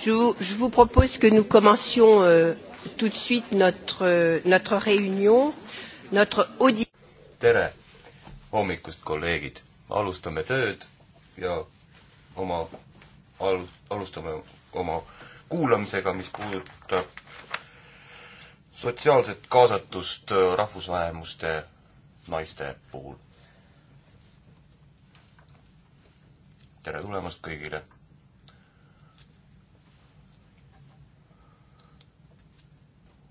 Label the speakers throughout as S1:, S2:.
S1: Je vous, je vous propose que nous commencions euh, tout de suite notre, euh, notre réunion, notre audit.
S2: tere hommikust, kolleegid! alustame tööd ja oma, alustame oma kuulamisega, mis puudutab sotsiaalset kaasatust äh, rahvusvähemuste naiste puhul. tere tulemast kõigile!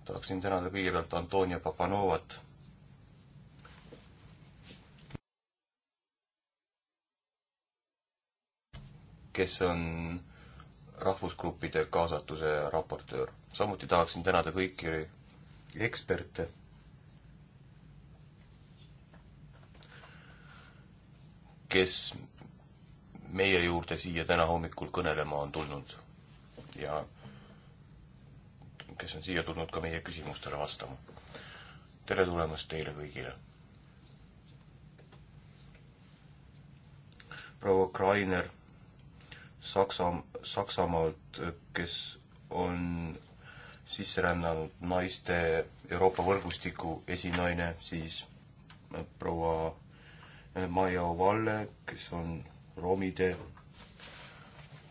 S2: tahaksin tänada kõigepealt Antonia Papanovat kes on rahvusgruppide kaasatuse raportöör. samuti tahaksin tänada kõiki eksperte. kes meie juurde siia täna hommikul kõnelema on tulnud ja kes on siia tulnud ka meie küsimustele vastama. tere tulemast teile kõigile. proua Kreiner Saksa, Saksamaalt, kes on sisserännanud naiste Euroopa võrgustiku esinaine, siis äh, proua äh, Maia Ovalle, kes on Romide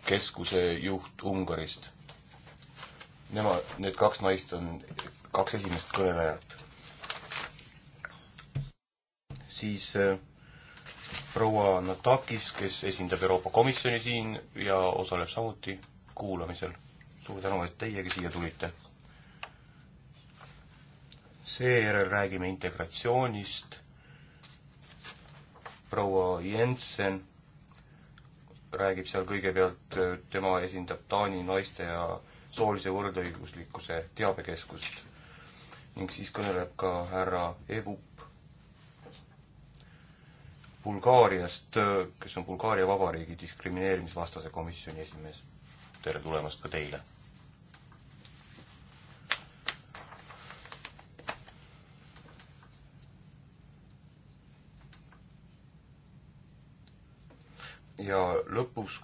S2: keskuse juht Ungarist. Nemad, need kaks naist on kaks esimest kõnelejat. siis äh, proua Natakis, kes esindab Euroopa Komisjoni siin ja osaleb samuti kuulamisel. suur tänu, et teiegi siia tulite seejärel räägime integratsioonist, proua Jensen räägib seal kõigepealt, tema esindab Taani naiste ja soolise võrdõiguslikkuse teabekeskust ning siis kõneleb ka härra Evup Bulgaariast, kes on Bulgaaria Vabariigi diskrimineerimisvastase komisjoni esimees. tere tulemast ka teile! ja lõpus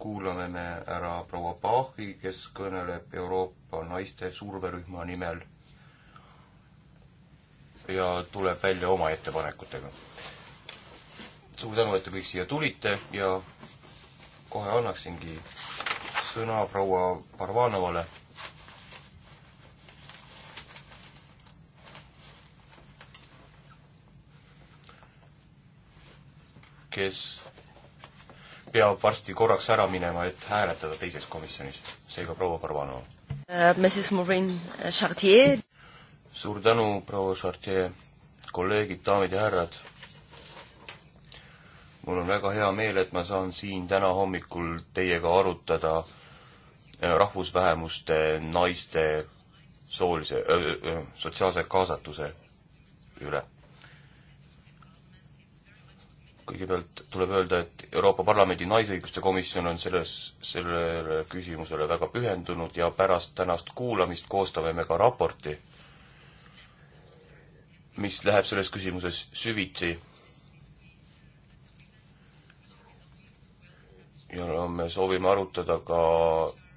S2: kuulame me ära proua Bachi, kes kõneleb Euroopa naiste surverühma nimel ja tuleb välja oma ettepanekutega. suur tänu, et te kõik siia tulite ja kohe annaksingi sõna proua Parvanovale. kes peab varsti korraks ära minema, et hääletada teises komisjonis. seega proua Parvanova uh,.
S1: Äh, Mrs Maureen äh, Chartier.
S2: suur tänu, proua Chartier, kolleegid, daamid ja härrad. mul on väga hea meel, et ma saan siin täna hommikul teiega arutada äh, rahvusvähemuste naiste soolise, sotsiaalse kaasatuse üle kõigepealt tuleb öelda, et Euroopa Parlamendi Naisõiguste Komisjon on selles, sellele küsimusele väga pühendunud ja pärast tänast kuulamist koostame me ka raporti, mis läheb selles küsimuses süvitsi. ja no me soovime arutada ka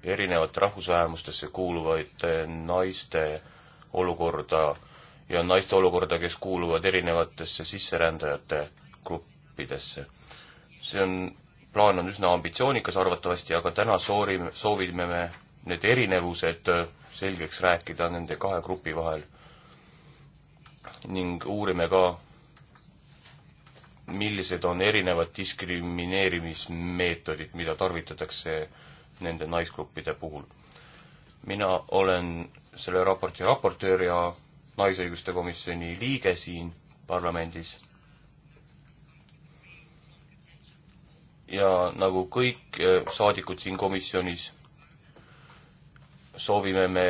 S2: erinevate rahvusvähemustesse kuuluvate naiste olukorda ja naiste olukorda, kes kuuluvad erinevatesse sisserändajate grupp-, õppidesse. see on, plaan on üsna ambitsioonikas arvatavasti, aga täna soorime, soovime me need erinevused äh, selgeks rääkida nende kahe grupi vahel. ning uurime ka, millised on erinevad diskrimineerimismeetodid, mida tarvitatakse nende naisgruppide puhul. mina olen selle raporti raportöör ja Naisõiguste Komisjoni liige siin parlamendis ja nagu kõik eh, saadikud siin komisjonis, soovime me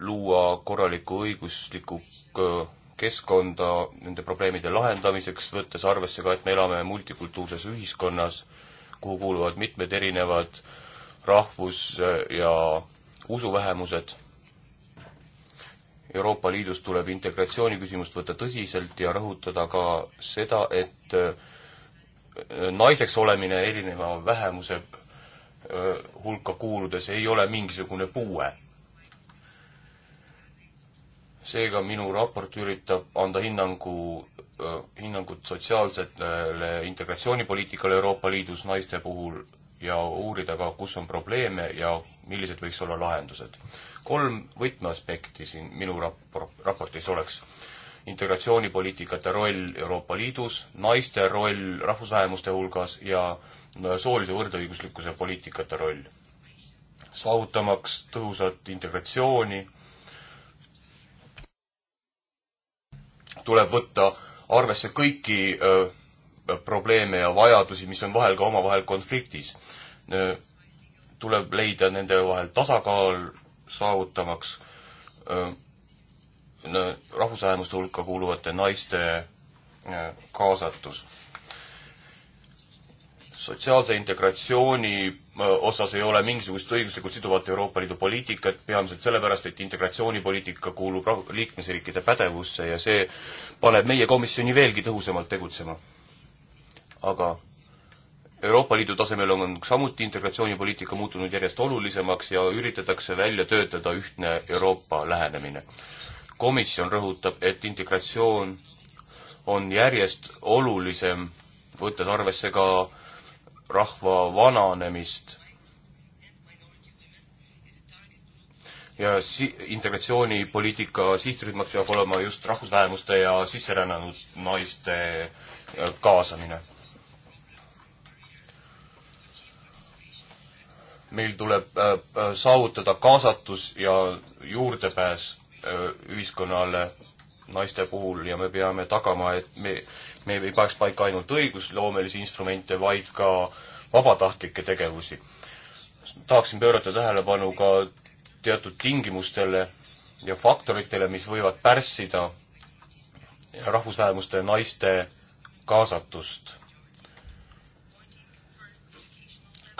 S2: luua korralikku õiguslikku eh, keskkonda nende probleemide lahendamiseks, võttes arvesse ka, et me elame multikultuurses ühiskonnas, kuhu kuuluvad mitmed erinevad rahvus- eh, ja usuvähemused. Euroopa Liidus tuleb integratsiooni küsimust võtta tõsiselt ja rõhutada ka seda, et naiseks olemine erineva vähemuse hulka kuuludes ei ole mingisugune puue. seega minu raport üritab anda hinnangu, hinnangut sotsiaalsetele integratsioonipoliitikale Euroopa Liidus naiste puhul ja uurida ka, kus on probleeme ja millised võiks olla lahendused. kolm võtmeaspekti siin minu rap-, raportis oleks integratsioonipoliitikate roll Euroopa Liidus, naiste roll rahvusvähemuste hulgas ja äh, soolise võrdõiguslikkuse poliitikate roll. saavutamaks tõhusat integratsiooni tuleb võtta arvesse kõiki öö, äh, probleeme ja vajadusi, mis on vahel ka omavahel konfliktis. Äh, tuleb leida nende vahel tasakaal, saavutamaks öö, rahvusvähemuste hulka kuuluvate naiste äh, kaasatus. sotsiaalse integratsiooni äh, osas ei ole mingisugust õiguslikult siduvat Euroopa Liidu poliitikat, peamiselt sellepärast, et integratsioonipoliitika kuulub liikmesriikide pädevusse ja see paneb meie komisjoni veelgi tõhusamalt tegutsema. aga Euroopa Liidu tasemel on samuti integratsioonipoliitika muutunud järjest olulisemaks ja üritatakse välja töötada ühtne Euroopa lähenemine komisjon rõhutab, et integratsioon on järjest olulisem, võttes arvesse ka rahva vananemist. ja si-, integratsioonipoliitika sihtrühmaks peab olema just rahvusvähemuste ja sisserännanud naiste äh, kaasamine meil tuleb äh, äh, saavutada kaasatus ja juurdepääs ühiskonnale naiste puhul ja me peame tagama, et me, me ei paneks paika ainult õigusloomelisi instrumente, vaid ka vabatahtlikke tegevusi. tahaksin pöörata tähelepanu ka teatud tingimustele ja faktoritele, mis võivad pärssida rahvusvähemuste naiste kaasatust.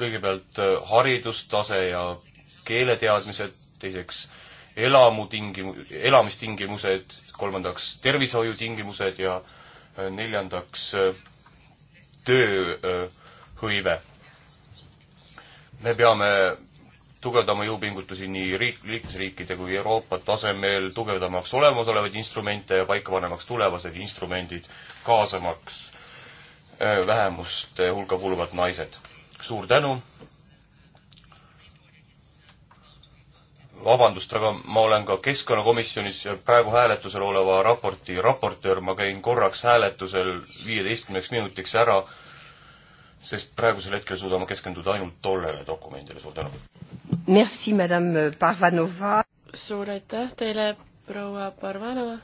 S2: kõigepealt äh, haridustase ja keeleteadmised, teiseks äh, elamutingimu-, elamistingimused, kolmandaks tervishoiutingimused ja äh, neljandaks äh, tööhõive. me peame tugevdama jõupingutusi nii riik, liikmesriikide kui Euroopa tasemel, tugevdamaks olemasolevaid instrumente ja paika panemaks tulevased instrumendid, kaasamaks äh, vähemuste hulka kuuluvad naised. suur tänu, vabandust, aga ma olen ka keskkonnakomisjonis praegu hääletusel oleva raporti raportöör, ma käin korraks hääletusel viieteistkümneks minutiks ära, sest praegusel hetkel suudan ma keskenduda ainult tollele dokumendile, suur tänu.
S1: Merci, madame Parvanova. suur aitäh
S3: teile, proua Parvanova.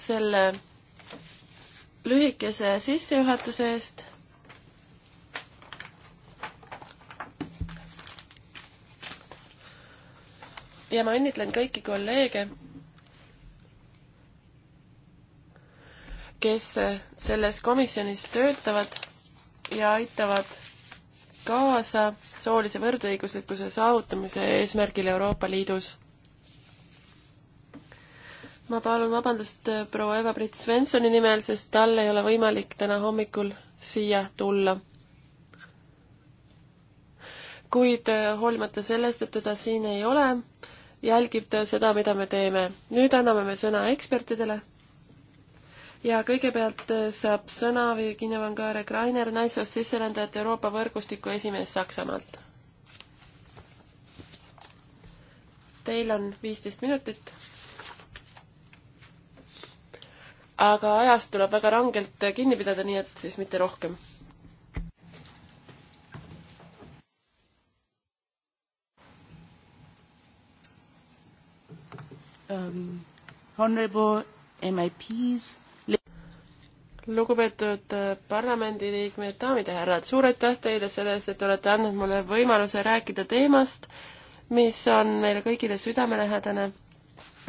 S3: selle lühikese sissejuhatuse eest ja ma õnnitlen kõiki kolleege, kes selles komisjonis töötavad ja aitavad kaasa soolise võrdõiguslikkuse saavutamise eesmärgil Euroopa Liidus. ma palun vabandust proua Eva-Britt Svensoni nimel, sest tal ei ole võimalik täna hommikul siia tulla. kuid eh, hoolimata sellest, et teda siin ei ole, jälgib ta seda, mida me teeme. nüüd anname me sõna ekspertidele. ja kõigepealt äh, saab sõna Virginia Vangare Greiner, naissoost sisserändajate Euroopa võrgustiku esimees Saksamaalt. Teil on viisteist minutit. aga ajast tuleb väga rangelt kinni pidada, nii et siis mitte rohkem
S4: um, honorable MIPs.
S3: lugupeetud äh, parlamendiliikmed, daamid ja härrad, suur aitäh teile selle eest, et olete andnud mulle võimaluse rääkida teemast, mis on meile kõigile südamelähedane.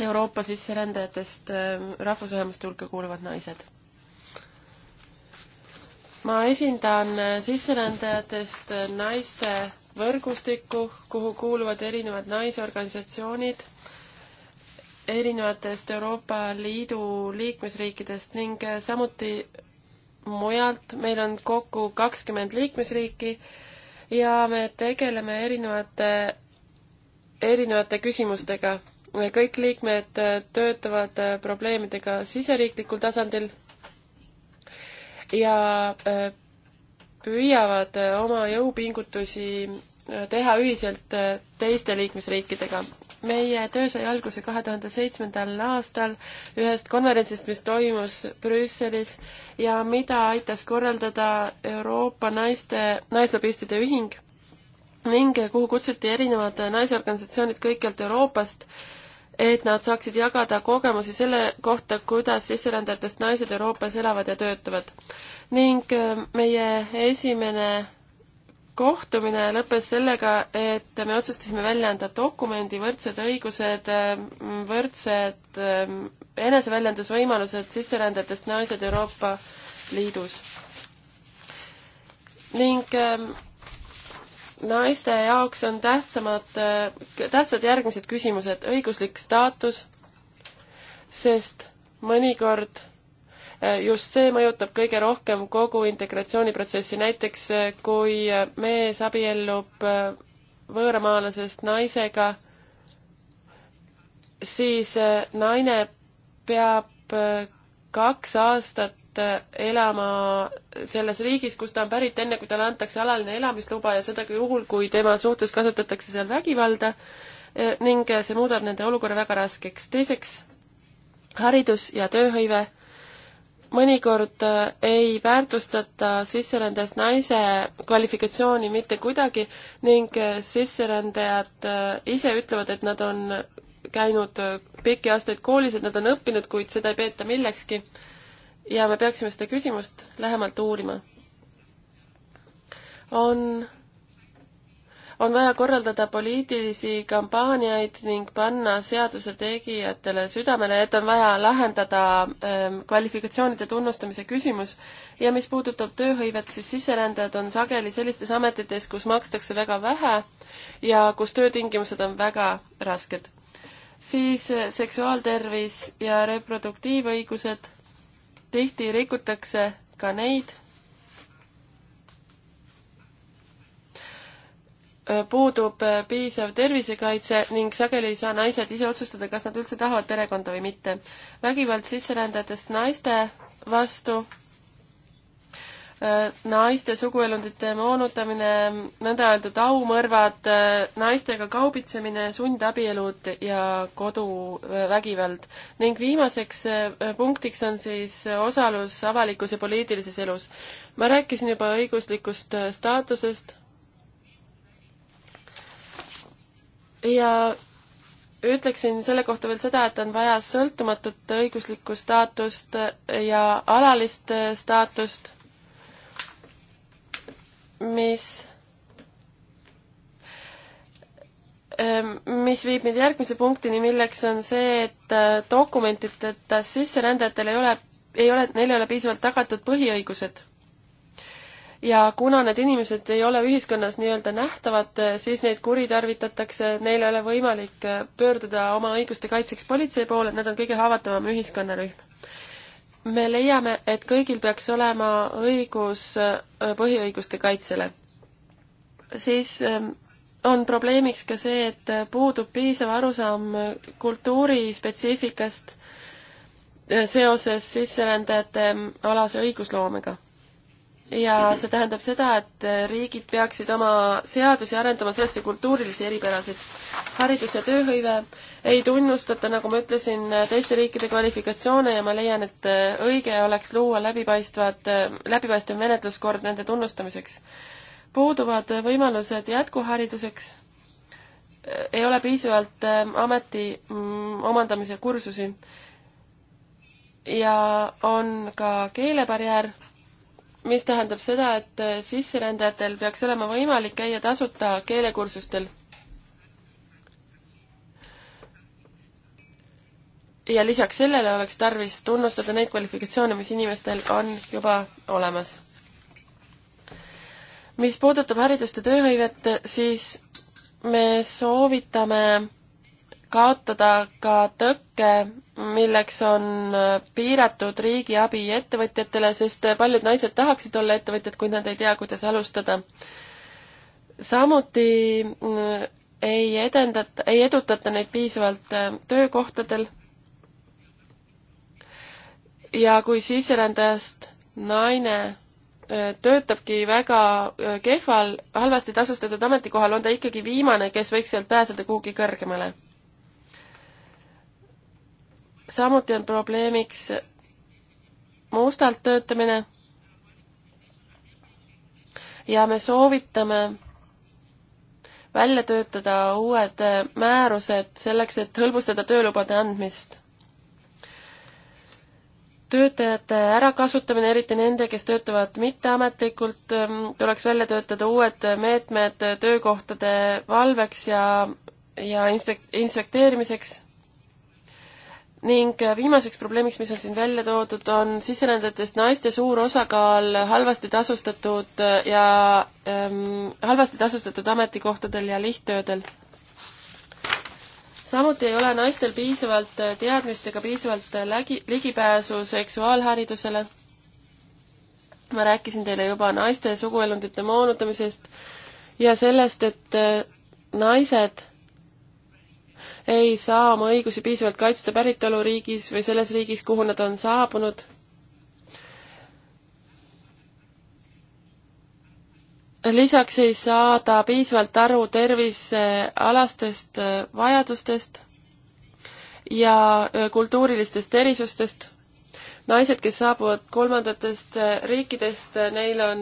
S3: Euroopa sisserändajatest äh, rahvusvähemuste hulka kuuluvad naised ma esindan äh, sisserändajatest naiste võrgustikku, kuhu kuuluvad erinevad naisorganisatsioonid, erinevatest Euroopa Liidu liikmesriikidest ning äh, samuti mujalt, meil on kokku kakskümmend liikmesriiki ja me tegeleme erinevate, erinevate küsimustega. kõik liikmed äh, töötavad äh, probleemidega siseriiklikul tasandil ja püüavad oma jõupingutusi teha ühiselt teiste liikmesriikidega meie töö sai alguse kahe tuhande seitsmendal aastal ühest konverentsist, mis toimus Brüsselis ja mida aitas korraldada Euroopa naiste, naislobistide ühing ning kuhu kutsuti erinevad naisorganisatsioonid kõikjalt Euroopast, et nad saaksid jagada kogemusi selle kohta, kuidas sisserändajatest naised Euroopas elavad ja töötavad. ning äh, meie esimene kohtumine lõppes sellega, et me otsustasime välja anda dokumendi Võrdsed õigused, võrdsed ähm, eneseväljendusvõimalused sisserändajatest naised Euroopa Liidus. ning ähm, naiste jaoks on tähtsamad, äh, tähtsad järgmised küsimused, õiguslik staatus, sest mõnikord just see mõjutab kõige rohkem kogu integratsiooniprotsessi, näiteks eh, kui eh, mees abiellub eh, võõramaalasest naisega, siis naine peab kaks aastat elama selles riigis, kust ta on pärit, enne kui talle antakse alaline elamisluba ja seda ka juhul, kui tema suhtes kasutatakse seal vägivalda ning see muudab nende olukorra väga raskeks. teiseks, haridus ja tööhõive mõnikord äh, ei väärtustata sisserändes naise kvalifikatsiooni mitte kuidagi ning äh, sisserändajad äh, ise ütlevad, et nad on käinud pikki aastaid koolis, et nad on õppinud, kuid seda ei peeta millekski. ja me peaksime seda küsimust lähemalt uurima. on on vaja korraldada poliitilisi kampaaniaid ning panna seaduse tegijatele südamele, et on vaja lahendada ähm, kvalifikatsioonide tunnustamise küsimus ja mis puudutab tööhõivet, siis sisserändajad on sageli sellistes ametites, kus makstakse väga vähe ja kus töötingimused on väga rasked. siis äh, seksuaaltervis ja reproduktiivõigused, tihti rikutakse ka neid Äh, puudub äh, piisav tervisekaitse ning sageli ei saa naised ise otsustada, kas nad üldse tahavad perekonda või mitte. vägivald sisserändajatest naiste vastu, äh, naiste suguelundite moonutamine, nõnda öeldud aumõrvad, naistega kaubitsemine, sundabielud ja koduvägivald. ning viimaseks punktiks on siis osalus avalikus ja poliitilises elus. ma rääkisin juba õiguslikust staatusest ja ütleksin selle kohta veel seda, et on vaja sõltumatut õiguslikku staatust ja alalist staatust, mis, ehm, mis viib meid järgmise punktini, milleks on see, et äh, dokumentideta sisserändajatel ei ole, ei ole, neil ei ole piisavalt tagatud põhiõigused ja kuna need inimesed ei ole ühiskonnas nii-öelda nähtavad, siis neid kuritarvitatakse, neil ei ole võimalik pöörduda oma õiguste kaitseks politsei poole, nad on kõige haavatavam ühiskonnarühm. me leiame, et kõigil peaks olema õigus äh, põhiõiguste kaitsele. siis ähm, on probleemiks ka see, et puudub piisav arusaam kultuurispetsiifikast äh, seoses sisserändajate ähm, alase õigusloomega ja see tähendab seda, et riigid peaksid oma seadusi arendama sellesse kultuurilisi eripärasid. haridus ja tööhõive ei tunnustata, nagu ma ütlesin, teiste riikide kvalifikatsioone ja ma leian, et õige oleks luua läbipaistvad, läbipaistev menetluskord nende tunnustamiseks. puuduvad võimalused jätkuhariduseks, ei ole piisavalt ähm, ameti mm, omandamise kursusi ja on ka keelebarjäär mis tähendab seda, et äh, sisserändajatel peaks olema võimalik käia tasuta keelekursustel. ja lisaks sellele oleks tarvis tunnustada neid kvalifikatsioone, mis inimestel on juba olemas. mis puudutab haridust ja tööhõivet, siis me soovitame kaotada ka tõkke, milleks on äh, piiratud riigiabi ettevõtjatele, sest äh, paljud naised tahaksid olla ettevõtjad, kuid nad ei tea, kuidas alustada. samuti äh, ei edendata, ei edutata neid piisavalt töökohtadel. ja kui sisserändajast naine töötabki väga kehval, halvasti tasustatud ametikohal, on ta ikkagi viimane, kes võiks sealt pääseda kuhugi kõrgemale samuti on probleemiks mustalt töötamine ja me soovitame välja töötada uued määrused selleks, et hõlbustada töölubade andmist. töötajate ärakasutamine, eriti nende, kes töötavad mitteametlikult, ähm, tuleks välja töötada uued meetmed töökohtade valveks ja, ja inspek-, inspekteerimiseks ning äh, viimaseks probleemiks, mis on siin välja toodud, on sisserändajatest naiste suur osakaal halvasti tasustatud äh, ja ähm, halvasti tasustatud ametikohtadel ja lihttöödel. samuti ei ole naistel piisavalt äh, teadmist ega piisavalt lägi, ligipääsu seksuaalharidusele. ma rääkisin teile juba naiste suguelundite moonutamisest ja sellest, et naised ei saa oma õigusi piisavalt kaitsta päritoluriigis või selles riigis, kuhu nad on saabunud. lisaks ei saa ta piisavalt aru tervisealastest äh, vajadustest ja äh, kultuurilistest erisustest. naised, kes saabuvad kolmandatest äh, riikidest, neil on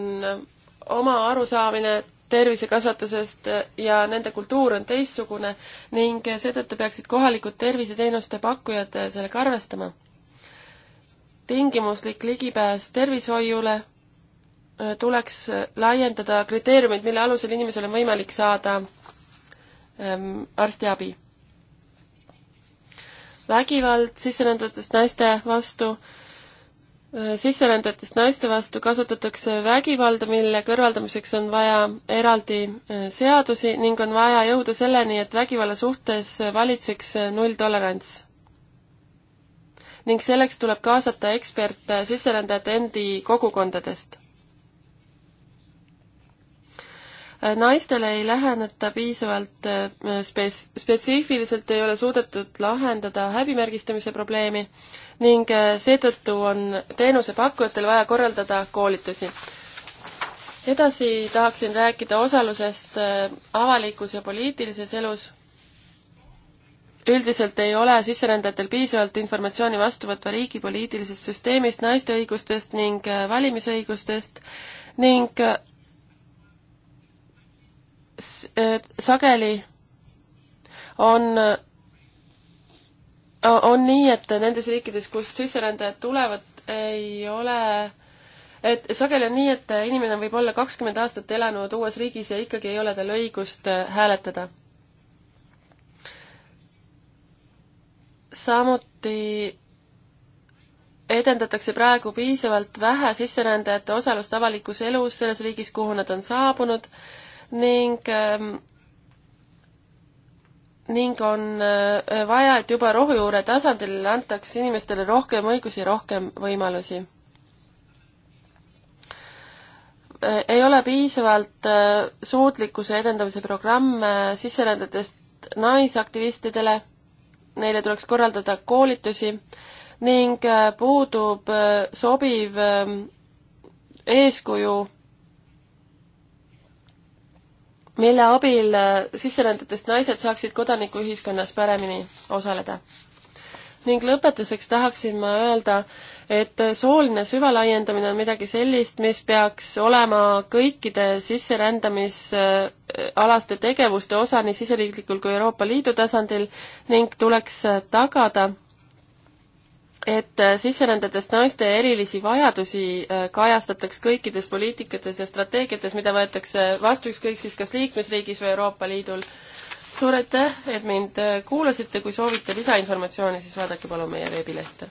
S3: oma arusaamine tervisekasvatusest ja nende kultuur on teistsugune ning seetõttu peaksid kohalikud terviseteenuste pakkujad sellega arvestama. tingimuslik ligipääs tervishoiule äh, tuleks laiendada kriteeriumid, mille alusel inimesel on võimalik saada ähm, arstiabi. vägivald sisserändatud naiste vastu Äh, sisserändajatest naiste vastu kasutatakse vägivalda, mille kõrvaldamiseks on vaja eraldi äh, seadusi ning on vaja jõuda selleni, et vägivalla suhtes valitseks äh, nulltolerants. ning selleks tuleb kaasata eksperte sisserändajate endi kogukondadest. naistele ei läheneta piisavalt spets-, spetsiifiliselt ei ole suudetud lahendada häbimärgistamise probleemi ning äh, seetõttu on teenusepakkujatel vaja korraldada koolitusi. edasi tahaksin rääkida osalusest äh, avalikus ja poliitilises elus. üldiselt ei ole sisserändajatel piisavalt informatsiooni vastuvõtva riigi poliitilisest süsteemist, naiste õigustest ning äh, valimisõigustest ning sageli on on nii, et nendes riikides, kust sisserändajad tulevad, ei ole, et sageli on nii, et inimene võib olla kakskümmend aastat elanud uues riigis ja ikkagi ei ole tal õigust hääletada. samuti edendatakse praegu piisavalt vähe sisserändajate osalust avalikus elus selles riigis, kuhu nad on saabunud ning ähm, ning on äh, vaja, et juba rohujuure tasandil antaks inimestele rohkem õigusi, rohkem võimalusi. Äh, ei ole piisavalt äh, suutlikkuse edendamise programme sisserändajatest naisaktivistidele, neile tuleks korraldada koolitusi ning puudub sobiv ähm, eeskuju mille abil äh, sisserändajatest naised saaksid kodanikuühiskonnas paremini osaleda. ning lõpetuseks tahaksin ma öelda, et äh, sooline süvalaiendamine on midagi sellist, mis peaks olema kõikide sisserändamisalaste äh, tegevuste osa nii siseriiklikul kui Euroopa Liidu tasandil ning tuleks tagada, et äh, sisserändajatest naiste erilisi vajadusi äh, kajastataks kõikides poliitikates ja strateegiates, mida võetakse vastu ükskõik siis kas liikmesriigis või Euroopa Liidul. suur aitäh, et mind äh, kuulasite, kui soovite lisainformatsiooni, siis vaadake palun meie veebilehte.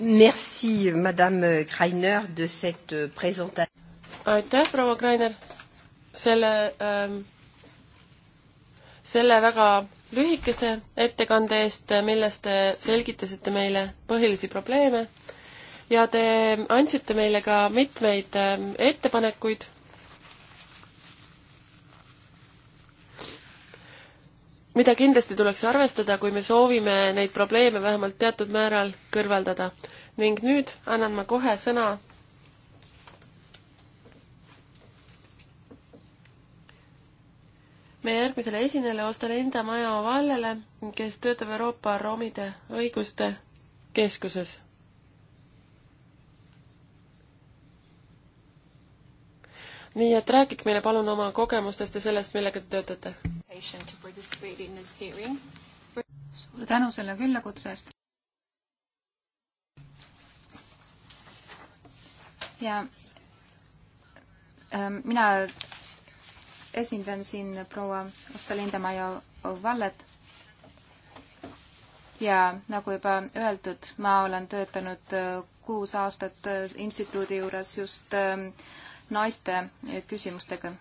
S1: Merci, madame Kreiner de cette présentation.
S3: aitäh, proua Kreiner, selle ähm, selle väga lühikese ettekande eest, milles te selgitasite meile põhilisi probleeme ja te andsite meile ka mitmeid ähm, ettepanekuid. mida kindlasti tuleks arvestada, kui me soovime neid probleeme vähemalt teatud määral kõrvaldada. ning nüüd annan ma kohe sõna meie järgmisele esinejale Ostalinda Maja Vallele, kes töötab Euroopa Romide Õiguste Keskuses. nii et rääkige meile palun oma kogemustest ja sellest, millega
S4: te töötate. suur tänu selle küllakutse eest. ja ähm, mina esindan siin proua Ostalinda-Maja Vallet ja nagu juba öeldud, ma olen töötanud äh, kuus aastat äh, instituudi juures just ähm, naiste äh, küsimustega.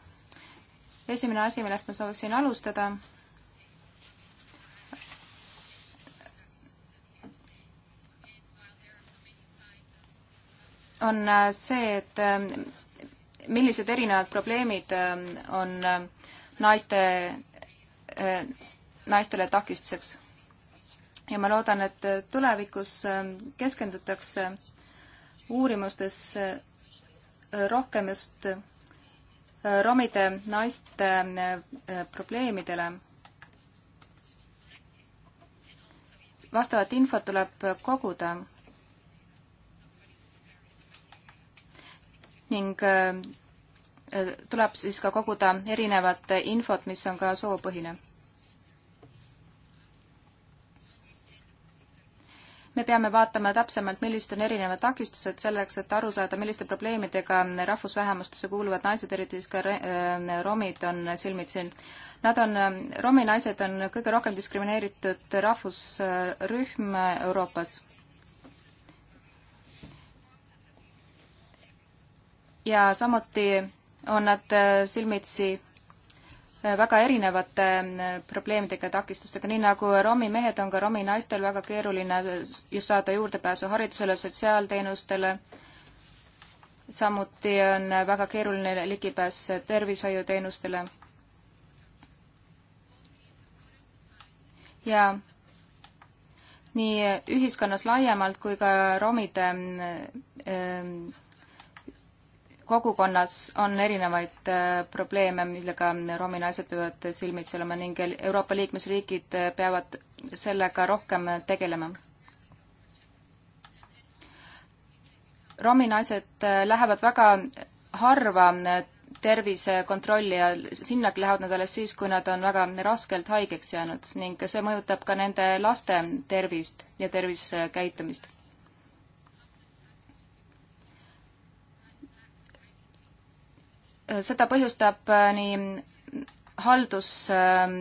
S4: esimene asi, millest ma sooviksin alustada, on see, et ähm, millised erinevad probleemid ähm, on ähm, naiste, äh, naistele takistuseks. ja ma loodan, et äh, tulevikus ähm, keskendutakse uurimustes äh, rohkem just romide naiste probleemidele. vastavat infot tuleb koguda ning tuleb siis ka koguda erinevat infot, mis on ka soopõhine. me peame vaatama täpsemalt, millised on erinevad takistused selleks, et aru saada, milliste probleemidega rahvusvähemustesse kuuluvad naised, eriti siis ka äh, romid on silmitsi. Nad on, äh, romi naised on kõige rohkem diskrimineeritud rahvusrühm äh, Euroopas ja samuti on nad äh, silmitsi äh, väga erinevate äh, probleemidega ja takistustega, nii nagu romi mehed, on ka romi naistel väga keeruline just saada juurdepääsu haridusele, sotsiaalteenustele, samuti on väga keeruline ligipääs tervishoiuteenustele. ja nii ühiskonnas laiemalt kui ka romide ähm, kogukonnas on erinevaid äh, probleeme, millega romi naised peavad silmitsi olema ning Euroopa liikmesriigid äh, peavad sellega rohkem tegelema. romi naised äh, lähevad väga harva tervisekontrolli ja sinna lähevad nad alles siis, kui nad on väga raskelt haigeks jäänud ning see mõjutab ka nende laste tervist ja tervisekäitumist seda põhjustab äh, nii haldus ähm,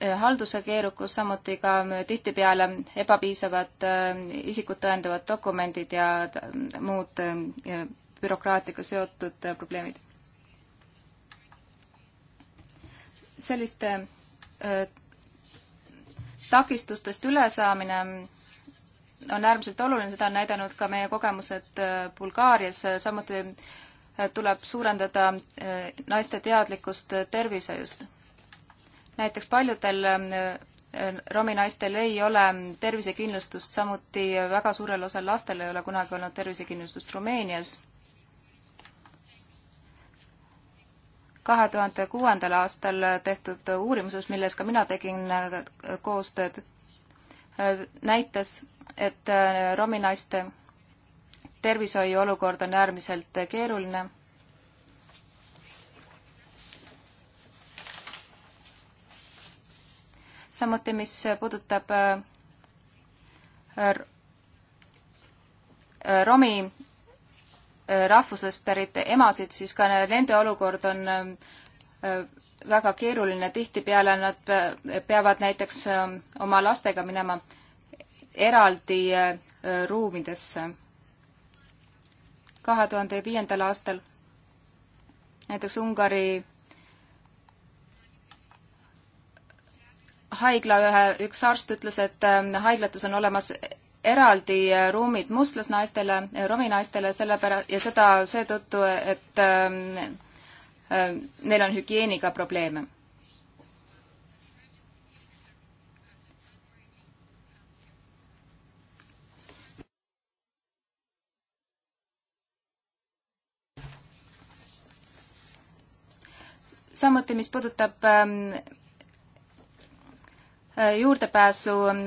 S4: äh, halduse keerukus, samuti ka äh, tihtipeale ebapiisavad isikut tõendavad dokumendid ja muud bürokraatiaga seotud probleemid. selliste takistustest ülesaamine on äärmiselt oluline, seda on näidanud ka meie kogemused äh, Bulgaarias, samuti äh, tuleb suurendada äh, naiste teadlikkust tervishoiust. näiteks paljudel romi naistel ei ole tervisekindlustust, samuti väga suurel osal lastel ei ole kunagi olnud tervisekindlustust Rumeenias. kahe tuhande kuuendal aastal tehtud uurimuses, milles ka mina tegin koostööd Äh, näitas, et äh, rominaiste tervishoiu olukord on äärmiselt äh, keeruline samuti, mis puudutab romi rahvusest pärit emasid, siis ka nende olukord on väga keeruline, tihtipeale nad peavad näiteks ähm, oma lastega minema eraldi äh, ruumidesse. kahe tuhande viiendal aastal näiteks Ungari haigla ühe, üks arst ütles, et ähm, haiglates on olemas eraldi äh, ruumid mustlasnaistele, rominaistele, sellepärast, ja seda seetõttu, et ähm, neil äh, on hügieeniga probleeme. samuti, mis puudutab ähm, juurdepääsu ähm,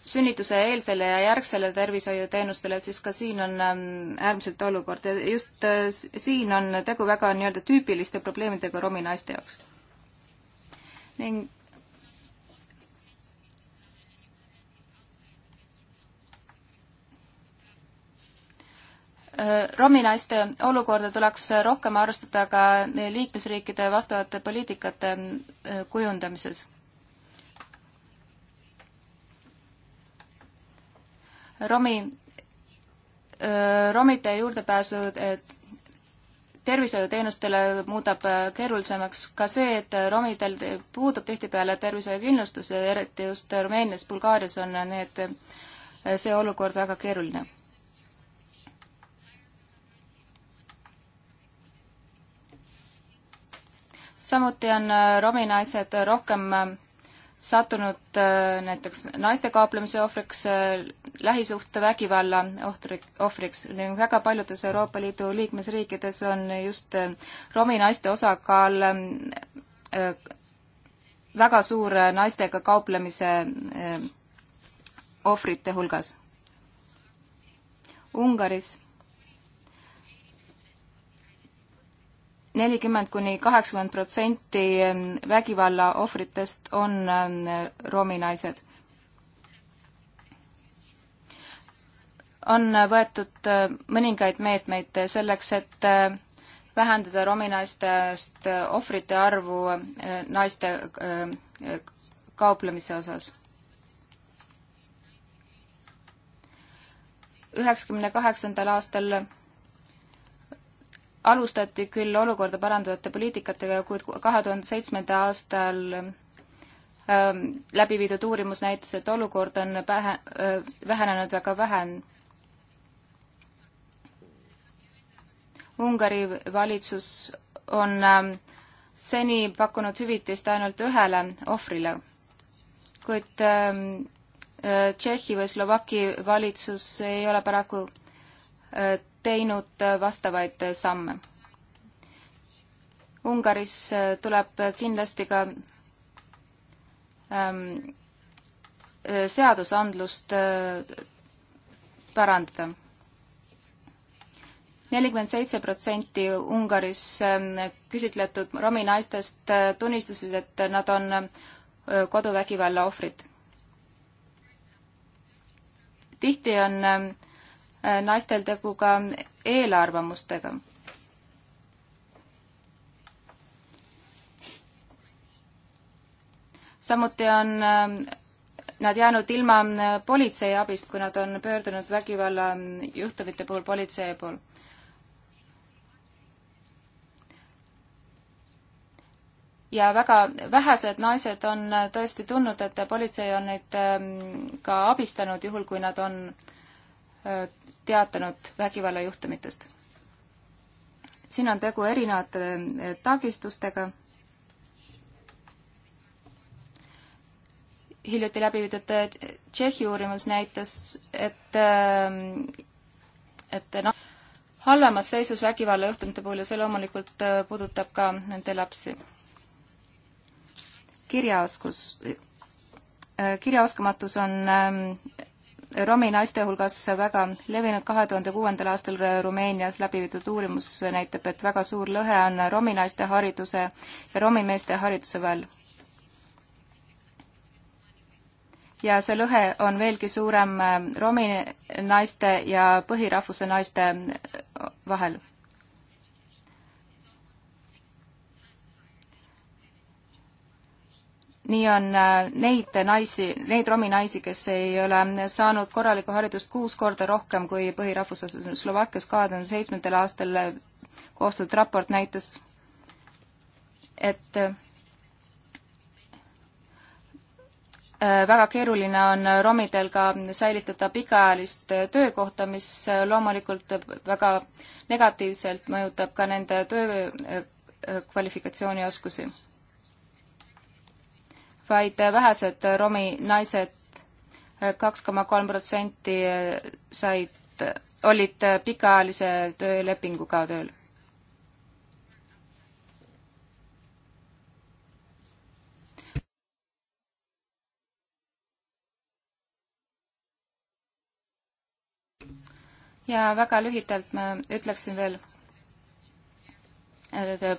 S4: sünnituse eelsele ja järgsele tervishoiuteenustele, siis ka siin on ähm, äärmiselt olukord. just äh, siin on tegu väga nii-öelda tüüpiliste probleemidega romi naiste jaoks. ning äh, rominaiste olukorda tuleks rohkem arvestada ka liikmesriikide vastavate poliitikate äh, kujundamises romi, romide juurdepääsu tervishoiuteenustele muudab keerulisemaks ka see, et romidel puudub tihtipeale tervishoiukindlustus ja eriti just Rumeenias, Bulgaarias on need, see olukord väga keeruline. samuti on romi naised rohkem sattunud äh, näiteks naiste kaaplemise ohvriks, äh, lähisuhtevägivalla ohtrik, ohvriks ning väga paljudes Euroopa Liidu liikmesriikides on just äh, romi naiste osakaal väga suur naistega kauplemise ohvrite hulgas. Ungaris nelikümmend kuni kaheksakümmend protsenti vägivalla ohvritest on ähm, romi naised. on võetud äh, mõningaid meetmeid selleks, et äh, vähendada romi naistest ohvrite arvu äh, naiste kauplemise osas üheksakümne kaheksandal aastal alustati küll olukorda parandavate poliitikatega, kuid kahe tuhande seitsmenda aastal ähm, läbi viidud uurimus näitas, et olukord on pähe, äh, vähenenud väga vähe. Ungari valitsus on ähm, seni pakkunud hüvitist ainult ühele ohvrile, kuid ähm, äh, Tšehhi või Slovaki valitsus ei ole paraku äh, teinud äh, vastavaid äh, samme. Ungaris äh, tuleb kindlasti ka ähm, seadusandlust äh, parandada. nelikümmend seitse protsenti Ungaris äh, küsitletud romi naistest äh, tunnistasid, et nad on äh, koduvägivalla ohvrid. tihti on äh, Äh, naistel tegu ka eelarvamustega. samuti on äh, nad jäänud ilma äh, politsei abist, kui nad on pöördunud vägivalla juhtumite puhul politsei pool. ja väga vähesed naised on tõesti tundnud, et politsei on neid ähm, ka abistanud, juhul kui nad on teatanud vägivallajuhtumitest. siin on tegu erinevate eh, takistustega. hiljuti läbi viidud eh, Tšehhi uurimus näitas, et, eh, et noh, halvemas seisus vägivallajuhtumite puhul ja see loomulikult puudutab ka nende lapsi. kirjaoskus kirjaoskamatus on romi naiste hulgas väga levinud. kahe tuhande kuuendal aastal Rumeenias läbi viidud uurimus näitab, et väga suur lõhe on romi naiste hariduse ja romi meeste hariduse vahel. ja see lõhe on veelgi suurem romi naiste ja põhirahvuse naiste vahel nii on äh, neid naisi, neid romi naisi, kes ei ole saanud korralikku haridust kuus korda rohkem kui põhirahvuses Slovakkias kahe tuhande seitsmendal aastal äh, koostatud raport näitas, et äh, väga keeruline on romidel ka säilitada pikaajalist töökohta, mis loomulikult väga negatiivselt mõjutab ka nende töö kvalifikatsioonioskusi vaid vähesed romi naised, kaks koma kolm protsenti said, olid pikaajalise töölepinguga tööl ja väga lühidalt ma ütleksin veel,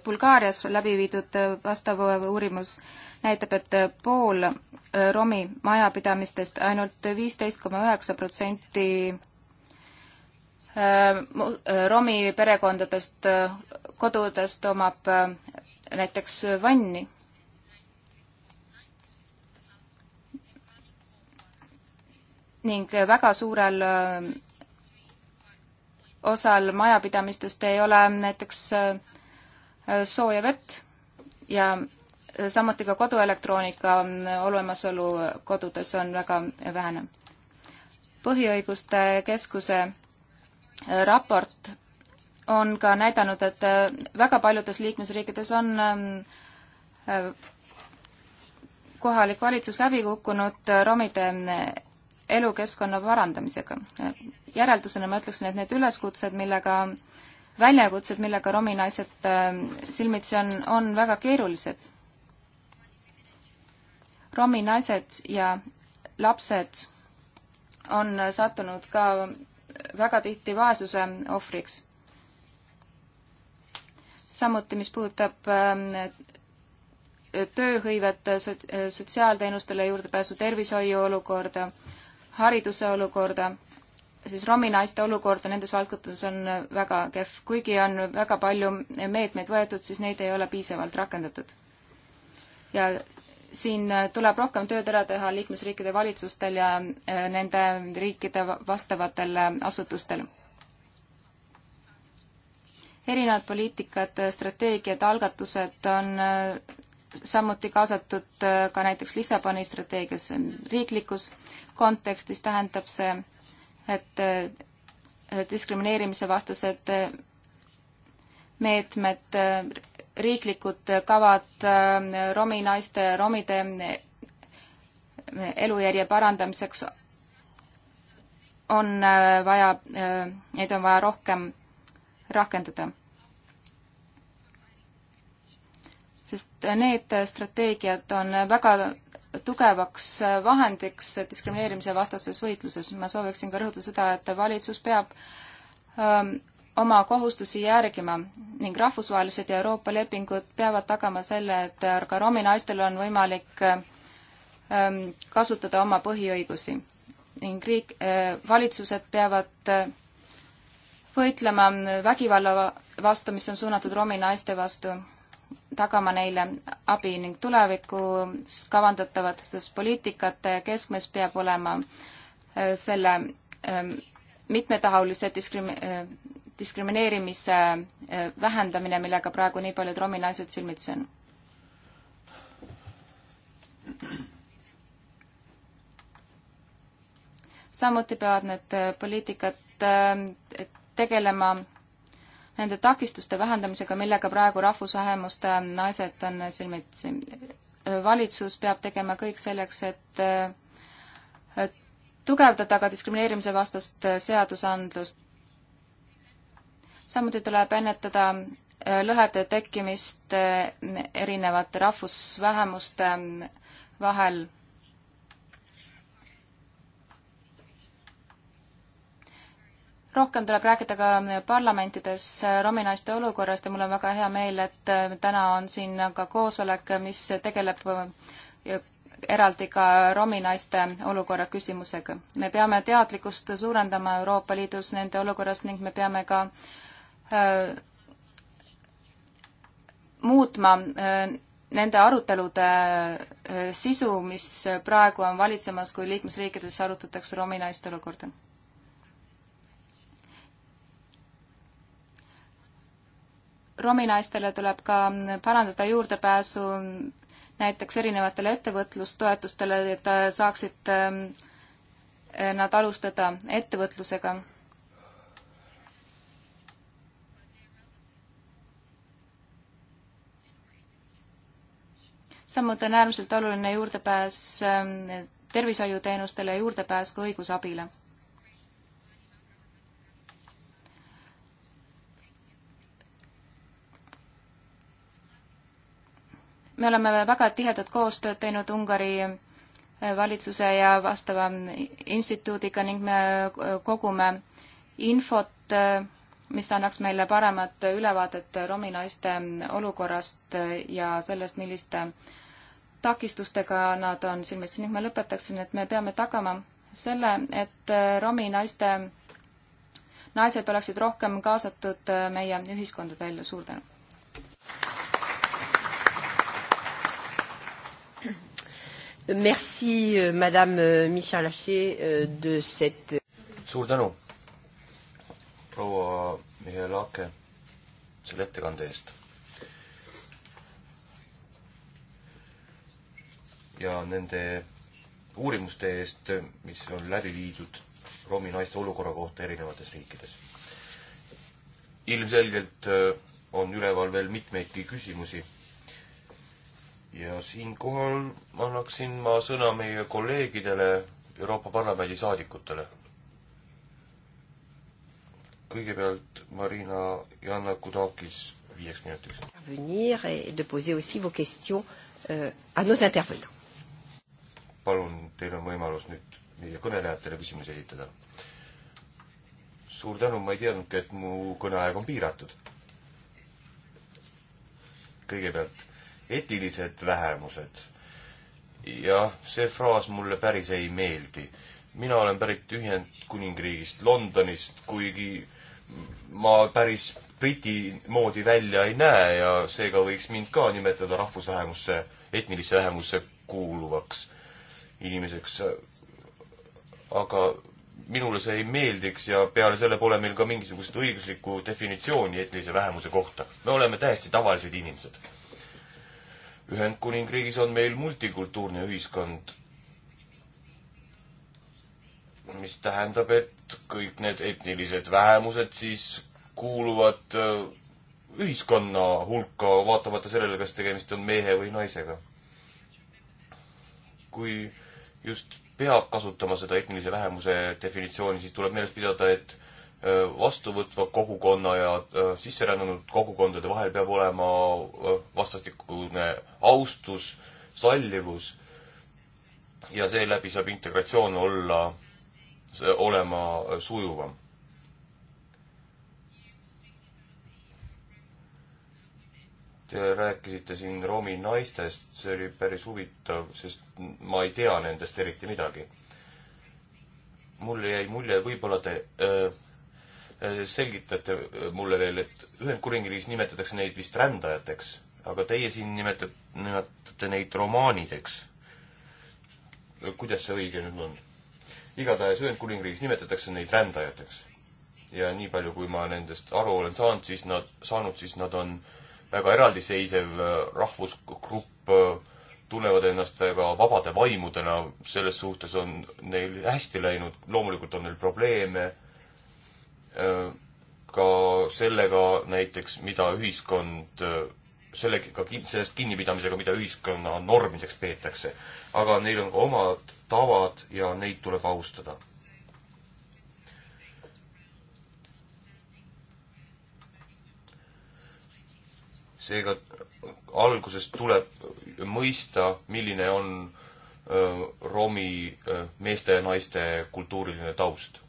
S4: Bulgaarias läbi viidud vastav uurimus näitab, et pool äh, romi majapidamistest ainult, ainult viisteist koma üheksa protsenti äh, äh, romi perekondadest, kodudest omab näiteks vanni. ning väga suurel osal majapidamistest ei ole näiteks Äh, sooja vett ja äh, samuti ka koduelektroonika ähm, olemasolu kodudes on väga vähene. põhiõiguste keskuse äh, raport on ka näidanud, et väga paljudes liikmesriikides on ähm, kohalik valitsus läbi kukkunud romide elukeskkonna parandamisega. järeldusena ma ütleksin, et need üleskutsed, millega väljakutsed, millega romi naised ähm, silmitsi on, on väga keerulised. romi naised ja lapsed on sattunud ka väga tihti vaesuse ohvriks. samuti, mis puudutab ähm, tööhõivet, sotsiaalteenustele juurdepääsu, tervishoiu olukorda, hariduse olukorda siis romi naiste olukord nendes valdkondades on väga kehv. kuigi on väga palju meetmeid võetud, siis neid ei ole piisavalt rakendatud. ja siin tuleb rohkem tööd ära teha liikmesriikide valitsustel ja eh, nende riikide vastavatel asutustel. erinevad poliitikad, strateegiad, algatused on eh, samuti kaasatud eh, ka näiteks Lissaboni strateegiasse riiklikus kontekstis tähendab see et diskrimineerimise vastased meetmed, riiklikud kavad romi naiste ja romide elujärje parandamiseks on vaja, neid on vaja rohkem rakendada sest need strateegiad on väga tugevaks vahendiks diskrimineerimise vastases võitluses. ma sooviksin ka rõhutada seda, et valitsus peab öö, ähm, oma kohustusi järgima ning rahvusvahelised ja Euroopa lepingud peavad tagama selle, et ka romi naistel on võimalik öö, ähm, kasutada oma põhiõigusi ning riik, äh, valitsused peavad äh, võitlema vägivalla vastu, mis on suunatud romi naiste vastu tagama neile abi ning tulevikus kavandatavates poliitikate keskmes peab olema äh, selle ähm, mitmetahulise diskrimi-, äh, diskrimineerimise äh, vähendamine, millega praegu nii paljud romi naised silmitsi on. samuti peavad need poliitikad tegelema nende takistuste vähendamisega, millega praegu rahvusvähemuste naised on silmitsi. valitsus peab tegema kõik selleks, et tugevdada ka diskrimineerimise vastast seadusandlust. samuti tuleb ennetada lõhede tekkimist erinevate rahvusvähemuste vahel rohkem tuleb rääkida ka parlamentides romi naiste olukorrast ja mul on väga hea meel, et täna on siin ka koosolek, mis tegeleb eraldi ka romi naiste olukorra küsimusega. me peame teadlikkust suurendama Euroopa Liidus nende olukorrast ning me peame ka äh, muutma äh, nende arutelude äh, sisu, mis praegu on valitsemas, kui liikmesriikides arutatakse romi naiste olukorda. rominaistele tuleb ka parandada juurdepääsu näiteks erinevatele ettevõtlustoetustele, et äh, saaksid ähm, äh, nad alustada ettevõtlusega. samuti on äärmiselt oluline juurdepääs ähm, tervishoiuteenustele ja juurdepääs ka õigusabile me oleme väga tihedat koostööd teinud Ungari eh, valitsuse ja vastava eh, instituudiga ning me eh, kogume infot, mis annaks meile paremat ülevaadet romi naiste olukorrast ja sellest, milliste takistustega nad on silmitsi ning ma lõpetaksin, et me peame tagama selle, et romi naiste, naised oleksid rohkem kaasatud meie ühiskondade ellu. suur tänu!
S1: Merci, euh, madame euh, Michal Haché euh, de cette.
S2: suur tänu, proua Mihhail Ake, selle ettekande eest. ja nende uurimuste eest, mis on läbi viidud romi naiste olukorra kohta erinevates riikides. ilmselgelt äh, on üleval veel mitmeidki küsimusi ja siinkohal annaksin ma sõna meie kolleegidele, Euroopa Parlamendi saadikutele. kõigepealt Marina Janna-Kudakis viieks minutiks.
S1: Venir et de poser aussi vos questions euh, à nos intervenants.
S2: palun, teil on võimalus nüüd meie kõnelejatele küsimusi esitada. suur tänu, ma ei teadnudki, et mu kõneaeg on piiratud. kõigepealt etilised vähemused. jah, see fraas mulle päris ei meeldi. mina olen pärit Ühendkuningriigist, Londonist, kuigi ma päris briti moodi välja ei näe ja seega võiks mind ka nimetada rahvusvähemusse, etnilisse vähemusse kuuluvaks inimeseks. aga minule see ei meeldiks ja peale selle pole meil ka mingisugust õiguslikku definitsiooni etnilise vähemuse kohta. me oleme täiesti tavalised inimesed Ühendkuningriigis on meil multikultuurne ühiskond, mis tähendab, et kõik need etnilised vähemused siis kuuluvad äh, ühiskonna hulka, vaatamata sellele, kas tegemist on mehe või naisega. kui just peab kasutama seda etnilise vähemuse definitsiooni, siis tuleb meeles pidada, et vastuvõtva kogukonna ja sisserännanud kogukondade vahel peab olema vastastikune austus, sallivus ja seeläbi saab integratsioon olla, olema sujuvam. Te rääkisite siin romi naistest, see oli päris huvitav, sest ma ei tea nendest eriti midagi. mulle jäi mulje, võib-olla te öö, Äh, selgitate äh, mulle veel, et Ühendkuningriigis nimetatakse neid vist rändajateks, aga teie siin nimetate, nimetate neid romaanideks. kuidas see õige nüüd on? igatahes Ühendkuningriigis nimetatakse neid rändajateks. ja nii palju, kui ma nendest aru olen saanud, siis nad, saanud, siis nad on väga eraldiseisev äh, rahvusgrupp, tunnevad ennast väga vabade vaimudena, selles suhtes on neil hästi läinud, loomulikult on neil probleeme ka sellega näiteks, mida ühiskond, sellega, sellest kinnipidamisega, mida ühiskonna normideks peetakse. aga neil on ka omad tavad ja neid tuleb austada. seega alguses tuleb mõista, milline on romi meeste ja naiste kultuuriline taust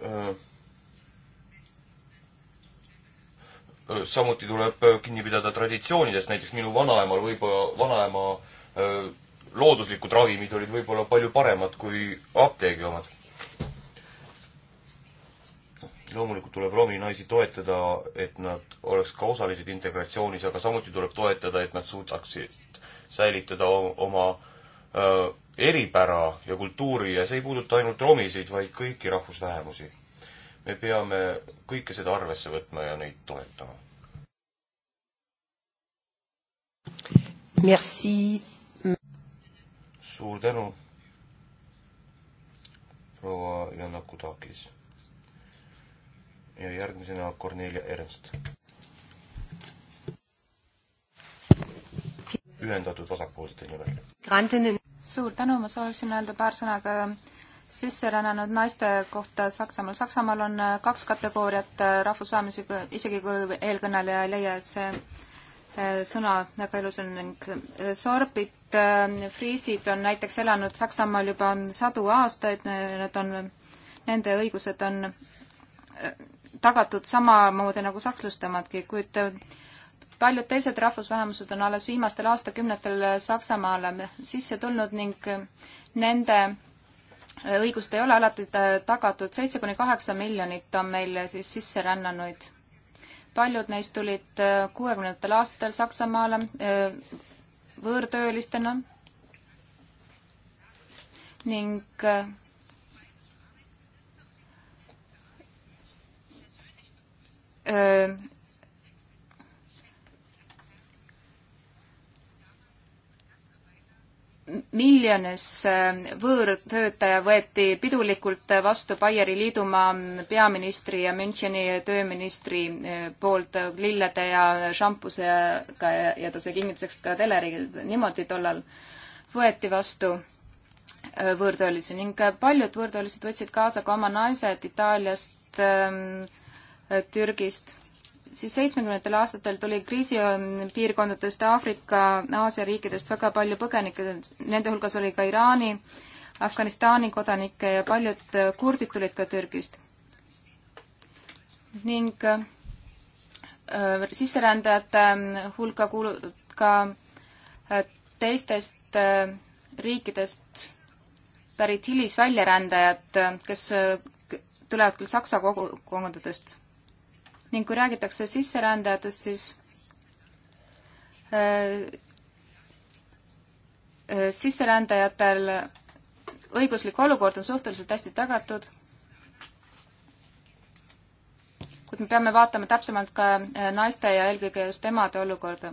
S2: Äh, äh, samuti tuleb kinni pidada traditsioonidest, näiteks minu vanaemal võib-olla, vanaema äh, looduslikud ravimid olid võib-olla palju paremad kui apteegi omad. loomulikult tuleb rominaisi toetada, et nad oleks ka osalised integratsioonis, aga samuti tuleb toetada, et nad suudaksid säilitada oma öö, eripära ja kultuuri ja see ei puuduta ainult romisid, vaid kõiki rahvusvähemusi. me peame kõike seda arvesse võtma ja neid toetama.
S1: Merci.
S2: suur tänu, proua Janna Kudakis. ja järgmisena Kornelia Ernst. ühendatud vasakpoolsete
S1: nimel suur
S4: tänu, ma sooviksin öelda paar sõna ka sisserännanud naiste kohta Saksamaal. Saksamaal on äh, kaks kategooriat äh, rahvusvahelisi, isegi kui eelkõneleja ei leia, et see äh, sõna väga ilus on ning sorbid, friisid on näiteks elanud Saksamaal juba sadu aastaid, nad on, nende õigused on tagatud samamoodi nagu sakslastemadki, kuid paljud teised rahvusvähemused on alles viimastel aastakümnetel Saksamaale sisse tulnud ning äh, nende äh, õigust ei ole alati äh, tagatud. seitse kuni kaheksa miljonit on meil siis sisserännanuid. paljud neist tulid kuuekümnendatel aastatel Saksamaale võõrtöölistena ning öö, miljones võõrtöötaja võeti pidulikult vastu Baieri liidumaa peaministri ja Müncheni tööministri eh, poolt lillede ja šampusega ja, ja ta sai kingituseks ka teleriigid. niimoodi tollal võeti vastu eh, võõrtöölisi ning paljud võõrtöölised võtsid kaasa ka oma naised Itaaliast, ehm, Türgist siis seitsmekümnendatel aastatel tuli kriisipiirkondadest ähm, Aafrika, Aasia riikidest väga palju põgenikke, nende hulgas oli ka Iraani, Afganistani kodanikke ja paljud äh, kurdid tulid ka Türgist. ning äh, sisserändajate ähm, hulka kuuluvad ka äh, teistest äh, riikidest pärit hilisväljarändajad, äh, kes äh, tulevad küll Saksa kogukondadest ning kui räägitakse sisserändajatest, siis äh, äh, sisserändajatel õiguslik olukord on suhteliselt hästi tagatud, kuid me peame vaatama täpsemalt ka äh, naiste ja eelkõige just emade olukorda.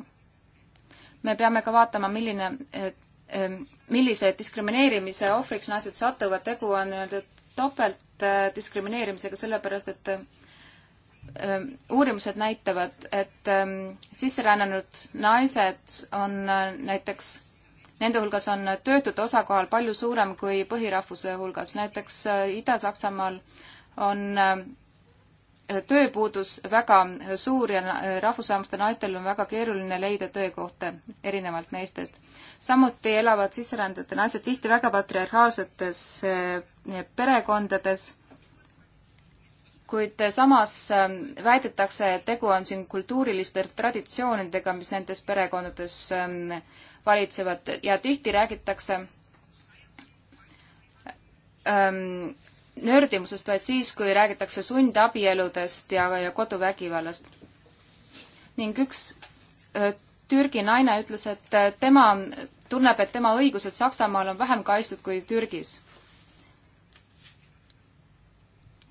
S4: me peame ka vaatama, milline, äh, millise diskrimineerimise ohvriks naised satuvad, tegu on nii-öelda topeltdiskrimineerimisega, sellepärast et uurimused näitavad, et sisserännanud naised on näiteks, nende hulgas on töötute osakaal palju suurem kui põhirahvuse hulgas. näiteks Ida-Saksamaal on tööpuudus väga suur ja rahvusvähemuste naistel on väga keeruline leida töökohta, erinevalt meestest. samuti elavad sisserändajate naised tihti väga patriarhaalsetes perekondades kuid samas ähm, väidetakse, et tegu on siin kultuuriliste traditsioonidega, mis nendes perekondades ähm, valitsevad ja tihti räägitakse ähm, nördimusest vaid siis, kui räägitakse sundabieludest ja, ja koduvägivallast. ning üks öö, äh, Türgi naine ütles, et äh, tema tunneb, et tema õigused Saksamaal on vähem kaitstud kui Türgis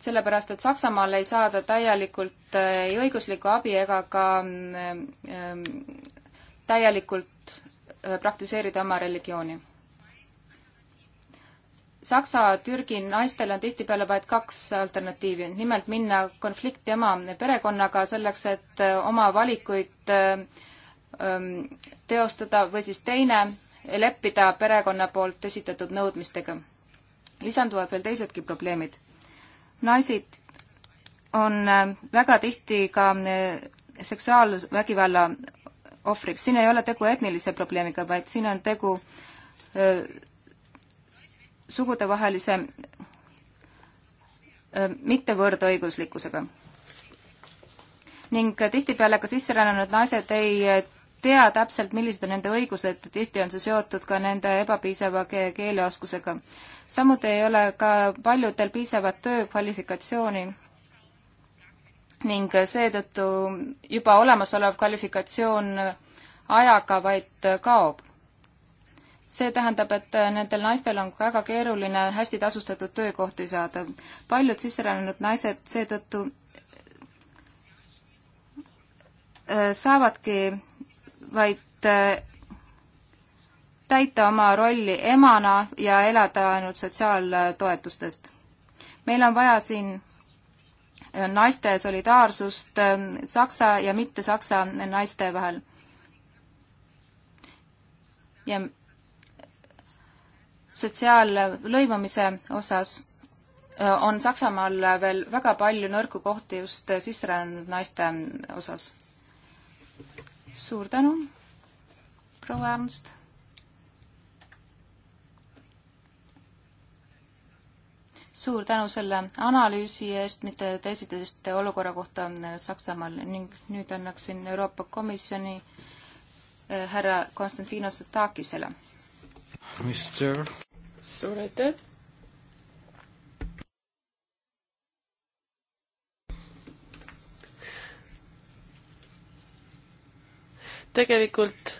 S4: sellepärast et Saksamaal ei saada täielikult eh, ei õiguslikku abi ega ka mm, eh, mm, täielikult eh, praktiseerida oma religiooni. Saksa-Türgi naistel on tihtipeale vaid kaks alternatiivi, nimelt minna konflikti oma perekonnaga selleks, et oma valikuid mm, teostada või siis teine, leppida perekonna poolt esitatud nõudmistega. lisanduvad veel teisedki probleemid naised on äh, väga tihti ka äh, seksuaalvägivalla ohvriks, siin ei ole tegu etnilise probleemiga, vaid siin on tegu äh, sugudevahelise mittevõrdõiguslikkusega. ning tihtipeale ka sisserännanud naised ei tea täpselt, millised on nende õigused, tihti on see seotud ka nende ebapiisava keeleoskusega samuti ei ole ka paljudel piisavat töökvalifikatsiooni ning seetõttu juba olemasolev kvalifikatsioon ajaga vaid kaob. see tähendab, et nendel naistel on väga keeruline hästi tasustatud töökohti saada. paljud sisserännanud naised seetõttu äh, saavadki vaid äh, täita oma rolli emana ja elada ainult sotsiaaltoetustest. meil on vaja siin äh, naiste solidaarsust äh, Saksa ja mitte-Saksa naiste vahel. ja sotsiaallõimumise osas äh, on Saksamaal veel väga palju nõrku kohti just sisserännanud naiste osas. suur tänu, proua Ernst suur tänu selle analüüsi eest, mida te esitasite olukorra kohta äh, Saksamaal ning nüüd annaksin Euroopa Komisjoni äh, härra Konstantinos Takisele. Mister. suur aitäh.
S3: tegelikult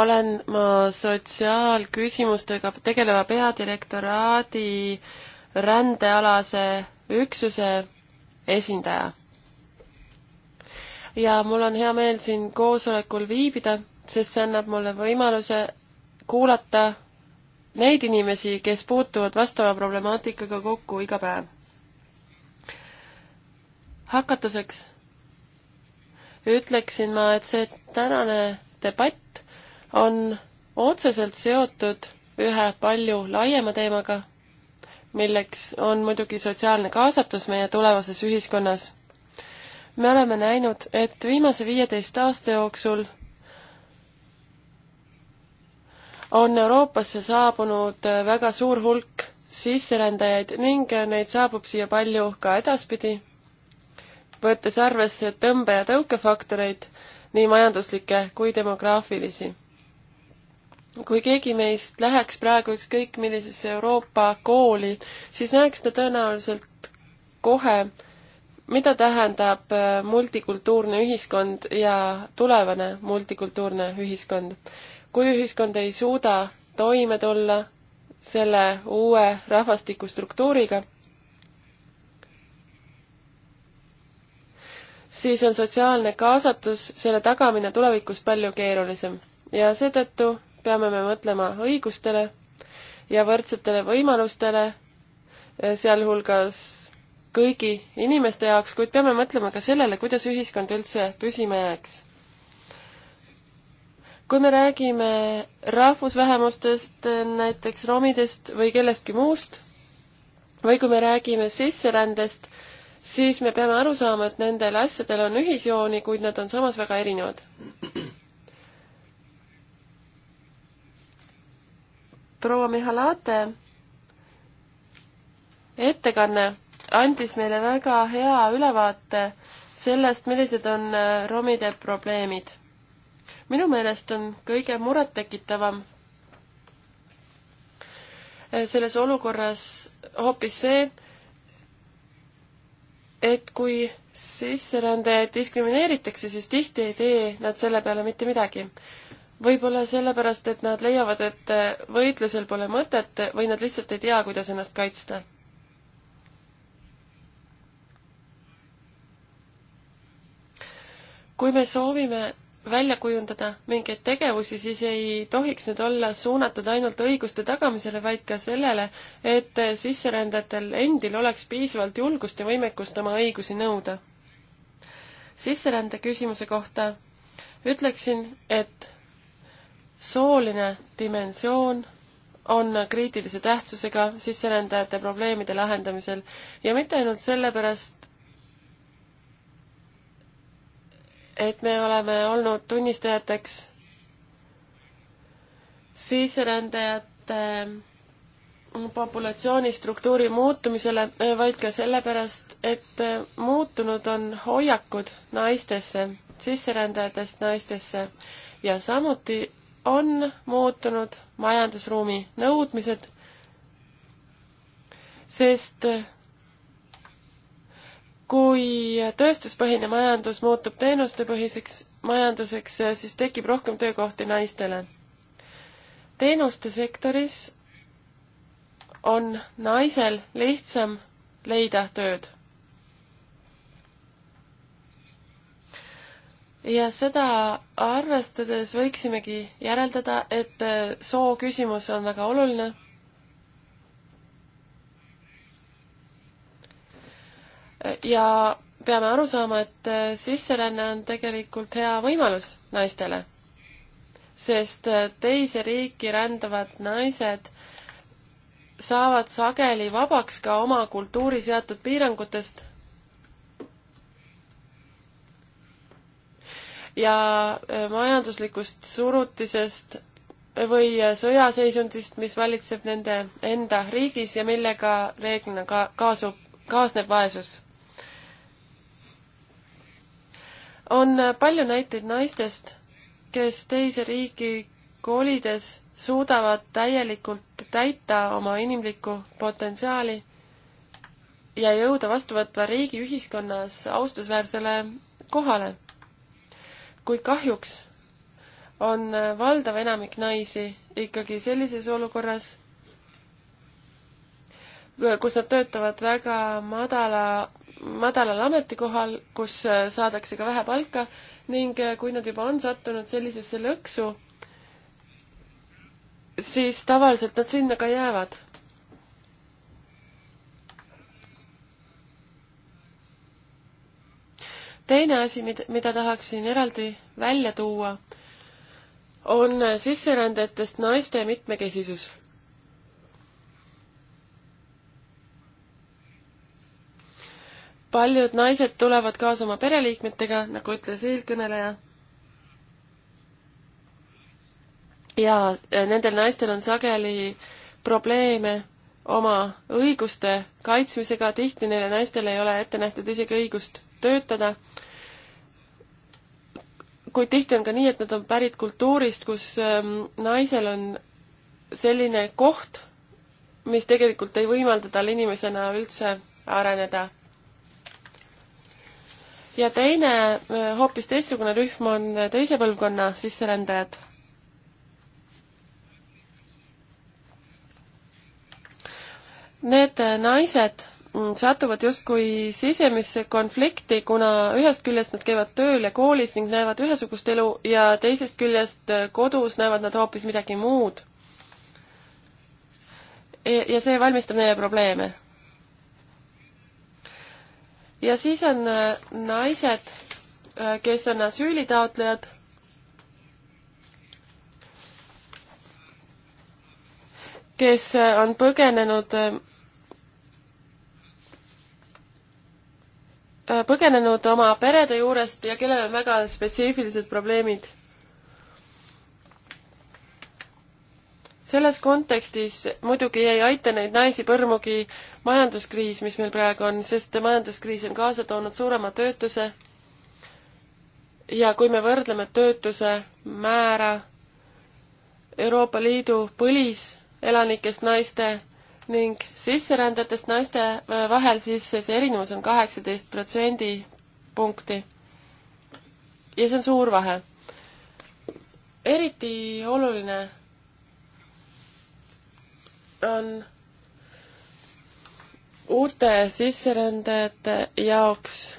S3: olen ma sotsiaalküsimustega tegeleva peadirektoraadi äh, rändealase üksuse esindaja. ja mul on hea meel siin koosolekul viibida, sest see annab mulle võimaluse kuulata neid inimesi, kes puutuvad vastava problemaatikaga kokku iga päev. hakatuseks ütleksin ma, et see tänane debatt on otseselt seotud ühe palju laiema teemaga milleks on muidugi sotsiaalne kaasatus meie tulevases ühiskonnas. me oleme näinud, et viimase viieteist aasta jooksul on Euroopasse saabunud väga suur hulk sisserändajaid ning neid saabub siia palju ka edaspidi, võttes arvesse tõmbe- ja tõukefaktoreid, nii majanduslikke kui demograafilisi kui keegi meist läheks praegu ükskõik millisesse Euroopa kooli, siis näeks ta tõenäoliselt kohe, mida tähendab äh, multikultuurne ühiskond ja tulevane multikultuurne ühiskond. kui ühiskond ei suuda toime tulla selle uue rahvastikustruktuuriga, siis on sotsiaalne kaasatus, selle tagamine tulevikus palju keerulisem ja seetõttu peame me mõtlema õigustele ja võrdsetele võimalustele, eh, sealhulgas kõigi inimeste jaoks, kuid peame mõtlema ka sellele, kuidas ühiskond üldse püsima jääks. kui me räägime rahvusvähemustest, eh, näiteks romidest või kellestki muust, või kui me räägime sisserändest, siis me peame aru saama, et nendel asjadel on ühisjooni, kuid nad on samas väga erinevad proua Mihalate ettekanne andis meile väga hea ülevaate sellest, millised on äh, romide probleemid. minu meelest on kõige murettekitavam äh, selles olukorras hoopis see, et kui sisserändajaid diskrimineeritakse, siis tihti ei tee nad selle peale mitte midagi võib-olla sellepärast, et nad leiavad, et võitlusel pole mõtet või nad lihtsalt ei tea, kuidas ennast kaitsta. kui me soovime välja kujundada mingeid tegevusi, siis ei tohiks need olla suunatud ainult õiguste tagamisele, vaid ka sellele, et sisserändajatel endil oleks piisavalt julgust ja võimekust oma õigusi nõuda. sisserände küsimuse kohta ütleksin, et sooline dimensioon on kriitilise tähtsusega sisserändajate probleemide lahendamisel ja mitte ainult sellepärast, et me oleme olnud tunnistajateks sisserändajate populatsiooni struktuuri muutumisele, vaid ka sellepärast, et muutunud on hoiakud naistesse, sisserändajatest naistesse ja samuti on muutunud majandusruumi nõudmised, sest kui tööstuspõhine majandus muutub teenustepõhiseks majanduseks, siis tekib rohkem töökohti naistele. teenuste sektoris on naisel lihtsam leida tööd ja seda arvestades võiksimegi järeldada, et äh, soo küsimus on väga oluline. ja peame aru saama, et äh, sisseränne on tegelikult hea võimalus naistele, sest äh, teise riiki rändavad naised saavad sageli vabaks ka oma kultuuri seatud piirangutest ja äh, majanduslikust surutisest või äh, sõjaseisundist, mis valitseb nende enda riigis ja millega reeglina ka kaasub, kaasneb vaesus. on äh, palju näiteid naistest, kes teise riigi kolides suudavad täielikult täita oma inimlikku potentsiaali ja jõuda vastuvõtva riigi ühiskonnas austusväärsele kohale kuid kahjuks on äh, valdav enamik naisi ikkagi sellises olukorras, äh, kus nad töötavad väga madala, madalal ametikohal, kus äh, saadakse ka vähe palka ning kui nad juba on sattunud sellisesse lõksu, siis tavaliselt nad sinna ka jäävad teine asi, mida, mida tahaksin eraldi välja tuua, on sisserändajatest naiste mitmekesisus. paljud naised tulevad kaasa oma pereliikmetega, nagu ütles eelkõneleja ja nendel naistel on sageli probleeme oma õiguste kaitsmisega, tihti neile naistele ei ole ette nähtud isegi õigust töötada, kuid tihti on ka nii, et nad on pärit kultuurist, kus ähm, naisel on selline koht, mis tegelikult ei võimalda tal inimesena üldse areneda. ja teine, äh, hoopis teistsugune rühm on teise põlvkonna sisserändajad. Need äh, naised satuvad justkui sisemisse konflikti, kuna ühest küljest nad käivad tööl ja koolis ning näevad ühesugust elu ja teisest küljest äh, kodus näevad nad hoopis midagi muud. E, ja see valmistab neile probleeme. ja siis on äh, naised, äh, kes on asüülitaotlejad kes on põgenenud põgenenud oma perede juurest ja kellel on väga spetsiifilised probleemid. selles kontekstis muidugi ei aita neid naisi põrmugi majanduskriis, mis meil praegu on, sest majanduskriis on kaasa toonud suurema töötuse. ja kui me võrdleme töötuse määra Euroopa Liidu põliselanikest naiste ning sisserändajatest naiste äh, vahel siis see erinevus on kaheksateist protsendi punkti. ja see on suur vahe. eriti oluline on uute sisserändajate jaoks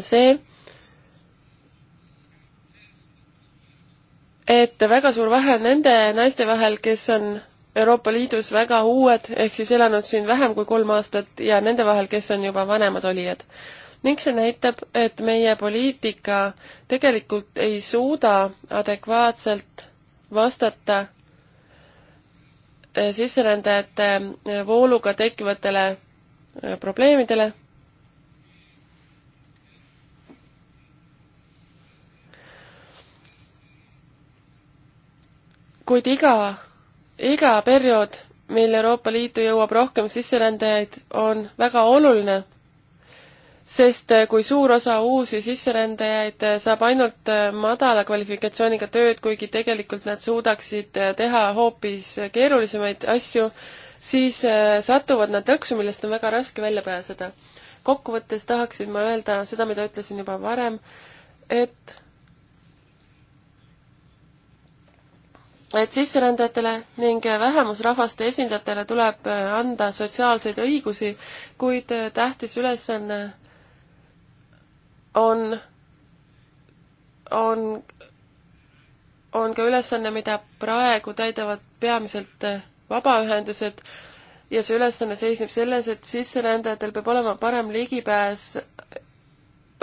S3: see, et väga suur vahe on nende naiste vahel, kes on Euroopa Liidus väga uued, ehk siis elanud siin vähem kui kolm aastat, ja nende vahel, kes on juba vanemad olijad. ning see näitab, et meie poliitika tegelikult ei suuda adekvaatselt vastata eh, sisserändajate eh, vooluga tekkivatele eh, probleemidele kuid iga, iga periood, mil Euroopa Liitu jõuab rohkem sisserändajaid, on väga oluline, sest kui suur osa uusi sisserändajaid saab ainult madala kvalifikatsiooniga tööd, kuigi tegelikult nad suudaksid teha hoopis keerulisemaid asju, siis satuvad nad lõksu, millest on väga raske välja pääseda. kokkuvõttes tahaksin ma öelda seda, mida ütlesin juba varem, et et sisserändajatele ning vähemusrahvaste esindajatele tuleb äh, anda sotsiaalseid õigusi, kuid äh, tähtis ülesanne on, on, on ka ülesanne, mida praegu täidavad peamiselt äh, vabaühendused ja see ülesanne seisneb selles, et sisserändajatel peab olema parem ligipääs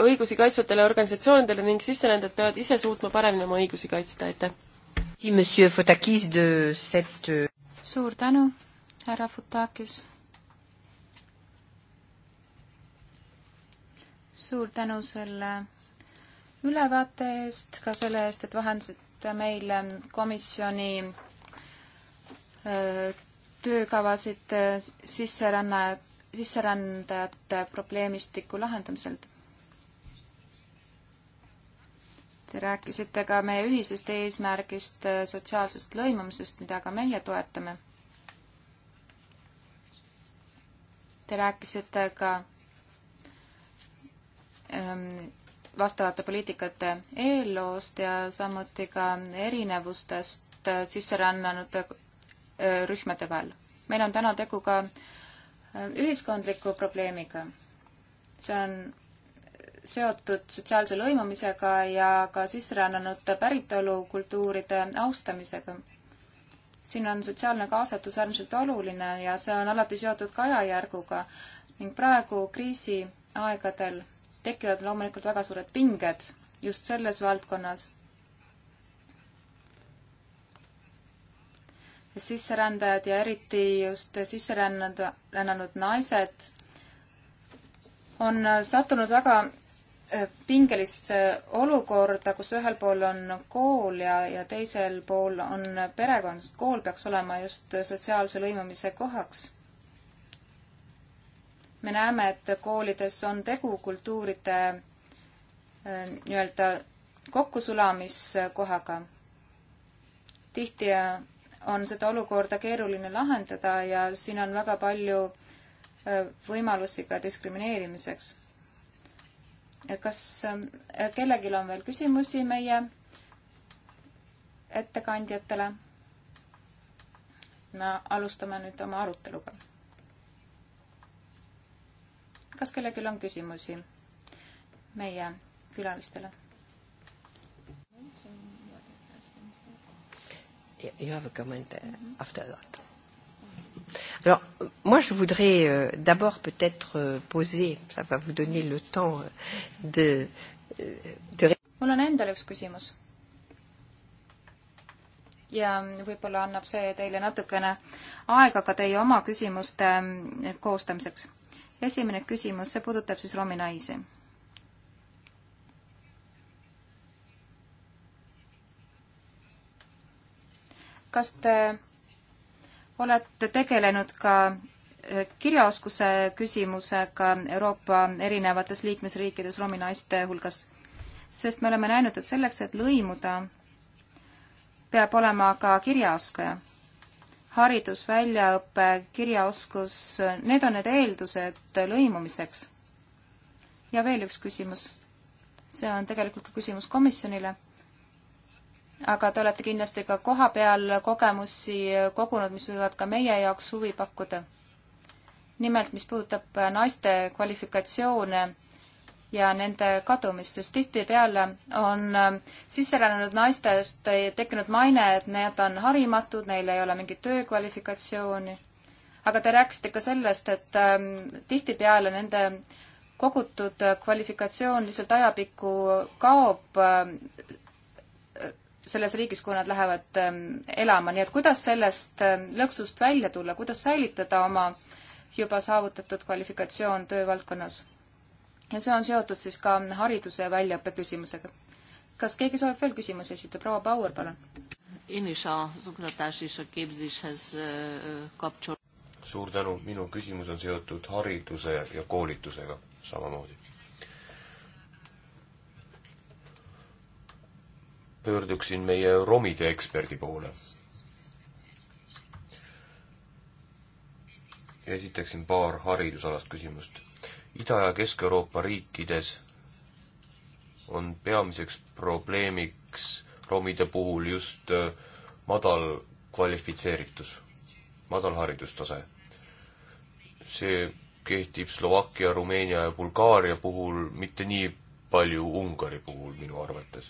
S3: õigusi kaitsvatele organisatsioonidele ning sisserändajad peavad ise suutma paremini oma õigusi kaitsta, aitäh!
S1: Euh,
S4: suur tänu, härra Futakis. suur tänu selle ülevaate eest, ka selle eest, et vahendasite meile komisjoni äh, töökavasid äh, sisseränna, sisserändajate probleemistiku lahendamiselt Te rääkisite ka meie ühisest eesmärgist, sotsiaalsest lõimumisest, mida ka meie toetame. Te rääkisite ka ähm, vastavate poliitikate eelloost ja samuti ka erinevustest äh, sisserännanute äh, rühmade vahel. meil on täna tegu ka äh, ühiskondliku probleemiga. see on seotud sotsiaalse lõimumisega ja ka sisserännanute päritolukultuuride austamisega. siin on sotsiaalne kaasatus äärmiselt oluline ja see on alati seotud ka ajajärguga ning praegu kriisiaegadel tekivad loomulikult väga suured pinged just selles valdkonnas sisserändajad ja eriti just sisserännanud, rännanud naised on sattunud väga Äh, pingelist äh, olukorda, kus ühel pool on kool ja, ja teisel pool on perekond, sest kool peaks olema just sotsiaalse lõimumise kohaks. me näeme, et koolides on tegu kultuuride äh, nii-öelda kokkusulamiskohaga. tihti on seda olukorda keeruline lahendada ja siin on väga palju võimalusi ka diskrimineerimiseks kas ähm, kellelgi on veel küsimusi meie ettekandjatele? me alustame nüüd oma aruteluga. kas kellelgi on küsimusi meie külalistele?
S1: You have a comment mm -hmm. after that. Alors, moi, je voudrais euh, d'abord peut-être euh, poser, ça va vous donner le temps euh, de, euh, de...
S4: mul on endal üks küsimus. ja võib-olla annab see teile natukene aega ka teie oma küsimuste eh, koostamiseks. esimene küsimus, see puudutab siis romi naisi kas te olete tegelenud ka eh, kirjaoskuse küsimusega Euroopa erinevates liikmesriikides romi naiste hulgas. sest me oleme näinud, et selleks, et lõimuda, peab olema ka kirjaoskaja. haridus, väljaõpe, kirjaoskus, need on need eeldused lõimumiseks. ja veel üks küsimus. see on tegelikult ka küsimus komisjonile aga te olete kindlasti ka kohapeal kogemusi kogunud, mis võivad ka meie jaoks huvi pakkuda. nimelt, mis puudutab naiste kvalifikatsioone ja nende kadumist, sest tihtipeale on sisserännanud naistest tekkinud maine, et need on harimatud, neil ei ole mingit töökvalifikatsiooni. aga te rääkisite ka sellest, et ähm, tihtipeale nende kogutud kvalifikatsioon lihtsalt ajapikku kaob ähm, selles riigis, kuhu nad lähevad ähm, elama, nii et kuidas sellest ähm, lõksust välja tulla, kuidas säilitada oma juba saavutatud kvalifikatsioon töövaldkonnas? ja see on seotud siis ka hariduse ja väljaõppe küsimusega. kas keegi soovib veel küsimusi esitada? proua Bauer, palun.
S2: suur tänu, minu küsimus on seotud hariduse ja koolitusega samamoodi pöörduksin meie romide eksperdi poole. esitaksin paar haridusalast küsimust. Ida- ja Kesk-Euroopa riikides on peamiseks probleemiks romide puhul just äh, madal kvalifitseeritus, madal haridustase. see kehtib Slovakkia, Rumeenia ja Bulgaaria puhul, mitte nii palju Ungari puhul minu arvates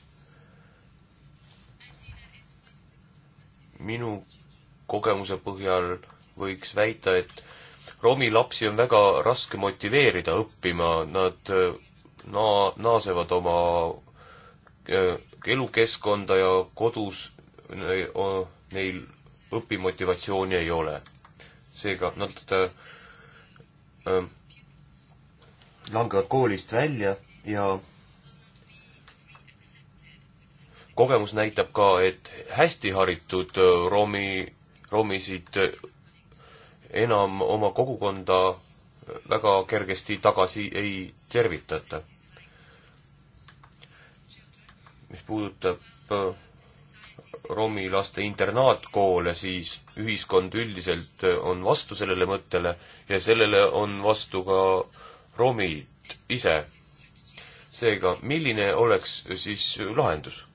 S2: minu kogemuse põhjal võiks väita, et romi lapsi on väga raske motiveerida õppima, nad äh, na-, naasevad oma äh, elukeskkonda ja kodus äh, neil õpimotivatsiooni ei ole. seega nad langevad koolist välja ja kogemus näitab ka, et hästi haritud äh, romi, romisid äh, enam oma kogukonda äh, väga kergesti tagasi ei tervitata. mis puudutab romi laste internaatkoole, siis ühiskond üldiselt on vastu sellele mõttele ja sellele on vastu ka romid ise. seega, milline oleks siis lahendus?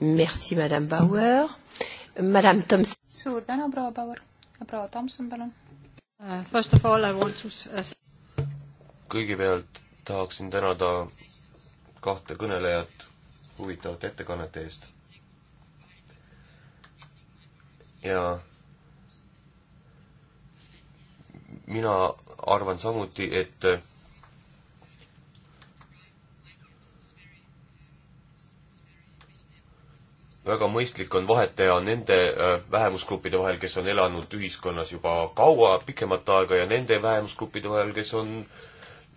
S1: Merci, madame Bauer. Madame Tomson.
S4: suur tänu, proua Bauer. proua Tomson, palun uh,. First of all I want to uh...
S2: kõigepealt tahaksin tänada kahte kõnelejat huvitavate ettekannete eest. ja mina arvan samuti, et väga mõistlik on vahet teha nende äh, vähemusgruppide vahel, kes on elanud ühiskonnas juba kaua, pikemat aega ja nende vähemusgruppide vahel, kes on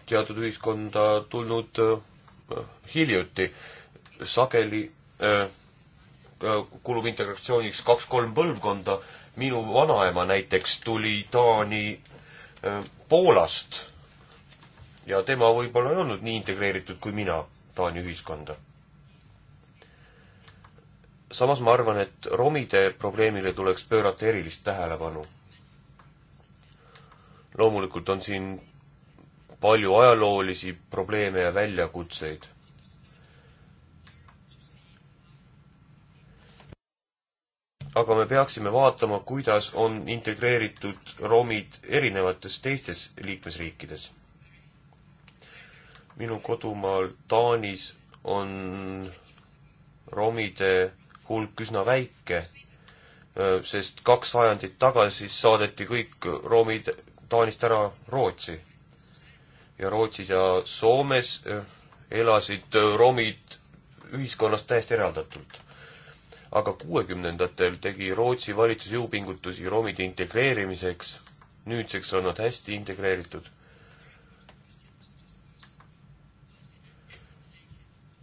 S2: teatud ühiskonda tulnud äh, hiljuti. sageli äh, kulub integratsiooniks kaks-kolm põlvkonda. minu vanaema näiteks tuli Taani Poolast ja tema võib-olla ei olnud nii integreeritud kui mina Taani ühiskonda samas ma arvan, et romide probleemile tuleks pöörata erilist tähelepanu. loomulikult on siin palju ajaloolisi probleeme ja väljakutseid. aga me peaksime vaatama, kuidas on integreeritud romid erinevates teistes liikmesriikides. minu kodumaal Taanis on romide hulk üsna väike, sest kaks sajandit tagasi saadeti kõik roomid Taanist ära Rootsi. ja Rootsis ja Soomes elasid romid ühiskonnast täiesti eraldatult. aga kuuekümnendatel tegi Rootsi valitsus jõupingutusi romide integreerimiseks, nüüdseks on nad hästi integreeritud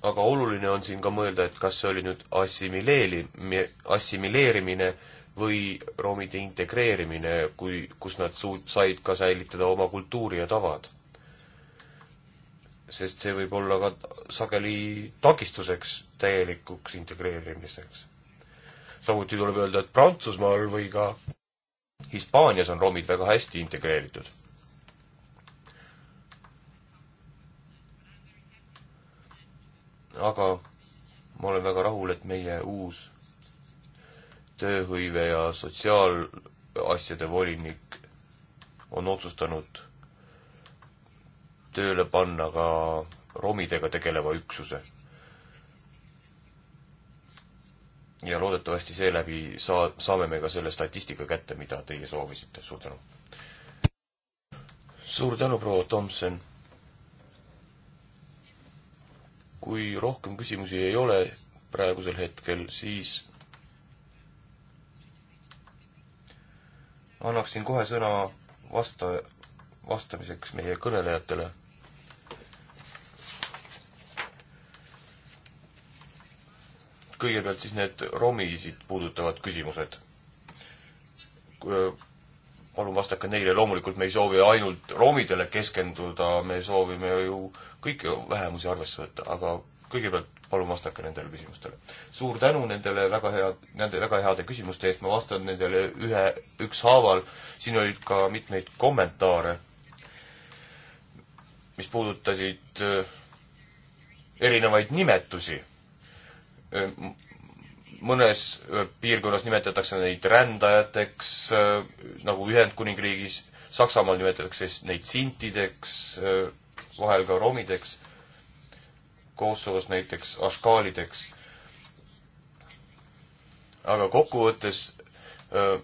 S2: aga oluline on siin ka mõelda, et kas see oli nüüd assimileeri-, assimileerimine või romide integreerimine, kui, kus nad suut-, said ka säilitada oma kultuuri ja tavad. sest see võib olla ka sageli takistuseks täielikuks integreerimiseks. samuti tuleb öelda, et Prantsusmaal või ka Hispaanias on romid väga hästi integreeritud aga ma olen väga rahul, et meie uus tööhõive ja sotsiaalasjade volinik on otsustanud tööle panna ka romidega tegeleva üksuse. ja loodetavasti seeläbi saa-, saame me ka selle statistika kätte, mida teie soovisite, suur tänu. suur tänu, proua Tomson kui rohkem küsimusi ei ole praegusel hetkel, siis annaksin kohe sõna vasta, vastamiseks meie kõnelejatele. kõigepealt siis need romisid puudutavad küsimused palun vastake neile, loomulikult me ei soovi ainult romidele keskenduda, me soovime ju kõiki vähemusi arvesse võtta, aga kõigepealt palun vastake nendele küsimustele. suur tänu nendele väga hea, nende väga heade küsimuste eest, ma vastan nendele ühe, ükshaaval, siin olid ka mitmeid kommentaare, mis puudutasid äh, erinevaid nimetusi. Äh, mõnes piirkonnas nimetatakse neid rändajateks, nagu Ühendkuningriigis, Saksamaal nimetatakse neid sintideks, vahel ka romideks, Kosovos näiteks aškaalideks. aga kokkuvõttes äh,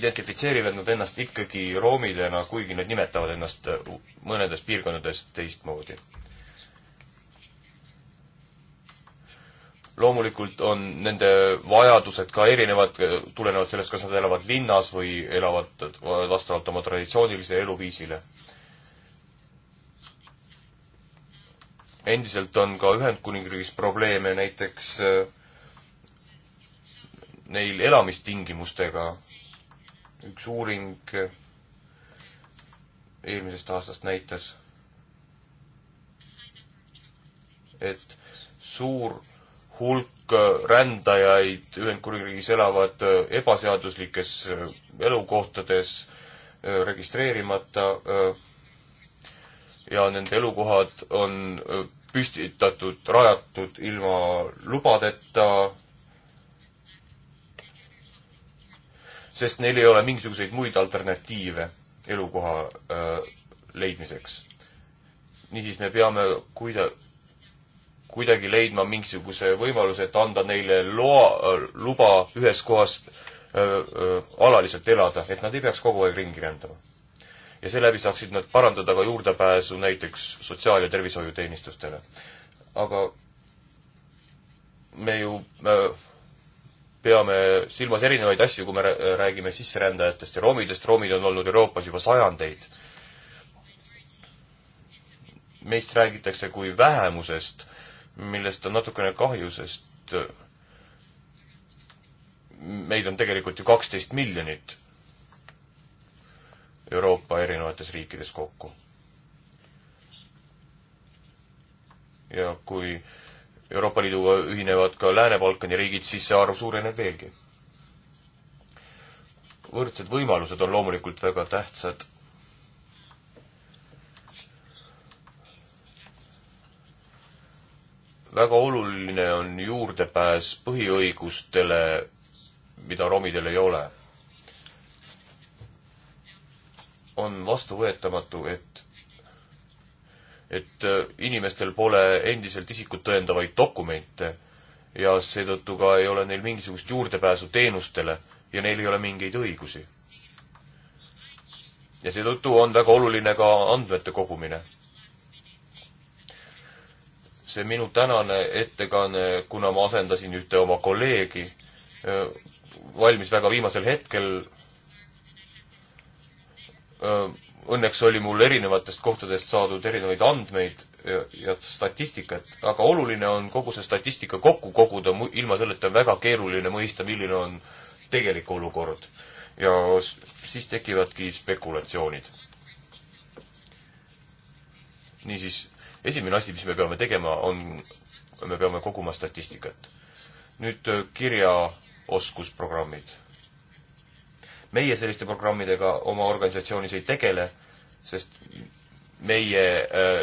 S2: identifitseerivad nad ennast ikkagi roomidena, kuigi nad nimetavad ennast mõnedes piirkondades teistmoodi loomulikult on nende vajadused ka erinevad, tulenevalt sellest, kas nad elavad linnas või elavad vastavalt oma traditsioonilisele eluviisile. endiselt on ka Ühendkuningriigis probleeme näiteks äh, neil elamistingimustega. üks uuring äh, eelmisest aastast näitas, et suur hulk äh, rändajaid Ühendkuningriigis elavad äh, ebaseaduslikes äh, elukohtades registreerimata ja nende elukohad on püstitatud, rajatud ilma lubadeta, sest neil ei ole mingisuguseid muid alternatiive elukoha leidmiseks. niisiis me peame kuida-, kuidagi leidma mingisuguse võimaluse, et anda neile loa, äh, luba ühes kohas öö, äh, öö, äh, alaliselt elada, et nad ei peaks kogu aeg ringi rändama. ja seeläbi saaksid nad parandada ka juurdepääsu näiteks sotsiaal- ja tervishoiuteenistustele. aga me ju öö, peame silmas erinevaid asju, kui me räägime sisserändajatest ja roomidest, roomid on olnud Euroopas juba sajandeid. meist räägitakse kui vähemusest millest on natukene kahju, sest äh, meid on tegelikult ju kaksteist miljonit Euroopa erinevates riikides kokku. ja kui Euroopa Liiduga ühinevad ka Lääne-Balkani riigid, siis see arv suureneb veelgi. võrdsed võimalused on loomulikult väga tähtsad väga oluline on juurdepääs põhiõigustele, mida romidel ei ole. on vastuvõetamatu, et et äh, inimestel pole endiselt isikut tõendavaid dokumente ja seetõttu ka ei ole neil mingisugust juurdepääsu teenustele ja neil ei ole mingeid õigusi. ja seetõttu on väga oluline ka andmete kogumine see minu tänane ettekanne, kuna ma asendasin ühte oma kolleegi, valmis väga viimasel hetkel. Õnneks oli mul erinevatest kohtadest saadud erinevaid andmeid ja, ja statistikat, aga oluline on kogu see statistika kokku koguda, ilma selleta on väga keeruline mõista, milline on tegelik olukord. ja siis tekivadki spekulatsioonid niisiis esimene asi, mis me peame tegema, on, me peame koguma statistikat. nüüd äh, kirjaoskusprogrammid. meie selliste programmidega oma organisatsioonis ei tegele, sest meie äh,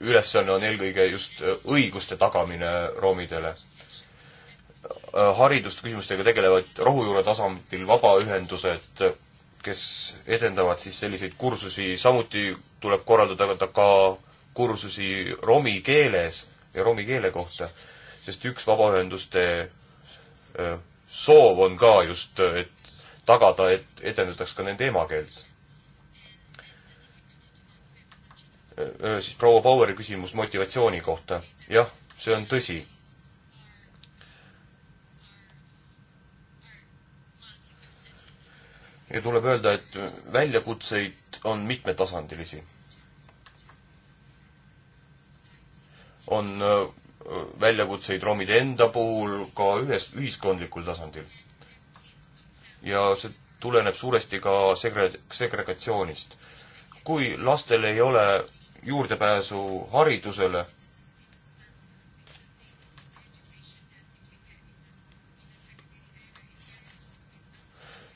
S2: ülesanne on eelkõige just äh, õiguste tagamine roomidele. haridusküsimustega tegelevad rohujuure tasandil vabaühendused, kes edendavad siis selliseid kursusi, samuti tuleb korraldada ka kursusi romi keeles ja romi keele kohta, sest üks vabaühenduste soov on ka just, et tagada, et edendataks ka nende emakeelt. siis proua Baueri küsimus motivatsiooni kohta. jah, see on tõsi. ja tuleb öelda, et väljakutseid on mitmetasandilisi on väljakutseid romide enda puhul ka ühes, ühiskondlikul tasandil. ja see tuleneb suuresti ka segre-, segregatsioonist. kui lastel ei ole juurdepääsu haridusele,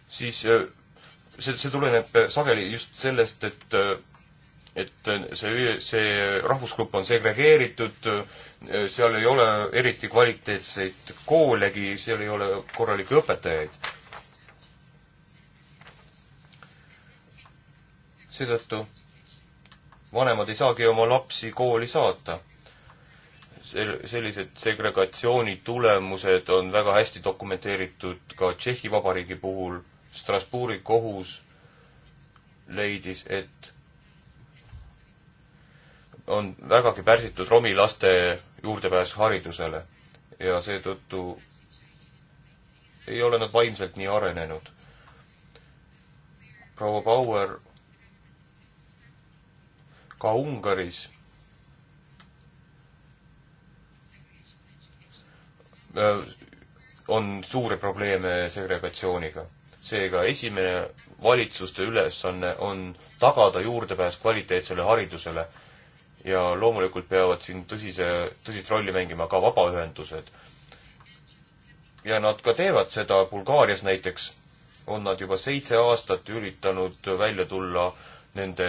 S2: siis see, see tuleneb sageli just sellest, et et see, see rahvusgrupp on segregeeritud, seal ei ole eriti kvaliteetseid koolegi, seal ei ole korralikke õpetajaid. seetõttu vanemad ei saagi oma lapsi kooli saata. sel-, sellised segregatsiooni tulemused on väga hästi dokumenteeritud ka Tšehhi Vabariigi puhul. Strasbourgi kohus leidis, et on vägagi pärsitud romi laste juurdepääs haridusele ja seetõttu ei ole nad vaimselt nii arenenud. proua Bauer, ka Ungaris äh, on suuri probleeme segregatsiooniga. seega esimene valitsuste ülesanne on tagada juurdepääs kvaliteetsele haridusele ja loomulikult peavad siin tõsise, tõsist rolli mängima ka vabaühendused. ja nad ka teevad seda, Bulgaarias näiteks on nad juba seitse aastat üritanud välja tulla nende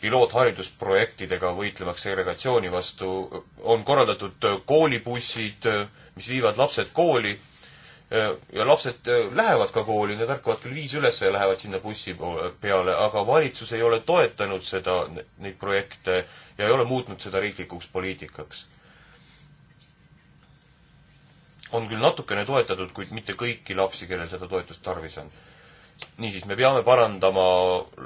S2: pilootharidusprojektidega võitlemaks segregatsiooni vastu, on korraldatud koolibussid, mis viivad lapsed kooli Äh, ja lapsed äh, lähevad ka kooli, nad ärkavad küll viis üles ja lähevad sinna bussi peale, aga valitsus ei ole toetanud seda, neid projekte ja ei ole muutnud seda riiklikuks poliitikaks. on küll natukene toetatud, kuid mitte kõiki lapsi, kellel seda toetust tarvis on. niisiis, me peame parandama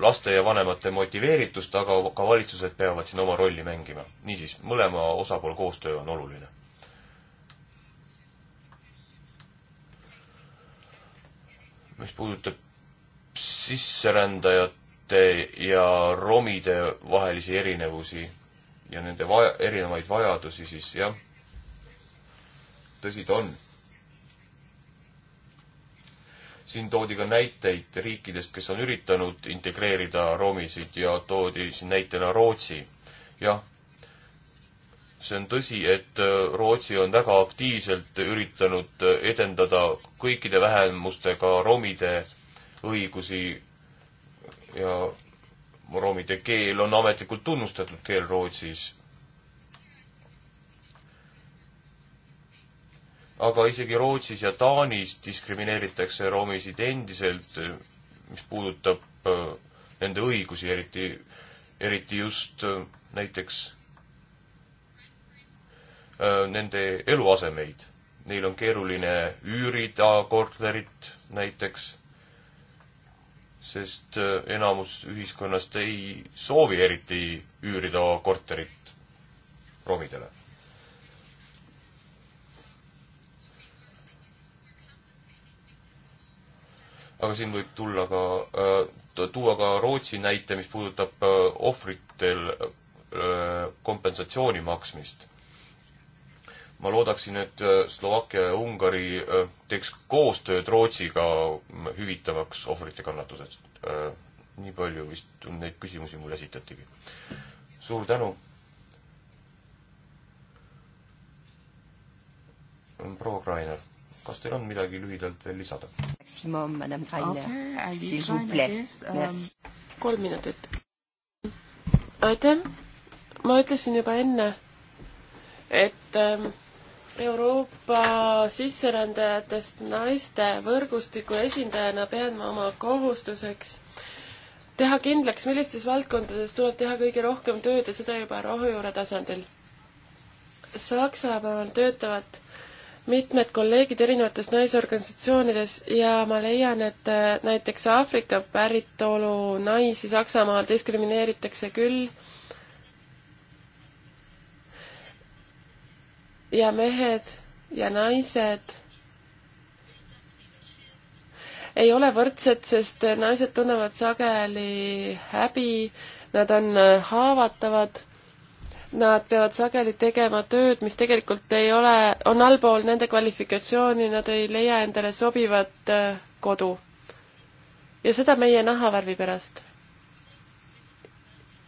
S2: laste ja vanemate motiveeritust, aga ka valitsused peavad siin oma rolli mängima. niisiis, mõlema osapoole koostöö on oluline mis puudutab sisserändajate ja romide vahelisi erinevusi ja nende vaja, erinevaid vajadusi, siis jah, tõsi ta on. siin toodi ka näiteid riikidest, kes on üritanud integreerida romisid ja toodi siin näitena Rootsi. jah see on tõsi, et äh, Rootsi on väga aktiivselt üritanud äh, edendada kõikide vähemustega romide õigusi ja romide keel on ametlikult tunnustatud keel Rootsis. aga isegi Rootsis ja Taanis diskrimineeritakse romisid endiselt, äh, mis puudutab nende õigusi, eriti, eriti just näiteks Äh, nende eluasemeid. Neil on keeruline üürida korterit näiteks, sest äh, enamus ühiskonnast ei soovi eriti üürida korterit romidele. aga siin võib tulla ka, äh, tuua ka Rootsi näite, mis puudutab ohvritel kompensatsiooni maksmist ma loodaksin, et äh, Slovakkia ja Ungari äh, teeks koostööd Rootsiga, hüvitamaks ohvrite kannatused. Äh, nii palju vist neid küsimusi mulle esitatigi. suur tänu. proua Grainer, kas teil on midagi lühidalt veel lisada?
S3: Um, kolm minutit. aitäh, ma ütlesin juba enne, et ähm, Euroopa sisserändajatest naiste võrgustiku esindajana pean ma oma kohustuseks teha kindlaks, millistes valdkondades tuleb teha kõige rohkem tööd ja seda juba rohujuure tasandil. Saksamaal töötavad mitmed kolleegid erinevates naisorganisatsioonides ja ma leian, et äh, näiteks Aafrika päritolu naisi Saksamaal diskrimineeritakse küll ja mehed ja naised ei ole võrdsed, sest naised tunnevad sageli häbi, nad on haavatavad, nad peavad sageli tegema tööd, mis tegelikult ei ole, on allpool nende kvalifikatsiooni, nad ei leia endale sobivat äh, kodu. ja seda meie nahavärvi pärast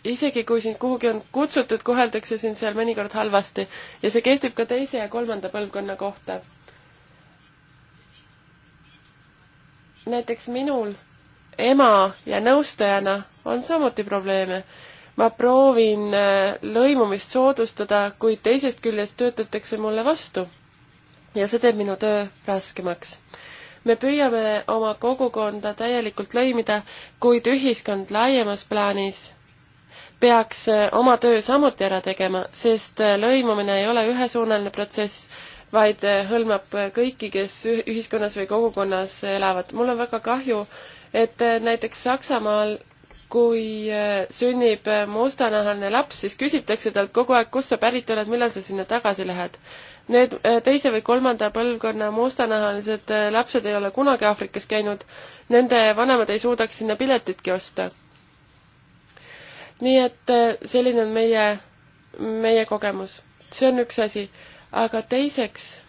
S3: isegi kui sind kuhugi on kutsutud, koheldakse sind seal mõnikord halvasti ja see kehtib ka teise ja kolmanda põlvkonna kohta. näiteks minul ema ja nõustajana on samuti probleeme. ma proovin äh, lõimumist soodustada, kuid teisest küljest töötatakse mulle vastu ja see teeb minu töö raskemaks me püüame oma kogukonda täielikult lõimida, kuid ühiskond laiemas plaanis peaks eh, oma töö samuti ära tegema, sest eh, lõimumine ei ole ühesuunaline protsess, vaid eh, hõlmab kõiki, kes ühiskonnas või kogukonnas elavad. mul on väga kahju, et näiteks Saksamaal kui sünnib mustanahaline laps, siis küsitakse talt kogu aeg, kust sa pärit oled, millal sa sinna tagasi lähed. Need teise või kolmanda põlvkonna mustanahalised lapsed ei ole kunagi Aafrikas käinud, nende vanemad ei suudaks sinna piletitki osta nii et äh, selline on meie, meie kogemus. see on üks asi. aga teiseks,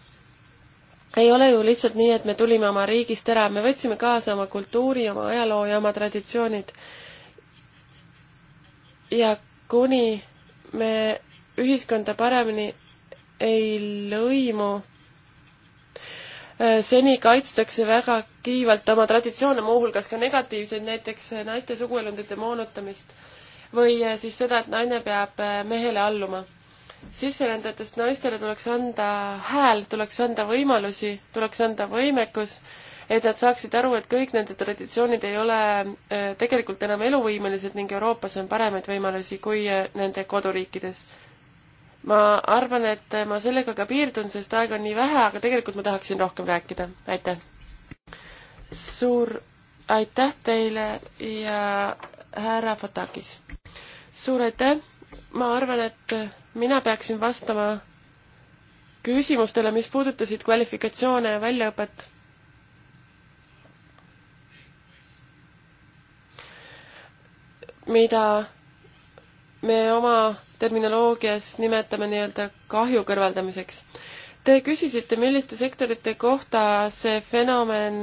S3: ei ole ju lihtsalt nii, et me tulime oma riigist ära, me võtsime kaasa oma kultuuri, oma ajaloo ja oma traditsioonid. ja kuni me ühiskonda paremini ei lõimu, äh, seni kaitstakse väga kiivalt oma traditsioone, muuhulgas ka negatiivseid, näiteks äh, naiste suguelundite moonutamist või äh, siis seda, et naine peab äh, mehele alluma. sisserändajatest naistele tuleks anda hääl, tuleks anda võimalusi, tuleks anda võimekus, et nad saaksid aru, et kõik nende traditsioonid ei ole äh, tegelikult enam eluvõimelised ning Euroopas on paremaid võimalusi kui nende koduriikides ma arvan, et ma sellega ka piirdun, sest aega on nii vähe, aga tegelikult ma tahaksin rohkem rääkida. aitäh! suur aitäh teile ja härra Fatakis! suur aitäh, ma arvan, et mina peaksin vastama küsimustele, mis puudutasid kvalifikatsioone ja väljaõpet. mida me oma terminoloogias nimetame nii-öelda kahju kõrvaldamiseks Te küsisite, milliste sektorite kohta see fenomen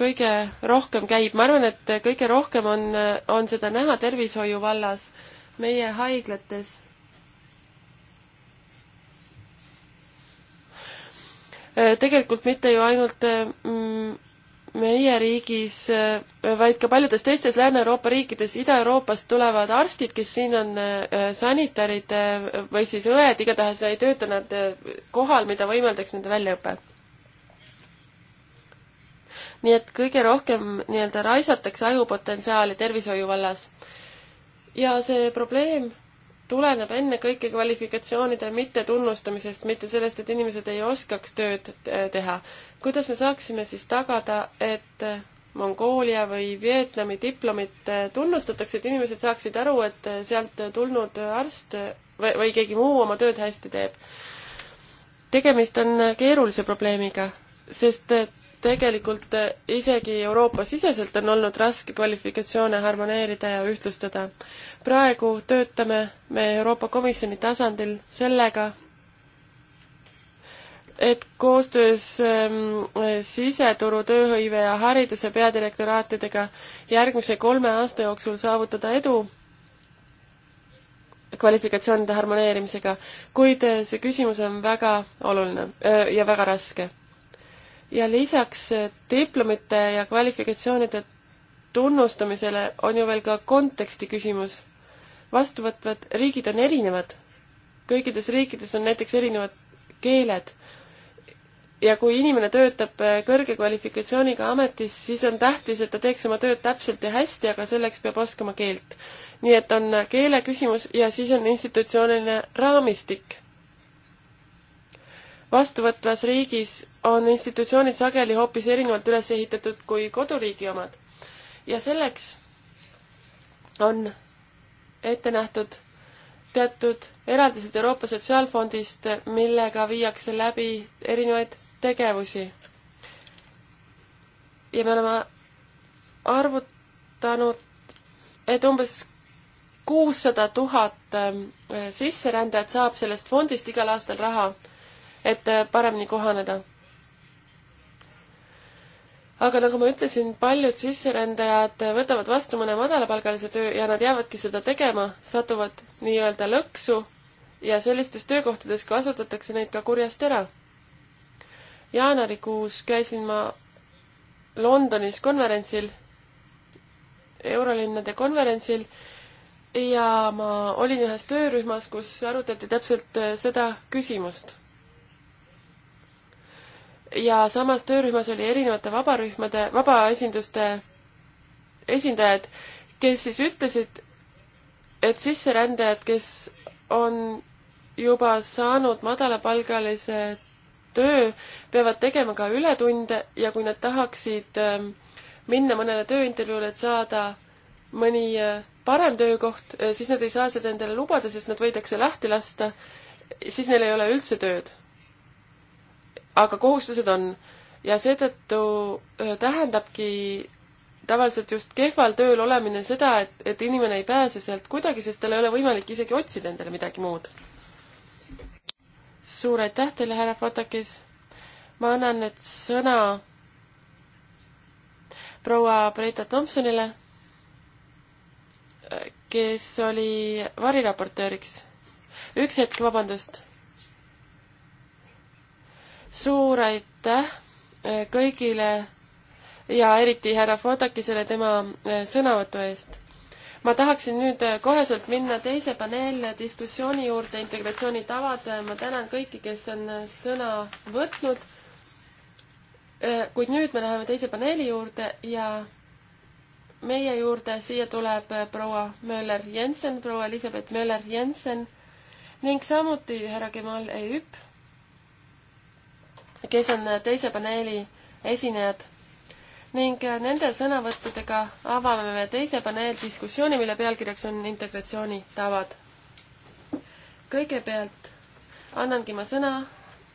S3: kõige rohkem käib. ma arvan, et kõige rohkem on, on seda näha tervishoiu vallas, meie haiglates. tegelikult mitte ju ainult mm, meie riigis, äh, vaid ka paljudes teistes Lääne-Euroopa riikides, Ida-Euroopast tulevad arstid, kes siin on äh, sanitarid äh, või siis õed, igatahes ei tööta nad kohal, mida võimaldaks nende väljaõpe. nii et kõige rohkem nii-öelda raisatakse ajupotentsiaali tervishoiu vallas. ja see probleem tuleneb ennekõike kvalifikatsioonide mittetunnustamisest, mitte sellest, et inimesed ei oskaks tööd äh, teha. kuidas me saaksime siis tagada, et Mongoolia või Vietnami diplomit äh, tunnustatakse, et inimesed saaksid aru, et äh, sealt tulnud arst või, või keegi muu oma tööd hästi teeb? tegemist on keerulise probleemiga, sest tegelikult eh, isegi Euroopa-siseselt on olnud raske kvalifikatsioone harmoneerida ja ühtlustada. praegu töötame me Euroopa Komisjoni tasandil sellega, et koostöös ähm, siseturu, tööhõive ja hariduse peadirektoraatidega järgmise kolme aasta jooksul saavutada edu kvalifikatsioonide harmoneerimisega, kuid eh, see küsimus on väga oluline öö, eh, ja väga raske ja lisaks eh, diplomite ja kvalifikatsioonide tunnustamisele on ju veel ka konteksti küsimus. vastuvõtvad riigid on erinevad. kõikides riikides on näiteks erinevad keeled. ja kui inimene töötab eh, kõrge kvalifikatsiooniga ametis, siis on tähtis, et ta teeks oma tööd täpselt ja hästi, aga selleks peab oskama keelt. nii et on eh, keele küsimus ja siis on institutsiooniline raamistik vastuvõtvas riigis on institutsioonid sageli hoopis erinevalt üles ehitatud kui koduriigi omad. ja selleks on ette nähtud teatud eraldised Euroopa Sotsiaalfondist, millega viiakse läbi erinevaid tegevusi. ja me oleme arvutanud, et umbes kuussada tuhat äh, sisserändajat saab sellest fondist igal aastal raha et äh, paremini kohaneda. aga nagu ma ütlesin, paljud sisserändajad võtavad vastu mõne madalapalgalise töö ja nad jäävadki seda tegema, satuvad nii-öelda lõksu ja sellistes töökohtades kasutatakse neid ka kurjast ära. jaanuarikuus käisin ma Londonis konverentsil, eurolinnade konverentsil ja ma olin ühes töörühmas, kus arutati täpselt äh, seda küsimust ja samas töörühmas oli erinevate vabarühmade, vabaesinduste esindajad, kes siis ütlesid, et sisserändajad, kes on juba saanud madalapalgalise töö, peavad tegema ka ületunde ja kui nad tahaksid ähm, minna mõnele tööintervjuule, et saada mõni äh, parem töökoht, äh, siis nad ei saa seda endale lubada, sest nad võidakse lahti lasta, siis neil ei ole üldse tööd aga kohustused on ja seetõttu äh, tähendabki tavaliselt just kehval tööl olemine seda, et, et inimene ei pääse sealt kuidagi, sest tal ei ole võimalik isegi otsida endale midagi muud. suur aitäh teile, härra Fotakis. ma annan nüüd sõna proua Brita Tomsonile, äh, kes oli variraportööriks. üks hetk, vabandust suur aitäh eh, kõigile ja eriti härra Fodakisele tema eh, sõnavõtu eest. ma tahaksin nüüd eh, koheselt minna teise paneeldiskussiooni juurde, integratsiooni tavad. ma tänan kõiki, kes on sõna võtnud. kuid nüüd me läheme teise paneeli juurde ja meie juurde siia tuleb proua Möller-Jensen, proua Elizabeth Möller-Jensen ning samuti härra Kemal Eüp kes on teise paneeli esinejad ning äh, nende sõnavõttudega avame me teise paneeldiskussiooni, mille pealkirjaks on integratsiooni tavad. kõigepealt annangi ma sõna,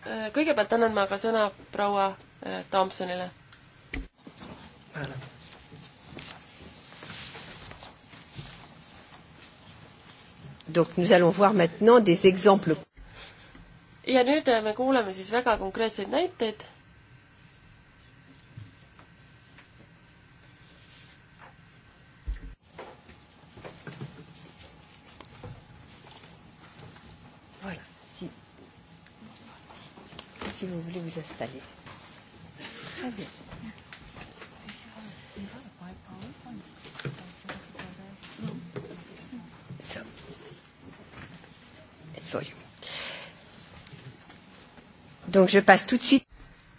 S3: äh, kõigepealt annan ma ka sõna proua äh, Tomsonile.
S1: Donc nous allons voir maintenant des exemples
S3: ja nüüd äh, me kuuleme siis väga konkreetseid näiteid.
S1: si vous voulez vous installer. Très bien. So. It's for you. Donc je passe tout de suite.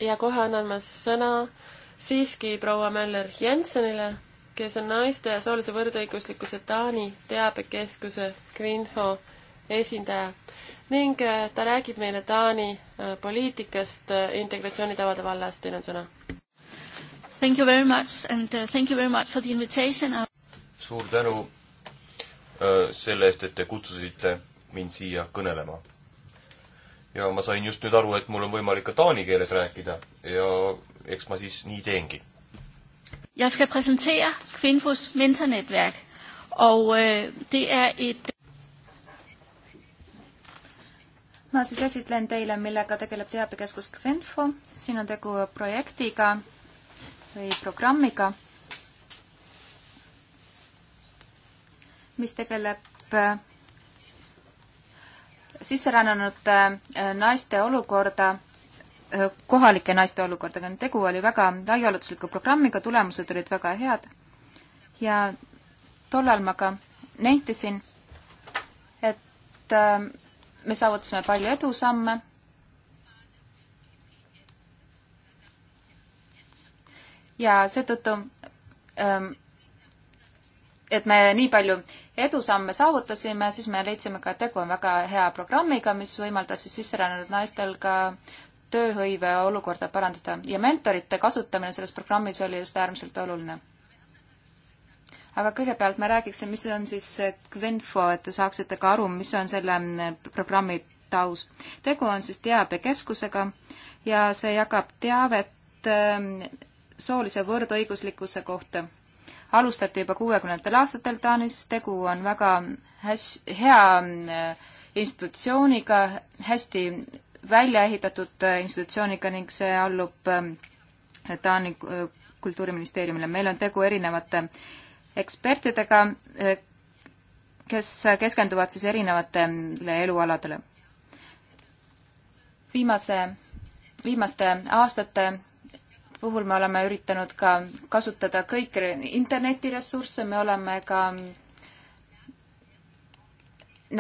S3: ja kohe annan ma sõna siiski proua Möller Jensenile, kes on naiste ja soolise võrdõiguslikkuse Taani teabekeskuse Greenfo esindaja ning äh, ta räägib meile Taani äh, poliitikast äh, integratsioonitavade vallas, teil on sõna.
S4: Thank you very much and thank you very much for the invitation. Uh,
S2: suur tänu selle eest, et te kutsusite mind siia kõnelema ja ma sain just nüüd aru, et mul on võimalik ka taani keeles rääkida ja eks ma siis nii teengi.
S4: Jeg skal præsentere Kvinfos mentornetværk, og øh, det er et... ma siis esitlen teile, millega tegeleb teabekeskus Kvinfo. siin on tegu projektiga või programmiga, mis tegeleb sisserännanute äh, naiste olukorda, äh, kohalike naiste olukorda, aga tegu oli väga laiaulatusliku programmiga, tulemused olid väga head ja tollal ma ka nentisin, et äh, me saavutasime palju edusamme ja seetõttu, ähm, et me nii palju edusamme saavutasime, siis me leidsime ka, et tegu on väga hea programmiga, mis võimaldas siis sisserännanud naistel ka tööhõive olukorda parandada ja mentorite kasutamine selles programmis oli just äärmiselt oluline. aga kõigepealt ma räägiksin, mis on siis Gwenfo, et te saaksite ka aru, mis on selle mm, programmi taust. tegu on siis teabekeskusega ja see jagab teavet mm, soolise võrdõiguslikkuse kohta alustati juba kuuekümnendatel aastatel Taanis, tegu on väga häs-, hea äh, institutsiooniga, hästi välja ehitatud äh, institutsiooniga ning see allub ähm, Taani äh, kultuuriministeeriumile. meil on tegu erinevate ekspertidega, kes keskenduvad siis erinevatele elualadele. viimase, viimaste aastate puhul me oleme üritanud ka kasutada kõiki internetiressursse, me oleme ka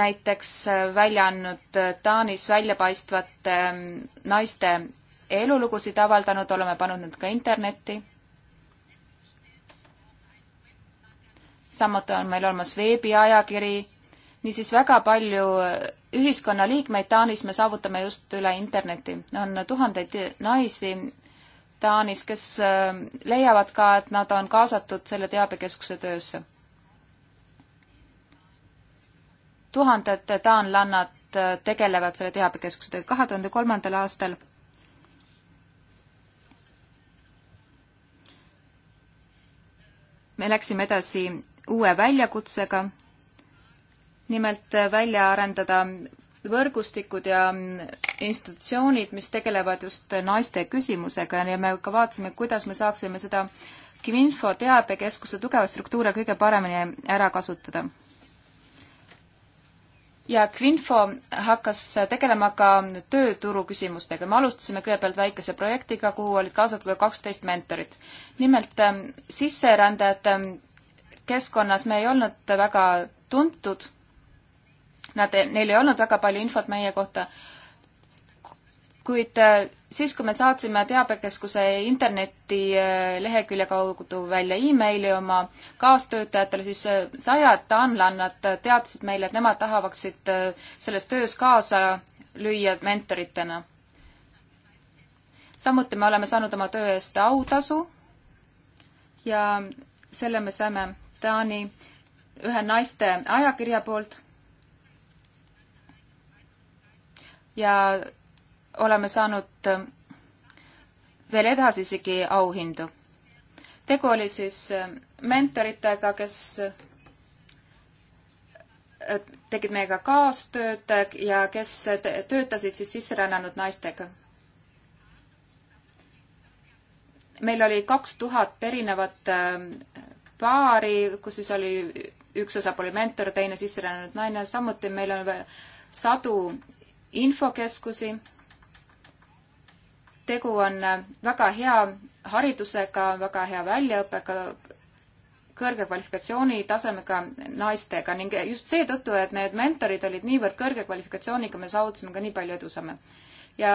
S4: näiteks välja andnud Taanis väljapaistvate naiste elulugusid avaldanud, oleme pannud need ka internetti. samuti on meil olemas veebiajakiri, niisiis väga palju ühiskonnaliikmeid Taanis me saavutame just üle interneti. on tuhandeid naisi, Taanis, kes äh, leiavad ka, et nad on kaasatud selle teabekeskuse töösse. tuhanded taanlannad äh, tegelevad selle teabekeskuse tööga. kahe tuhande kolmandal aastal me läksime edasi uue väljakutsega, nimelt välja arendada võrgustikud ja institutsioonid, mis tegelevad just naiste küsimusega ja me ka vaatasime, kuidas me saaksime seda Kiminfo teabekeskuse tugeva struktuure kõige paremini ära kasutada. ja Kvinfo hakkas tegelema ka tööturu küsimustega. me alustasime kõigepealt väikese projektiga, kuhu olid kaasatud ka kaksteist mentorit. nimelt ähm, sisserändajate keskkonnas me ei olnud väga tuntud nad, neil ei olnud väga palju infot meie kohta, kuid äh, siis, kui me saatsime Teabekeskuse internetilehekülje äh, kaudu välja emaili oma kaastöötajatele, siis äh, sajad taanlannad teadsid meile, et nemad tahavaksid selles töös kaasa lüüa mentoritena. samuti me oleme saanud oma töö eest autasu ja selle me saime Taani ühe naiste ajakirja poolt ja oleme saanud äh, veel edasi isegi auhindu. tegu oli siis äh, mentoritega, kes äh, tegid meiega kaastööd ja kes töötasid siis sisserännanud naistega. meil oli kaks tuhat erinevat paari, kus siis oli üks osapool oli mentor, teine sisserännanud naine, samuti meil on sadu infokeskusi tegu on väga hea haridusega, väga hea väljaõppega, kõrge kvalifikatsioonitasemega naistega ning just seetõttu, et need mentorid olid niivõrd kõrge kvalifikatsiooniga, me saavutasime ka nii palju edusamme. ja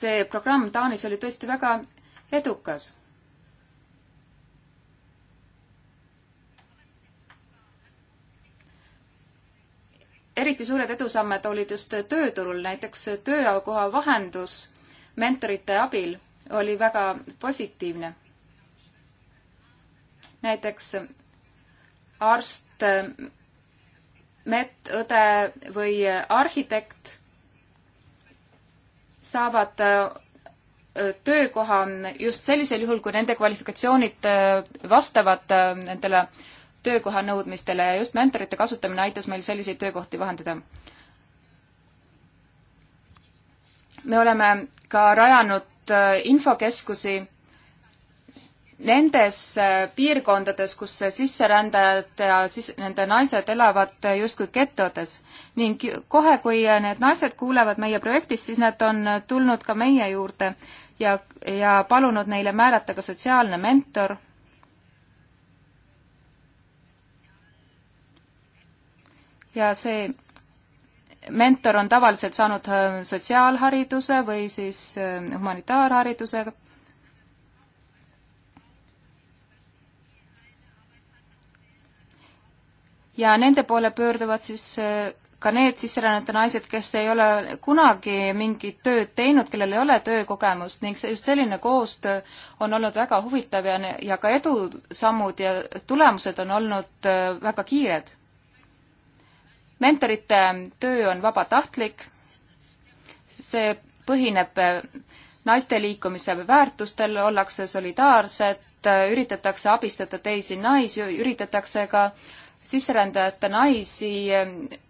S4: see programm Taanis oli tõesti väga edukas eriti suured edusammed olid just tööturul, näiteks töökoha vahendus mentorite abil oli väga positiivne. näiteks arst, medõde või arhitekt saavad äh, töökoha just sellisel juhul, kui nende kvalifikatsioonid äh, vastavad äh, nendele töökoha nõudmistele ja just mentorite kasutamine aitas meil selliseid töökohti vahendada. me oleme ka rajanud äh, infokeskusi nendes äh, piirkondades, kus sisserändajad ja siis nende naised elavad äh, justkui getodes ning kohe, kui need naised kuulevad meie projektist, siis nad on tulnud ka meie juurde ja, ja palunud neile määrata ka sotsiaalne mentor ja see mentor on tavaliselt saanud äh, sotsiaalhariduse või siis äh, humanitaarharidusega. ja nende poole pöörduvad siis äh, ka need sisserännete naised, kes ei ole kunagi mingit tööd teinud, kellel ei ole töökogemust ning see just selline koostöö on olnud väga huvitav ja, ja ka edusammud ja tulemused on olnud väga kiired mentorite töö on vabatahtlik, see põhineb naiste liikumise väärtustel, ollakse solidaarsed, üritatakse abistada teisi naisi, üritatakse ka sisserändajate naisi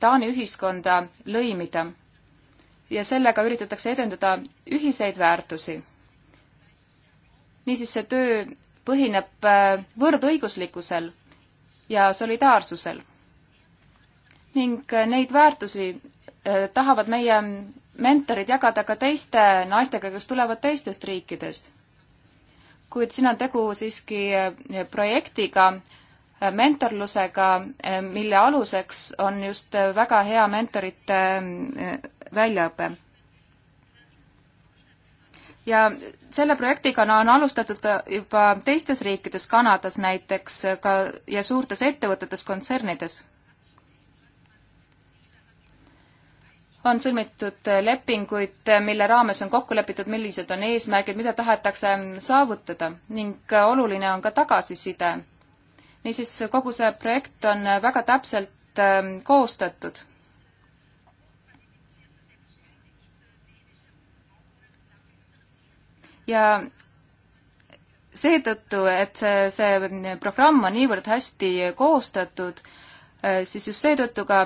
S4: Taani ühiskonda lõimida. ja sellega üritatakse edendada ühiseid väärtusi. niisiis, see töö põhineb võrdõiguslikkusel ja solidaarsusel ning äh, neid väärtusi äh, tahavad meie mentorid jagada ka teiste naistega, kes tulevad teistest riikidest. kuid siin on tegu siiski äh, projektiga, mentorlusega, mille aluseks on just väga hea mentorite väljaõpe. ja selle projektiga no, on alustatud ka juba teistes riikides, Kanadas näiteks, ka ja suurtes ettevõtetes, kontsernides on sõlmitud lepinguid, mille raames on kokku lepitud, millised on eesmärgid, mida tahetakse saavutada ning oluline on ka tagasiside. niisiis, kogu see projekt on väga täpselt ähm, koostatud. ja seetõttu, et see, see programm on niivõrd hästi koostatud, äh, siis just seetõttu ka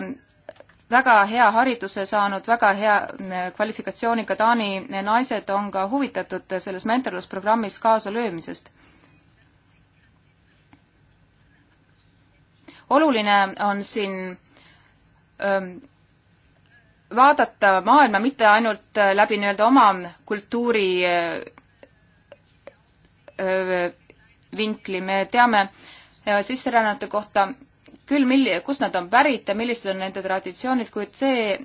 S4: väga hea hariduse saanud, väga hea eh, kvalifikatsiooniga Taani eh, naised on ka huvitatud eh, selles mentorlusprogrammis kaasalöömisest. oluline on siin öö, ähm, vaadata maailma mitte ainult läbi nii-öelda oma kultuuri öö, vinkli, me teame sisserännanute kohta küll, mil-, kust nad on pärit ja millised on nende traditsioonid, kuid see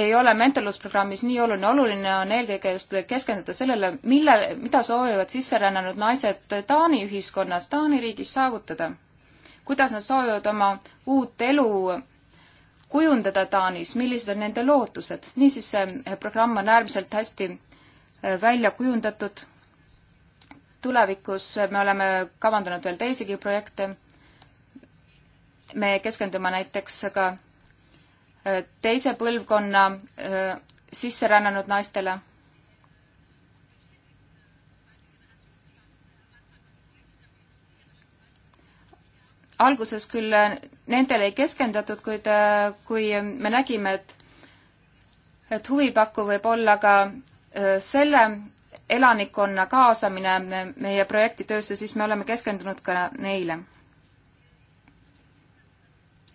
S4: ei ole mentorlusprogrammis nii oluline, oluline on eelkõige just keskenduda sellele, mille, mida soovivad sisserännanud naised Taani ühiskonnas, Taani riigis saavutada. kuidas nad soovivad oma uut elu kujundada Taanis, millised on nende lootused. niisiis, see programm on äärmiselt hästi äh, välja kujundatud. tulevikus me oleme kavandanud veel teisigi projekte me keskendume näiteks ka äh, teise põlvkonna äh, sisse rännanud naistele. alguses küll äh, nendele ei keskendatud, kuid kui me nägime, et et huvipakku võib olla ka selle elanikkonna kaasamine meie projekti töösse, siis me oleme keskendunud ka neile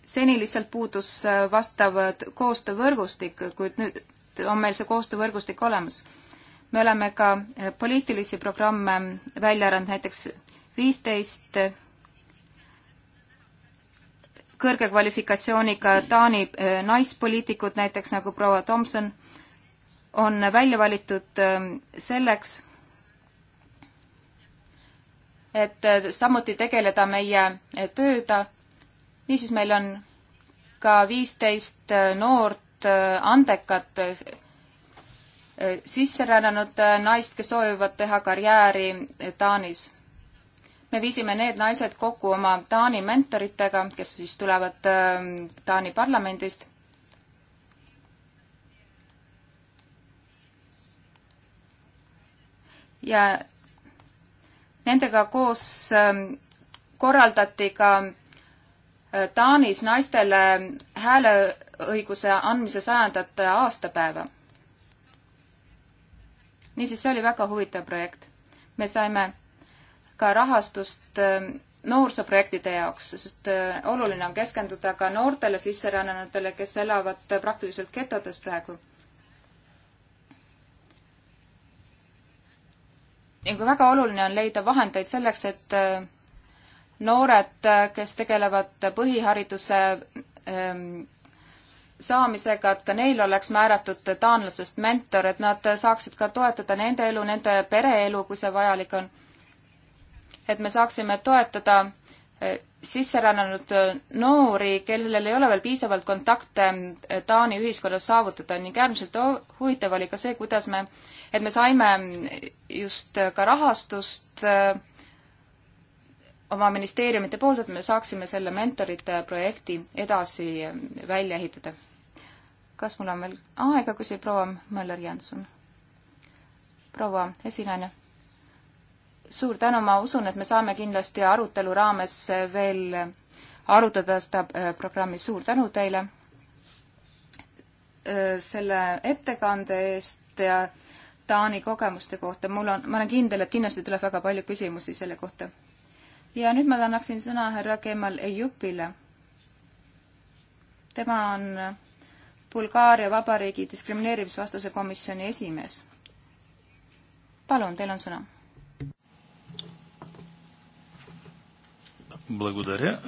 S4: seni lihtsalt puudus äh, vastav äh, koostöövõrgustik, kuid nüüd on meil see koostöövõrgustik olemas. me oleme ka äh, poliitilisi programme välja arendanud, näiteks viisteist kõrge kvalifikatsiooniga Taani naispoliitikud, näiteks nagu proua Tomson, on välja valitud ähm, selleks, et samuti tegeleda meie tööga niisiis, meil on ka viisteist äh, noort äh, andekat äh, sisserännanud naist, kes soovivad teha karjääri Taanis. me viisime need naised kokku oma Taani mentoritega, kes siis tulevad ähm, Taani parlamendist ja nendega koos ähm, korraldati ka Taanis naistele hääleõiguse andmise sajandat aastapäeva. niisiis, see oli väga huvitav projekt. me saime ka rahastust ähm, noorsooprojektide jaoks, sest äh, oluline on keskenduda ka noortele sisserännanutele, kes elavad praktiliselt getodes praegu. ja kui väga oluline on leida vahendeid selleks, et äh, noored, kes tegelevad põhihariduse ehm, saamisega, et ka neil oleks määratud taanlasest mentor, et nad saaksid ka toetada nende elu, nende pereelu, kui see vajalik on. et me saaksime toetada eh, sisserännanud eh, noori, kellel ei ole veel piisavalt kontakte eh, Taani ühiskonnas saavutada ning äärmiselt huvitav oli ka see, kuidas me, et me saime just ka rahastust äh, oma ministeeriumite poolt, et me saaksime selle mentorite projekti edasi välja ehitada. kas mul on veel aega, küsib proua Möller-Janson? proua esinaine? suur tänu, ma usun, et me saame kindlasti arutelu raames veel arutada seda äh, programmi, suur tänu teile äh, selle ettekande eest ja Taani kogemuste kohta, mul on, ma olen kindel, et kindlasti tuleb väga palju küsimusi selle kohta ja nüüd ma annaksin sõna härra Kemal Ejupile. tema on Bulgaaria Vabariigi diskrimineerimisvastase komisjoni esimees. palun, teil on sõna.
S2: Благодаря.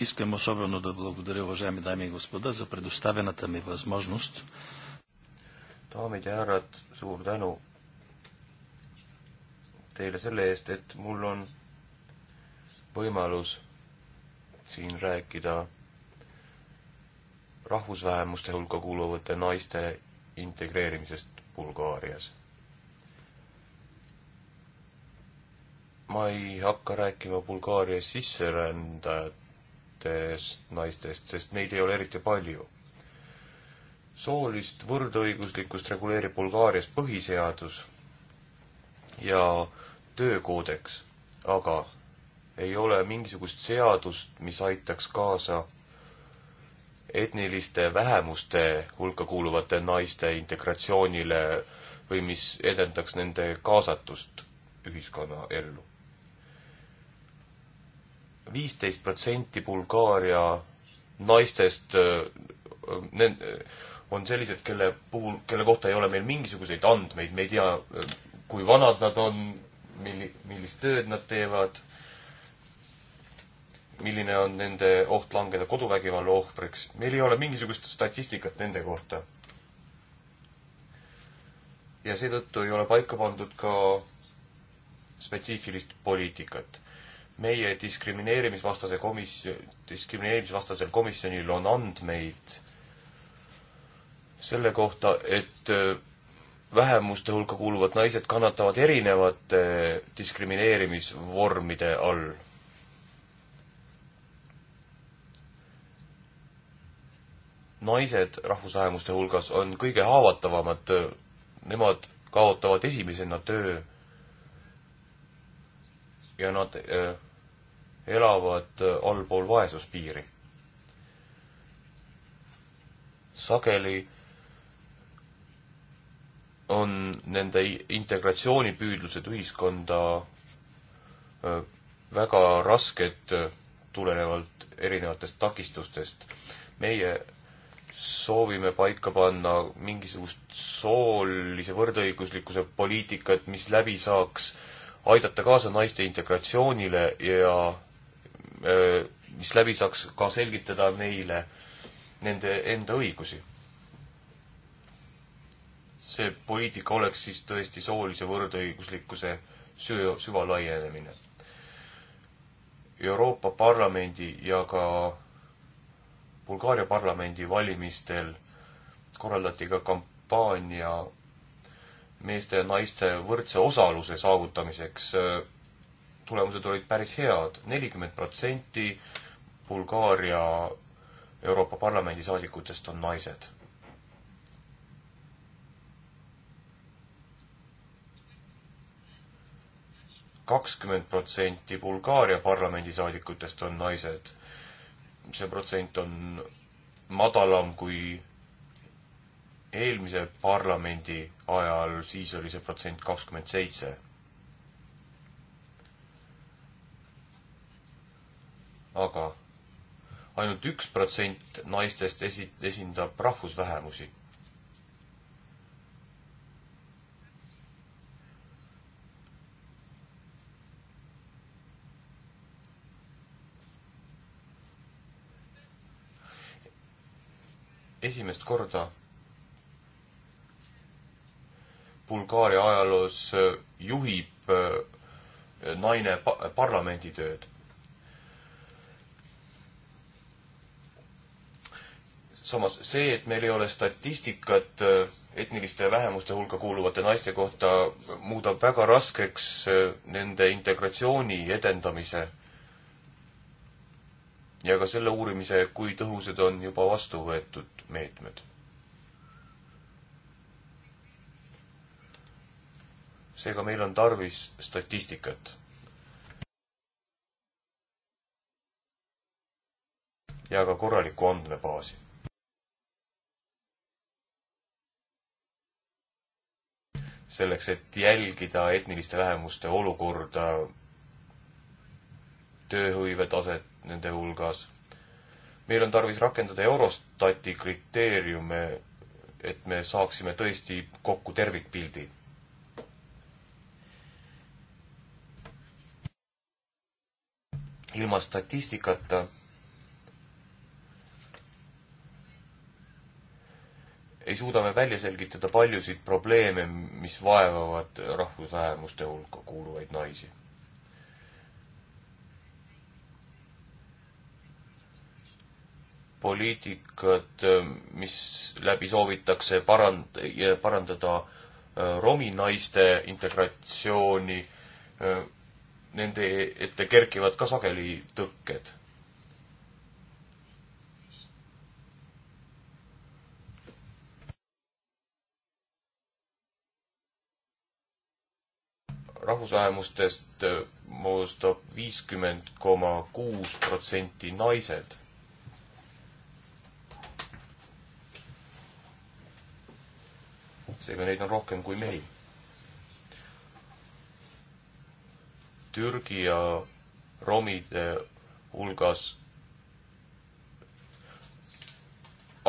S2: Искам особено да благодаря, уважаеми дами и господа, за предоставената ми възможност. Daamid ja härrad, suur tänu teile selle eest, et mul on võimalus siin rääkida rahvusvähemuste hulka kuuluvate naiste integreerimisest Bulgaarias. ma ei hakka rääkima Bulgaaria sisserändajatest naistest, sest neid ei ole eriti palju. soolist võrdõiguslikkust reguleerib Bulgaarias põhiseadus ja töökoodeks, aga ei ole mingisugust seadust, mis aitaks kaasa etniliste vähemuste hulka kuuluvate naiste integratsioonile või mis edendaks nende kaasatust ühiskonnaellu. viisteist protsenti Bulgaaria naistest on sellised, kelle puhul, kelle kohta ei ole meil mingisuguseid andmeid, me ei tea, kui vanad nad on, milli-, millist tööd nad teevad milline on nende oht langeda koduvägivalla ohvriks. meil ei ole mingisugust statistikat nende kohta. ja seetõttu ei ole paika pandud ka spetsiifilist poliitikat. meie diskrimineerimisvastase komisjon, diskrimineerimisvastasel komisjonil on andmeid selle kohta, et äh, vähemuste hulka kuuluvad naised kannatavad erinevate diskrimineerimisvormide all naised rahvusvähemuste hulgas on kõige haavatavamad, nemad kaotavad esimesena töö ja nad äh, elavad eh, allpool vaesuspiiri. sageli on nende integratsioonipüüdlused ühiskonda eh, väga rasked tulenevalt erinevatest takistustest. meie soovime paika panna mingisugust soolise võrdõiguslikkuse poliitikat, mis läbi saaks aidata kaasa naiste integratsioonile ja mis läbi saaks ka selgitada neile nende enda õigusi. see poliitika oleks siis tõesti soolise võrdõiguslikkuse süö, süvalaienemine. Euroopa Parlamendi ja ka Bulgaaria parlamendi valimistel korraldati ka kampaania meeste ja naiste võrdse osaluse saavutamiseks. tulemused olid päris head, nelikümmend protsenti Bulgaaria Euroopa Parlamendi saadikutest on naised. kakskümmend protsenti Bulgaaria parlamendisaadikutest on naised see protsent on madalam kui eelmise parlamendi ajal, siis oli see protsent kakskümmend seitse. aga ainult üks protsent naistest esi-, esindab rahvusvähemusi esimest korda Bulgaaria ajaloos äh, juhib äh, naine parlamendi tööd. samas see, et meil ei ole statistikat äh, etniliste vähemuste hulka kuuluvate naiste kohta, muudab väga raskeks nende integratsiooni edendamise ja ka selle uurimise, kui tõhusad on juba vastu võetud meetmed. seega meil on tarvis statistikat. ja ka korralikku andmebaasi. selleks, et jälgida etniliste vähemuste olukorda, tööhõive taset, nende hulgas. meil on tarvis rakendada Eurostati kriteeriume, et me saaksime tõesti kokku tervikpildi. ilma statistikata ei suuda me välja selgitada paljusid probleeme, mis vaevavad rahvusvähemuste hulka kuuluvaid naisi poliitikat, äh, mis läbi soovitakse parand-, parandada äh, romi naiste integratsiooni, äh, nende ette kerkivad ka sageli tõkked. rahvusvähemustest moodustab viiskümmend koma kuus protsenti naised seega neid on rohkem kui mehi. Türgi ja romide hulgas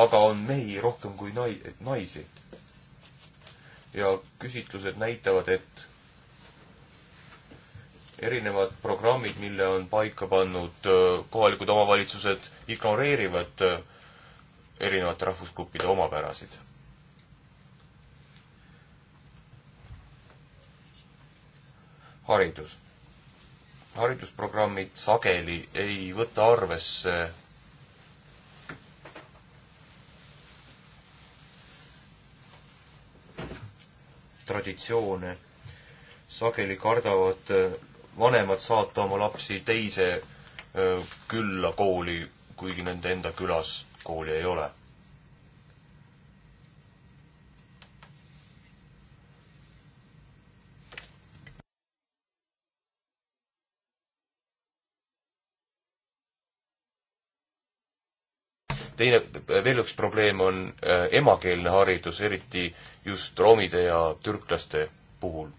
S2: aga on mehi rohkem kui nai-, naisi. ja küsitlused näitavad, et erinevad programmid, mille on paika pannud äh, kohalikud omavalitsused, ignoreerivad äh, erinevate rahvusgruppide omapärasid. haridus. haridusprogrammid sageli ei võta arvesse traditsioone. sageli kardavad vanemad saata oma lapsi teise äh, külla kooli, kuigi nende enda külas kooli ei ole teine, veel üks probleem on äh, emakeelne haridus, eriti just roomide ja türklaste puhul.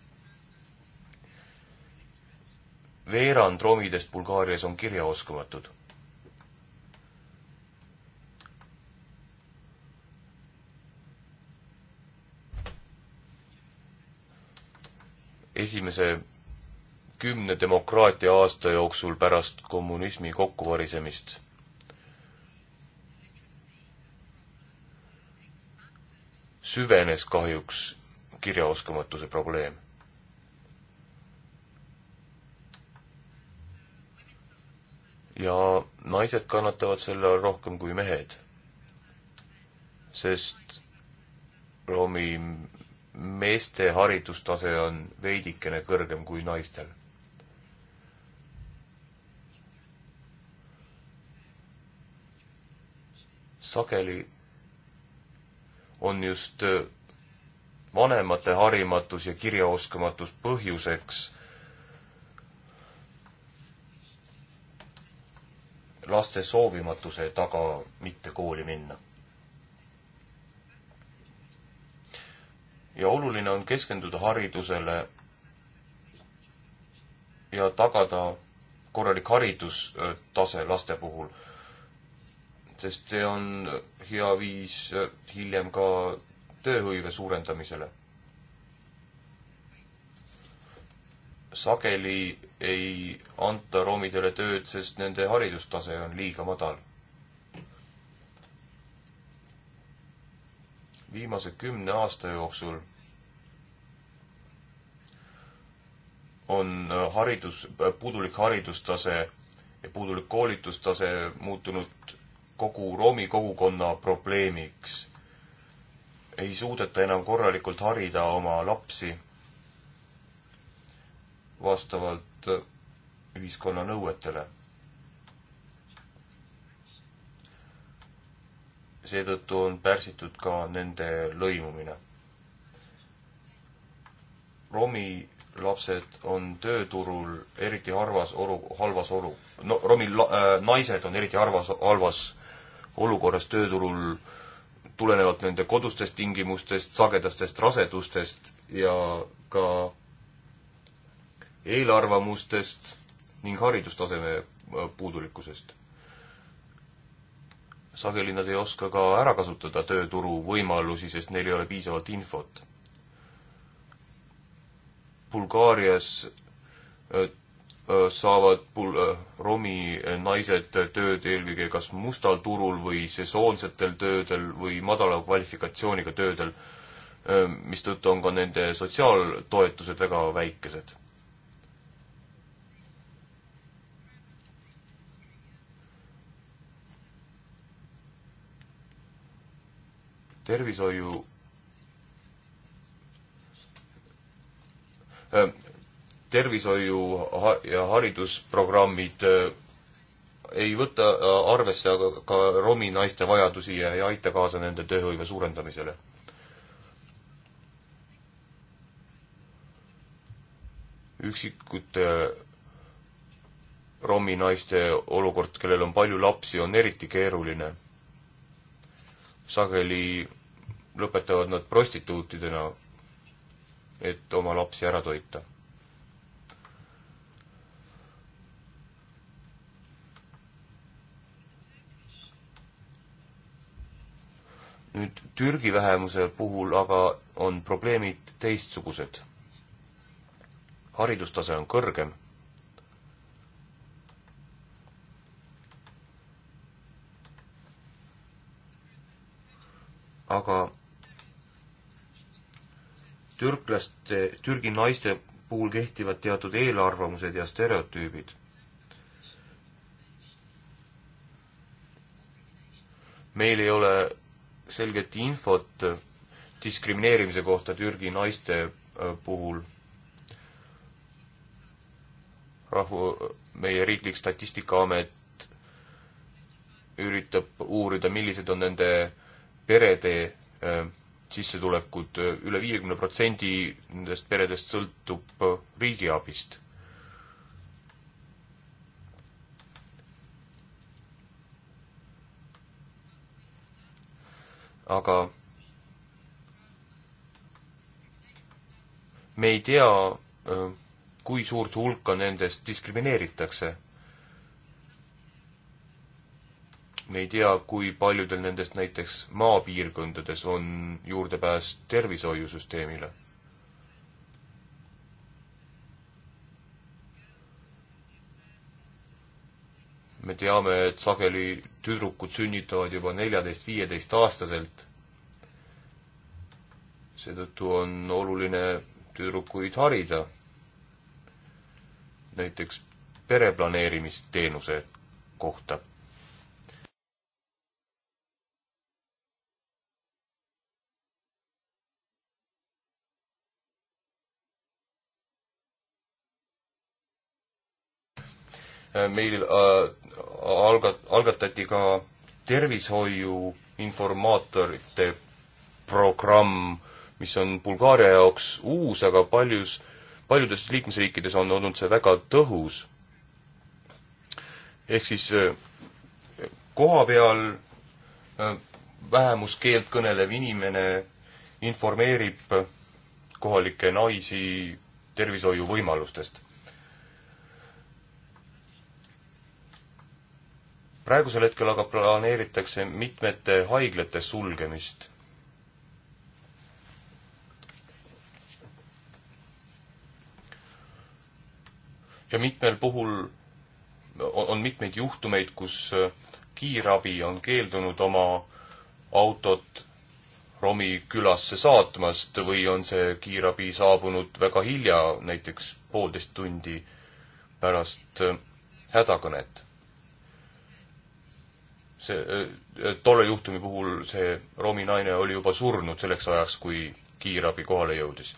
S2: veerand roomidest Bulgaarias on kirjaoskamatud. esimese kümne demokraatia aasta jooksul pärast kommunismi kokkuvarisemist süvenes kahjuks kirjaoskamatuse probleem. ja naised kannatavad selle all rohkem kui mehed, sest romi meeste haridustase on veidikene kõrgem kui naistel sageli on just äh, vanemate harimatus ja kirjaoskamatus põhjuseks laste soovimatuse taga mitte kooli minna. ja oluline on keskenduda haridusele ja tagada korralik haridustase laste puhul sest see on hea viis äh, hiljem ka tööhõive suurendamisele. sageli ei anta roomidele tööd, sest nende haridustase on liiga madal. viimase kümne aasta jooksul on äh, haridus, äh, puudulik haridustase ja puudulik koolitustase muutunud kogu Romi kogukonna probleemiks. ei suudeta enam korralikult harida oma lapsi vastavalt äh, ühiskonna nõuetele. seetõttu on pärsitud ka nende lõimumine. Romi lapsed on tööturul eriti harvas oru, halvas oru, no Romi la, äh, naised on eriti harvas, halvas olukorras tööturul tulenevalt nende kodustest tingimustest, sagedastest rasedustest ja ka eelarvamustest ning haridustaseme äh, puudulikkusest. sageli nad ei oska ka ära kasutada tööturu võimalusi, sest neil ei ole piisavalt infot. Bulgaarias äh, Äh, saavad pul-, äh, romi äh, naised tööd eelkõige kas mustal turul või sesoonsetel töödel või madala kvalifikatsiooniga töödel, mistõttu on ka nende sotsiaaltoetused väga väikesed. tervishoiu tervishoiu ja haridusprogrammid äh, ei võta äh, arvesse aga ka romi naiste vajadusi ja ei aita kaasa nende tööhõive suurendamisele. üksikute romi naiste olukord, kellel on palju lapsi, on eriti keeruline. sageli lõpetavad nad prostituutidena, et oma lapsi ära toita nüüd Türgi vähemuse puhul aga on probleemid teistsugused. haridustase on kõrgem. aga türklaste, Türgi naiste puhul kehtivad teatud eelarvamused ja stereotüübid. meil ei ole selget infot diskrimineerimise kohta Türgi naiste äh, puhul. rahvu, meie riiklik statistikaamet üritab uurida, millised on nende perede äh, sissetulekud üle, üle viiekümne protsendi nendest peredest sõltub äh, riigiabist aga me ei tea, kui suurt hulka nendest diskrimineeritakse. me ei tea, kui paljudel nendest näiteks maapiirkondades on juurdepääs tervishoiusüsteemile me teame, et sageli tüdrukud sünnitavad juba neljateist-viieteistaastaselt. seetõttu on oluline tüdrukuid harida. näiteks pereplaneerimisteenuse kohta meil äh, algat-, algatati ka tervishoiu informaatorite programm, mis on Bulgaaria jaoks uus, aga paljus, paljudes liikmesriikides on olnud see väga tõhus. ehk siis äh, koha peal äh, vähemuskeelt kõnelev inimene informeerib kohalikke naisi tervishoiuvõimalustest. praegusel hetkel aga planeeritakse mitmete haiglate sulgemist. ja mitmel puhul on mitmeid juhtumeid, kus äh, kiirabi on keeldunud oma autot Romi külasse saatmast või on see kiirabi saabunud väga hilja, näiteks poolteist tundi pärast äh, hädakõnet see, äh, tolle juhtumi puhul see romi naine oli juba surnud selleks ajaks, kui kiirabi kohale jõudis.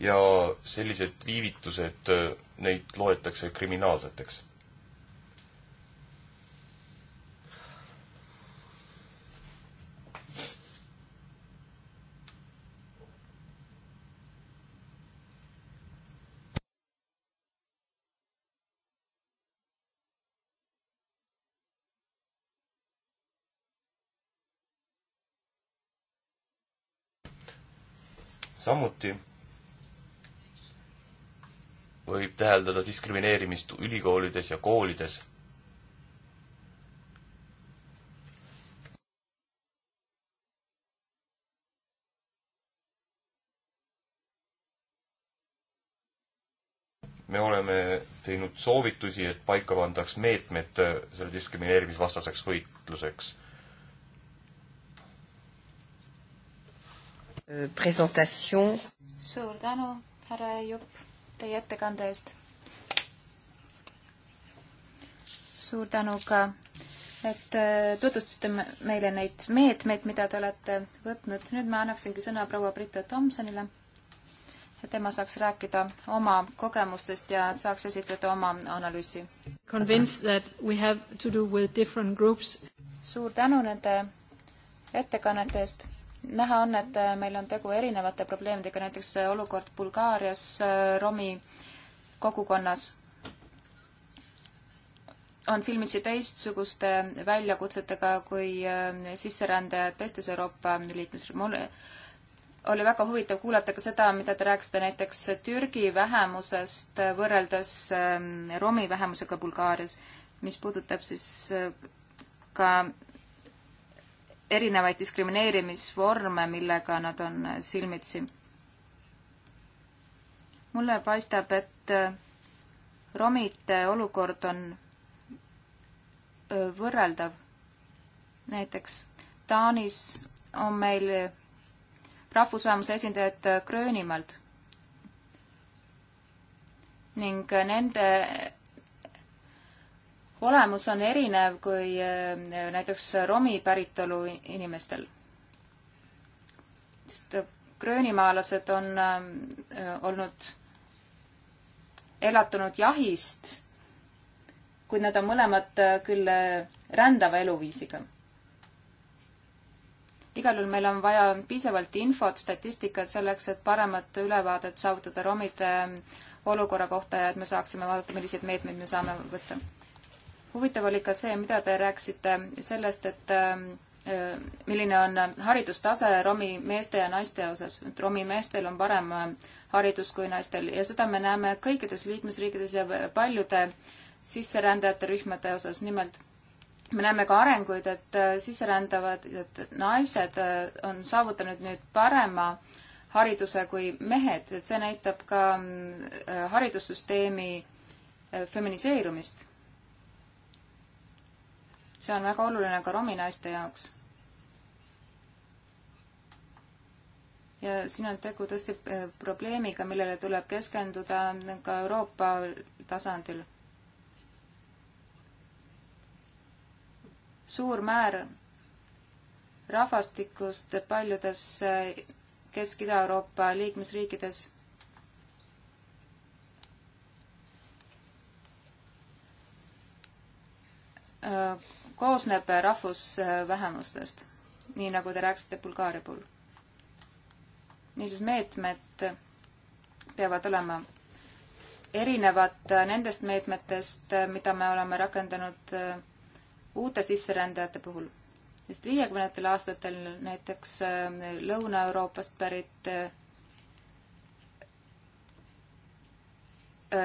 S2: ja sellised viivitused, äh, neid loetakse kriminaalseteks samuti võib täheldada diskrimineerimist ülikoolides ja koolides. me oleme teinud soovitusi, et paika pandaks meetmed selle diskrimineerimisvastaseks võitluseks
S1: Euh, presentation.
S4: suur tänu, härra Jupp, teie ettekande eest.
S1: suur tänu ka,
S4: et äh, tutvustasite meile neid meetmeid, mida te olete võtnud. nüüd ma annaksingi sõna proua Brita Tomsonile, et tema saaks rääkida oma kogemustest ja saaks esitleda oma analüüsi. suur tänu nende ettekannete eest näha on, et äh, meil on tegu erinevate probleemidega, näiteks äh, olukord Bulgaarias äh, romi kogukonnas on silmitsi teistsuguste väljakutsetega kui sisserändajad teistes Euroopa liikmes. mul oli väga huvitav kuulata ka seda, mida te rääkisite näiteks Türgi vähemusest võrreldes ähm, romi vähemusega Bulgaarias, mis puudutab siis ka erinevaid diskrimineerimisvorme, millega nad on silmitsi. mulle paistab, et äh, romide olukord on äh, võrreldav. näiteks Taanis on meil rahvusvähemuse esindajad äh, Gröönimaalt ning nende olemus on erinev kui eh, näiteks romi päritolu inimestel. sest eh, gröönimaalased on eh, olnud elatunud jahist, kuid nad on mõlemad küll rändava eluviisiga. igal juhul meil on vaja piisavalt infot, statistikat selleks, et paremat ülevaadet saavutada romide olukorra kohta ja et me saaksime vaadata, milliseid meetmeid me saame võtta huvitav oli ka see, mida te rääkisite sellest, et ähm, äh, milline on haridustase romi meeste ja naiste osas, et romi meestel on parem äh, haridus kui naistel ja seda me näeme kõikides liikmesriikides ja paljude sisserändajate rühmade osas, nimelt me näeme ka arenguid, et äh, sisserändavad et naised on saavutanud nüüd parema hariduse kui mehed, et see näitab ka mm, haridussüsteemi feminiseerumist see on väga oluline ka romi naiste jaoks. ja siin on tegu tõesti eh, probleemiga, millele tuleb keskenduda ka Euroopa tasandil. suur määr rahvastikust paljudes eh, Kesk-Ida-Euroopa liikmesriikides eh, koosneb rahvusvähemustest, nii nagu te rääkisite Bulgaaria puhul. niisiis, meetmed peavad olema erinevad nendest meetmetest, mida me oleme rakendanud äh, uute sisserändajate puhul. sest viiekümnendatel aastatel näiteks äh, Lõuna-Euroopast pärit äh,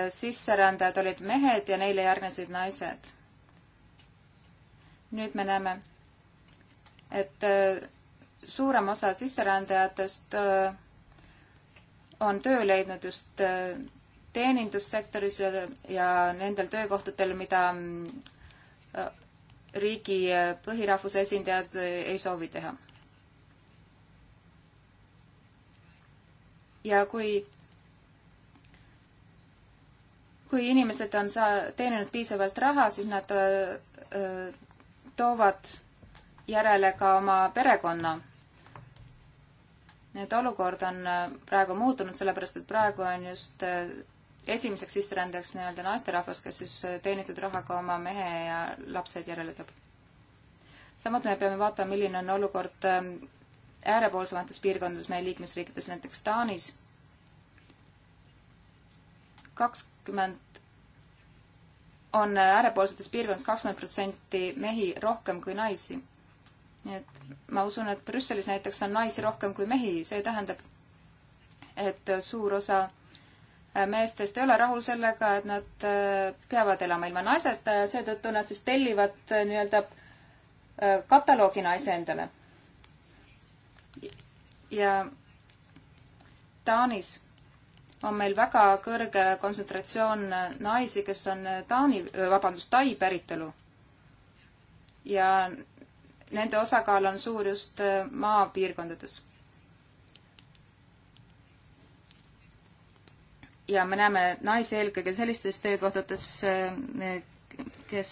S4: sisserändajad olid mehed ja neile järgnesid naised nüüd me näeme, et äh, suurem osa sisserändajatest äh, on töö leidnud just äh, teenindussektoris ja, ja nendel töökohtadel, mida riigi põhirahvuse esindajad ei soovi teha. ja kui, kui inimesed on saa-, teeninud piisavalt raha, siis nad öö, toovad järele ka oma perekonna. et olukord on äh, praegu muutunud, sellepärast et praegu on just äh, esimeseks sisserändajaks nii-öelda naisterahvas, kes siis äh, teenitud rahaga oma mehe ja lapsed järele toob. samuti me peame vaatama, milline on olukord ähm, äärepoolsemates piirkondades meie liikmesriikides, näiteks Taanis kakskümmend on äärepoolsetes piirkondades kakskümmend protsenti mehi rohkem kui naisi. nii et ma usun, et Brüsselis näiteks on naisi rohkem kui mehi, see tähendab, et suur osa äh, meestest ei ole rahul sellega, et nad äh, peavad elama ilma naiseta ja seetõttu nad siis tellivad äh, nii-öelda kataloogi naise endale. ja Taanis on meil väga kõrge kontsentratsioon naisi, kes on Taani, vabandust, Tai päritolu. ja nende osakaal on suur just maapiirkondades. ja me näeme naisi eelkõige sellistes töökohtades, kes,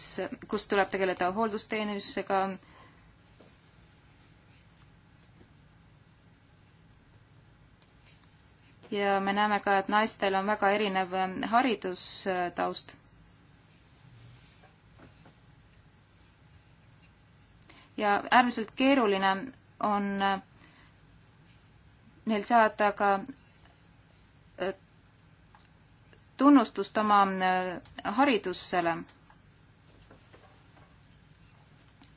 S4: kus tuleb tegeleda hooldusteenusega, ja me näeme ka, et naistel on väga erinev eh, haridustaust. ja äärmiselt keeruline on eh, neil saada ka eh, tunnustust oma haridussele.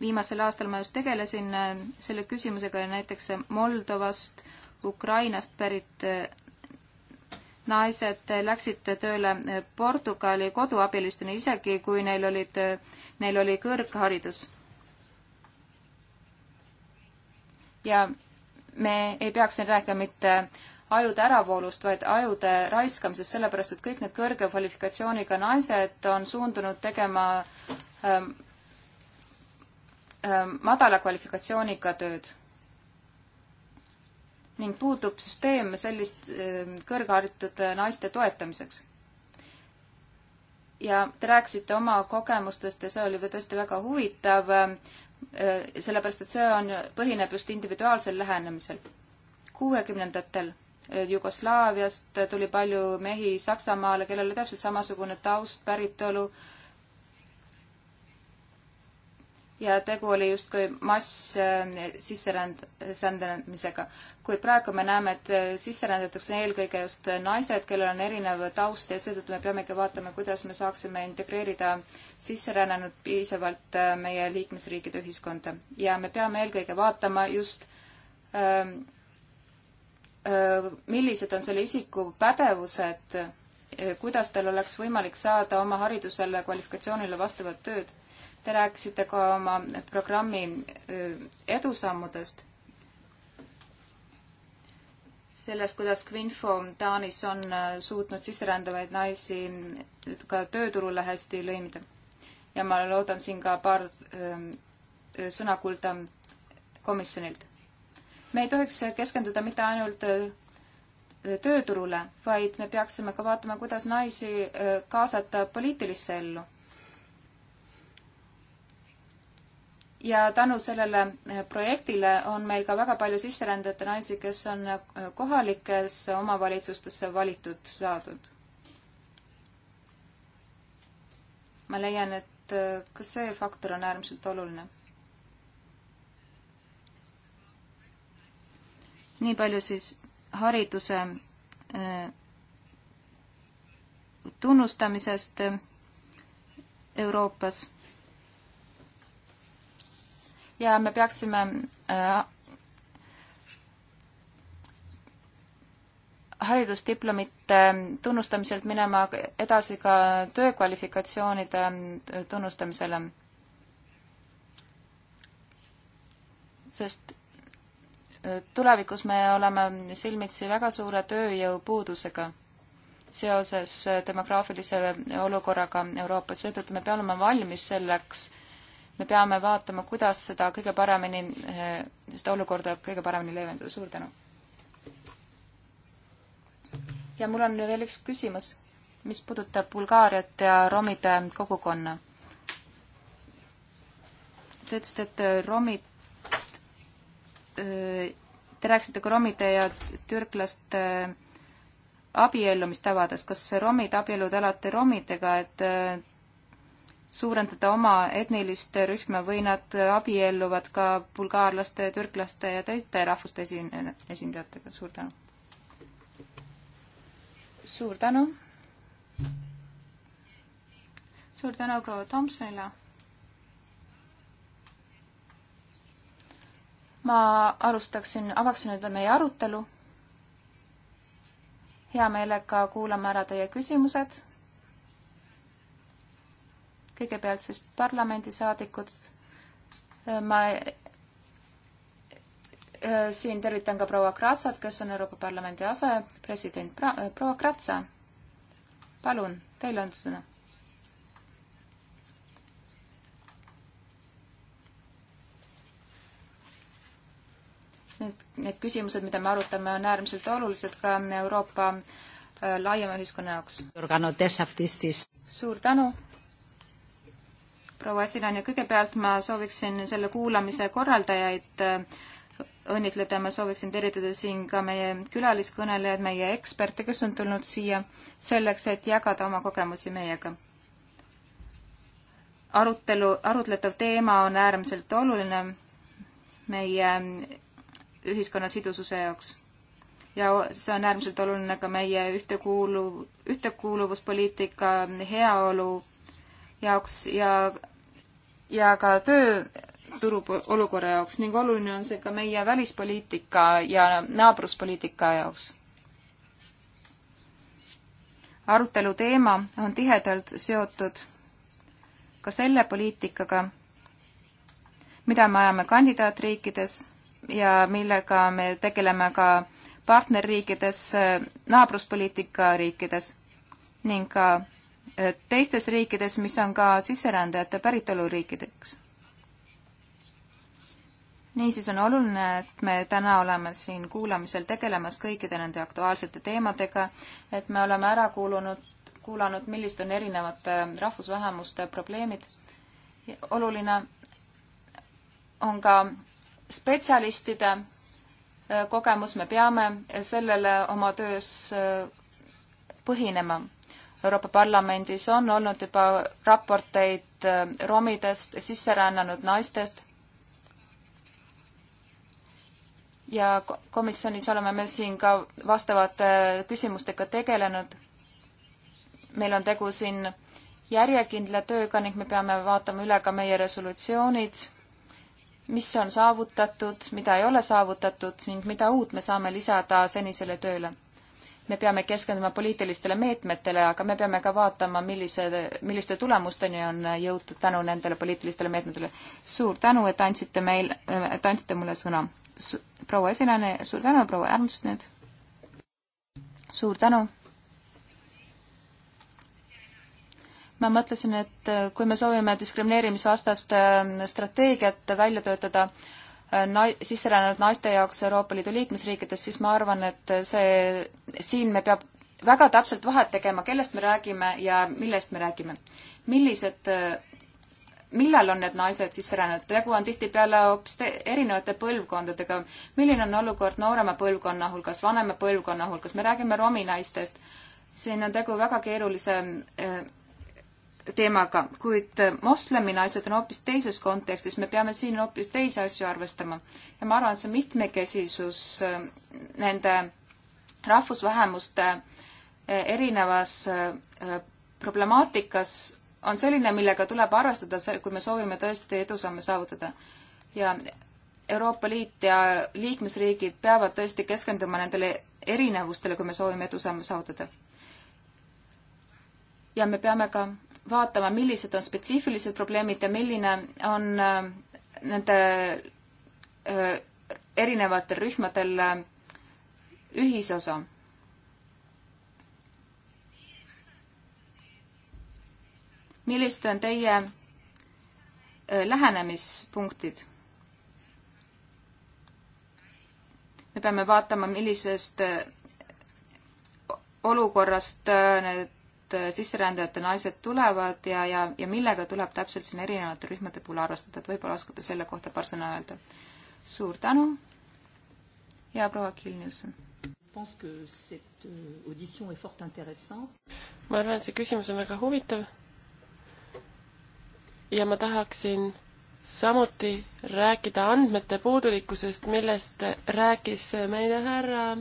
S4: viimasel aastal ma just tegelesin selle küsimusega ja näiteks Moldovast, Ukrainast pärit naised läksid tööle eh, Portugali koduabilistena, isegi kui neil olid, eh, neil oli kõrgharidus. ja me ei peaks siin rääkima mitte ajude äravoolust, vaid ajude raiskamisest, sellepärast et kõik need kõrge kvalifikatsiooniga naised on suundunud tegema ähm, ähm, madala kvalifikatsiooniga tööd ning puudub süsteem sellist ehm, kõrgharitud äh, naiste toetamiseks. ja te rääkisite oma kogemustest ja see oli tõesti väga huvitav, ehm, äh, sellepärast et see on, põhineb just individuaalsel lähenemisel. kuuekümnendatel äh, Jugoslaaviast tuli palju mehi Saksamaale, kellel oli täpselt samasugune taust, päritolu ja tegu oli justkui mass äh, sisserändamisega. kuid praegu me näeme, et äh, sisse rändatakse eelkõige just naised, kellel on erinev taust ja seetõttu me peamegi vaatama, kuidas me saaksime integreerida sisserännanud piisavalt äh, meie liikmesriikide ühiskonda. ja me peame eelkõige vaatama just ähm, millised on selle isiku pädevused, kuidas tal oleks võimalik saada oma haridusele, kvalifikatsioonile vastavat tööd Te rääkisite ka oma programmi edusammudest, sellest, kuidas Quinfo Taanis on suutnud sisserändavaid naisi ka tööturule hästi lõimida. ja ma loodan siin ka paar sõna kuulda komisjonilt. me ei tohiks keskenduda mitte ainult tööturule, vaid me peaksime ka vaatama, kuidas naisi kaasata poliitilisse ellu ja tänu sellele eh, projektile on meil ka väga palju sisserändajate naisi, kes on eh, kohalikesse omavalitsustesse valitud saadud. ma leian, et eh, ka see faktor on äärmiselt oluline. nii palju siis hariduse tunnustamisest Euroopas ja me peaksime äh, haridusdiplomite tunnustamiselt minema edasi ka töökvalifikatsioonide tunnustamisele. sest äh, tulevikus me oleme silmitsi väga suure tööjõupuudusega seoses äh, demograafilise olukorraga Euroopas, seetõttu me peame olema valmis selleks äh, me peame vaatama, kuidas seda kõige paremini, eh, seda olukorda kõige paremini leevendada. suur tänu! ja mul on veel üks küsimus, mis puudutab Bulgaariat ja romide kogukonna. Te ütlesite, et romid, eh, te rääkisite ka romide ja türklaste abiellumistavadest, kas romid abielluvad alati romidega, et eh, suurendada oma etnilist rühma või nad abielluvad ka bulgaarlaste, türklaste ja teiste rahvuste esin-, esindajatega, suur tänu. suur tänu. suur tänu proua Tomsonile. ma alustaksin, avaksin nüüd meie arutelu. hea meelega kuulame ära teie küsimused kõigepealt siis parlamendisaadikud. Äh, ma äh, siin tervitan ka proua Kratsat, kes on Euroopa Parlamendi asepresident. Äh, proua Kratsa, palun, teil on sõna. Need, need küsimused, mida me arutame, on äärmiselt olulised ka Euroopa laiema ühiskonna jaoks. suur tänu proua Asilan ja kõigepealt ma sooviksin selle kuulamise korraldajaid äh, õnnitleda, ma sooviksin tervitada siin ka meie külaliskõnelejaid, meie eksperte, kes on tulnud siia selleks, et jagada oma kogemusi meiega. arutelu, arutletav teema on äärmiselt oluline meie ühiskonna sidususe jaoks. ja see on äärmiselt oluline ka meie ühtekuuluv, ühtekuuluvuspoliitika heaolu jaoks ja ja ka tööturu olukorra jaoks ning oluline on see ka meie välispoliitika ja naabruspoliitika jaoks. arutelu teema on tihedalt seotud ka selle poliitikaga, mida me ajame kandidaatriikides ja millega me tegeleme ka partnerriikides, naabruspoliitika riikides ning ka Eh, teistes riikides, mis on ka sisserändajate päritoluriikideks. niisiis on oluline, et me täna oleme siin kuulamisel tegelemas kõikide nende aktuaalsete teemadega, et me oleme ära kuulunud, kuulanud, millised on erinevate rahvusvähemuste probleemid. oluline on ka spetsialistide eh, kogemus, me peame sellele oma töös eh, põhinema Euroopa Parlamendis on olnud juba raporteid äh, romidest, sisserännanud naistest ja komisjonis oleme me siin ka vastavate küsimustega tegelenud. meil on tegu siin järjekindla tööga ning me peame vaatama üle ka meie resolutsioonid, mis on saavutatud, mida ei ole saavutatud ning mida uut me saame lisada senisele tööle me peame keskenduma poliitilistele meetmetele, aga me peame ka vaatama, millise, milliste tulemusteni on jõutud tänu nendele poliitilistele meetmetele. suur tänu, et andsite meil, et andsite mulle sõna. proua esinejana, suur tänu, proua Ernst nüüd. suur tänu. ma mõtlesin, et kui me soovime diskrimineerimisvastast äh, strateegiat välja töötada, Äh, na-, sisserännanud naiste jaoks Euroopa Liidu liikmesriikides, siis ma arvan, et see, siin me peab väga täpselt vahet tegema, kellest me räägime ja millest me räägime. millised, äh, millal on need naised sisserännanud, tegu on tihtipeale hoopis erinevate põlvkondadega. milline on olukord noorema põlvkonna hulgas, vanema põlvkonna hulgas, me räägime romi naistest, siin on tegu väga keerulise äh, teemaga, kuid moslemina asjad on hoopis teises kontekstis, me peame siin hoopis teisi asju arvestama. ja ma arvan, et see mitmekesisus äh, nende rahvusvähemuste äh, erinevas äh, problemaatikas on selline, millega tuleb arvestada, kui me soovime tõesti edusamme saavutada. ja Euroopa Liit ja liikmesriigid peavad tõesti keskenduma nendele erinevustele, kui me soovime edusamme saavutada. ja me peame ka vaatama, millised on spetsiifilised probleemid ja milline on äh, nende äh, erinevatel rühmadel äh, ühisosa. millised on teie lähenemispunktid? me peame vaatama, millisest olukorrast need need äh, sisserändajate naised tulevad ja, ja, ja millega tuleb täpselt siin erinevate rühmade puhul arvestada, et võib-olla oskate selle kohta paar sõna öelda. suur tänu ja proua Kilnilson. Euh,
S3: ma arvan, et see küsimus on väga huvitav. ja ma tahaksin samuti rääkida andmete puudulikkusest, millest rääkis meile härra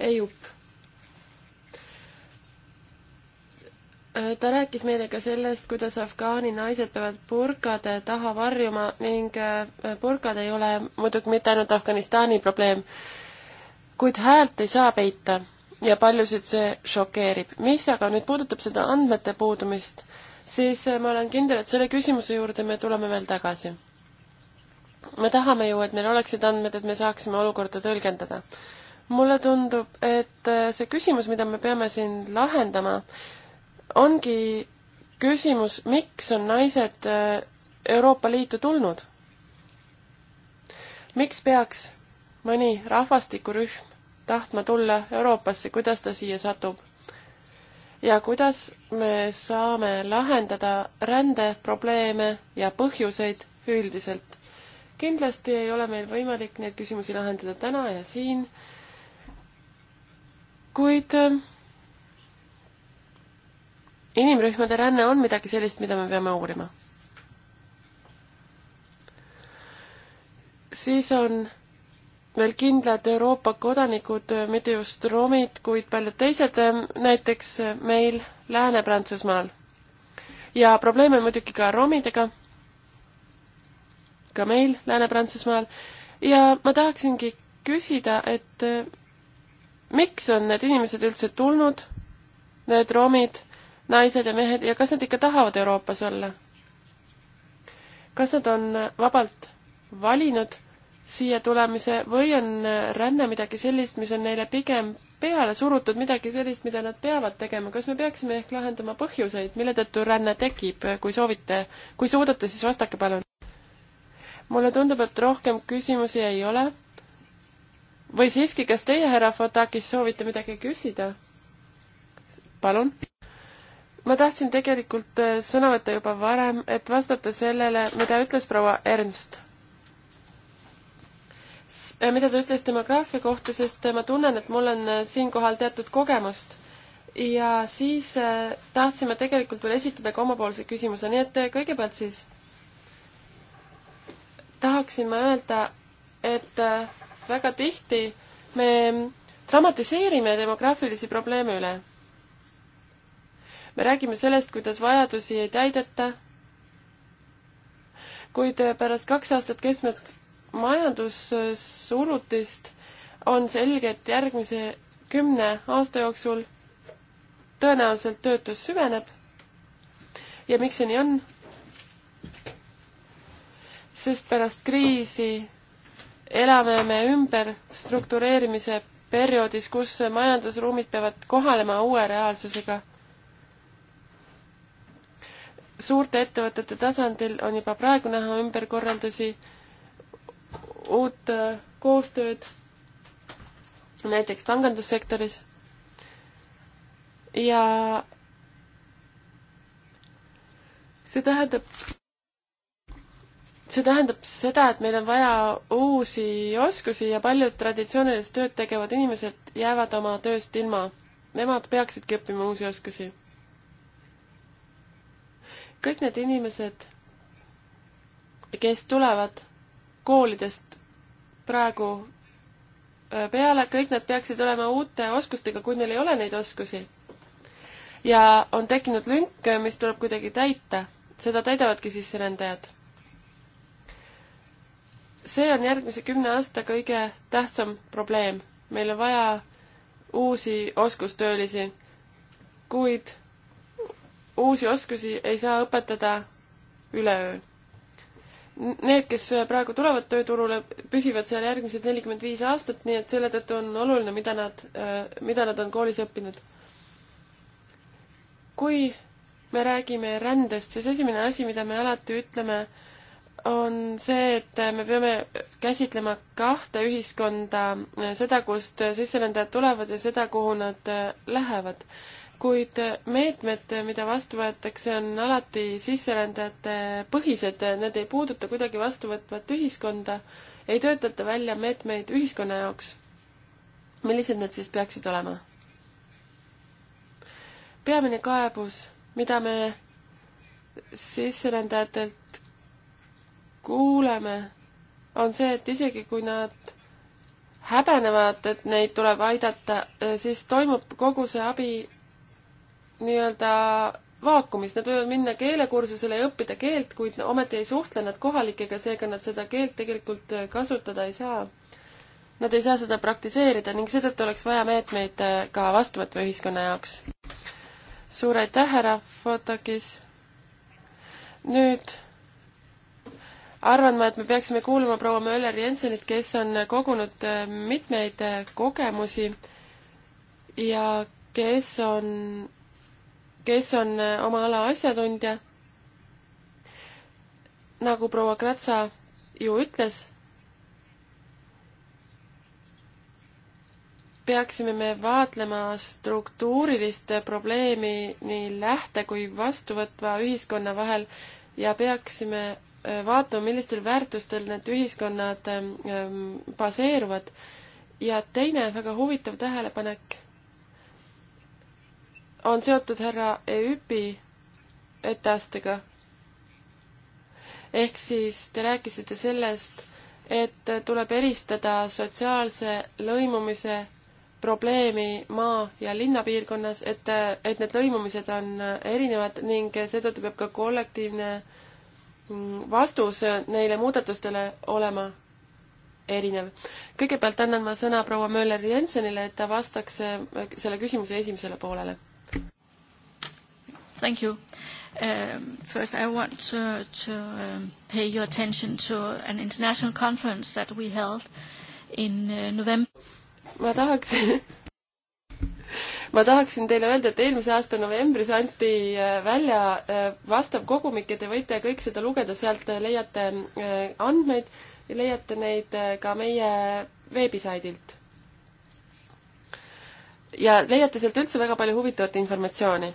S3: Ejup ta rääkis meile ka sellest, kuidas afgaani naised peavad burkade taha varjuma ning äh, burkad ei ole muidugi mitte ainult Afganistani probleem, kuid häält ei saa peita ja paljusid see šokeerib. mis aga nüüd puudutab seda andmete puudumist, siis äh, ma olen kindel, et selle küsimuse juurde me tuleme veel tagasi. me tahame ju, et meil oleksid andmed, et me saaksime olukorda tõlgendada. mulle tundub, et äh, see küsimus, mida me peame siin lahendama, ongi küsimus, miks on naised äh, Euroopa Liitu tulnud? miks peaks mõni rahvastikurühm tahtma tulla Euroopasse, kuidas ta siia satub? ja kuidas me saame lahendada rändeprobleeme ja põhjuseid üldiselt? kindlasti ei ole meil võimalik neid küsimusi lahendada täna ja siin, kuid äh, inimrühmade ränne on midagi sellist, mida me peame uurima. siis on veel kindlad Euroopa kodanikud, mitte just romid, kuid paljud teised, näiteks meil Lääne-Prantsusmaal. ja probleeme muidugi ka romidega, ka meil Lääne-Prantsusmaal, ja ma tahaksingi küsida, et miks on need inimesed üldse tulnud, need romid naised ja mehed ja kas nad ikka tahavad Euroopas olla? kas nad on vabalt valinud siia tulemise või on ränne midagi sellist, mis on neile pigem peale surutud, midagi sellist, mida nad peavad tegema, kas me peaksime ehk lahendama põhjuseid, mille tõttu ränne tekib, kui soovite, kui suudate, siis vastake palun. mulle tundub, et rohkem küsimusi ei ole. või siiski, kas teie, härra Fotakis, soovite midagi küsida? palun ma tahtsin tegelikult äh, sõna võtta juba varem, et vastata sellele, mida ütles proua Ernst. Äh, mida ta ütles demograafia kohta, sest äh, ma tunnen, et mul on siinkohal teatud kogemust ja siis tahtsime tegelikult veel esitada ka omapoolse küsimuse, nii et kõigepealt siis tahaksin ma öelda, et väga tihti me dramatiseerime demograafilisi probleeme üle me räägime sellest, kuidas vajadusi ei täideta, kuid pärast kaks aastat kestnud majandussurutist on selge, et järgmise kümne aasta jooksul tõenäoliselt töötus süveneb. ja miks see nii on? sest pärast kriisi elame me ümber struktureerimise perioodis, kus majandusruumid peavad kohalema uue reaalsusega suurte ettevõtete tasandil on juba praegu näha ümberkorraldusi, uut äh, koostööd näiteks pangandussektoris ja see tähendab, see tähendab seda, et meil on vaja uusi oskusi ja paljud traditsioonilist tööd tegevad inimesed jäävad oma tööst ilma. Nemad peaksidki õppima uusi oskusi kõik need inimesed, kes tulevad koolidest praegu äh, peale, kõik nad peaksid olema uute oskustega, kui neil ei ole neid oskusi. ja on tekkinud lünk, mis tuleb kuidagi täita. seda täidavadki sisserändajad. see on järgmise kümne aasta kõige tähtsam probleem. meil on vaja uusi oskustöölisi, kuid uusi oskusi ei saa õpetada üleöö. Need, kes praegu tulevad tööturule, püsivad seal järgmised nelikümmend viis aastat, nii et selle tõttu on oluline, mida nad, mida nad on koolis õppinud. kui me räägime rändest, siis esimene asi, mida me alati ütleme, on see, et me peame käsitlema kahte ühiskonda, seda, kust sisserändajad tulevad ja seda, kuhu nad äh, lähevad kuid meetmed, mida vastu võetakse, on alati sisserändajate põhised, need ei puuduta kuidagi vastuvõtvat ühiskonda, ei töötata välja meetmeid ühiskonna jaoks. millised need siis peaksid olema? peamine kaebus, mida me sisserändajatelt kuuleme, on see, et isegi kui nad häbenevad, et neid tuleb aidata, siis toimub kogu see abi nii-öelda vaakumis, nad võivad minna keelekursusele ja õppida keelt, kuid ometi ei suhtle nad kohalikega, seega nad seda keelt tegelikult äh, kasutada ei saa. Nad ei saa seda praktiseerida ning seetõttu oleks vaja meetmeid äh, ka vastuvõtva ühiskonna jaoks. suur aitäh, härra Fotokis! nüüd arvan ma, et me peaksime kuulama proua Möller Jensenit, kes on kogunud äh, mitmeid kogemusi ja kes on kes on äh, oma ala asjatundja. nagu proua Kratsa ju ütles, peaksime me vaatlema struktuurilist probleemi nii lähte- kui vastuvõtva ühiskonna vahel ja peaksime äh, vaatama, millistel väärtustel need ühiskonnad ähm, baseeruvad. ja teine väga huvitav tähelepanek on seotud härra Eüpi etteastega. ehk siis te rääkisite sellest, et tuleb eristada sotsiaalse lõimumise probleemi maa- ja linnapiirkonnas, et, et need lõimumised on erinevad ning seetõttu peab ka kollektiivne mm, vastus neile muudatustele olema erinev. kõigepealt annan ma sõna proua Möller-Jensenile, et ta vastaks äh, selle küsimuse esimesele poolele Thank you. Um, first, I want to, to um, pay your attention to an international conference that we held in uh, November. ma tahaks ma tahaksin teile öelda, et eelmise aasta novembris anti äh, välja äh, vastav kogumik ja te võite kõik seda lugeda, sealt äh, leiate andmeid ja leiate neid ka meie veebisaidilt. ja leiate sealt üldse väga palju huvitavat informatsiooni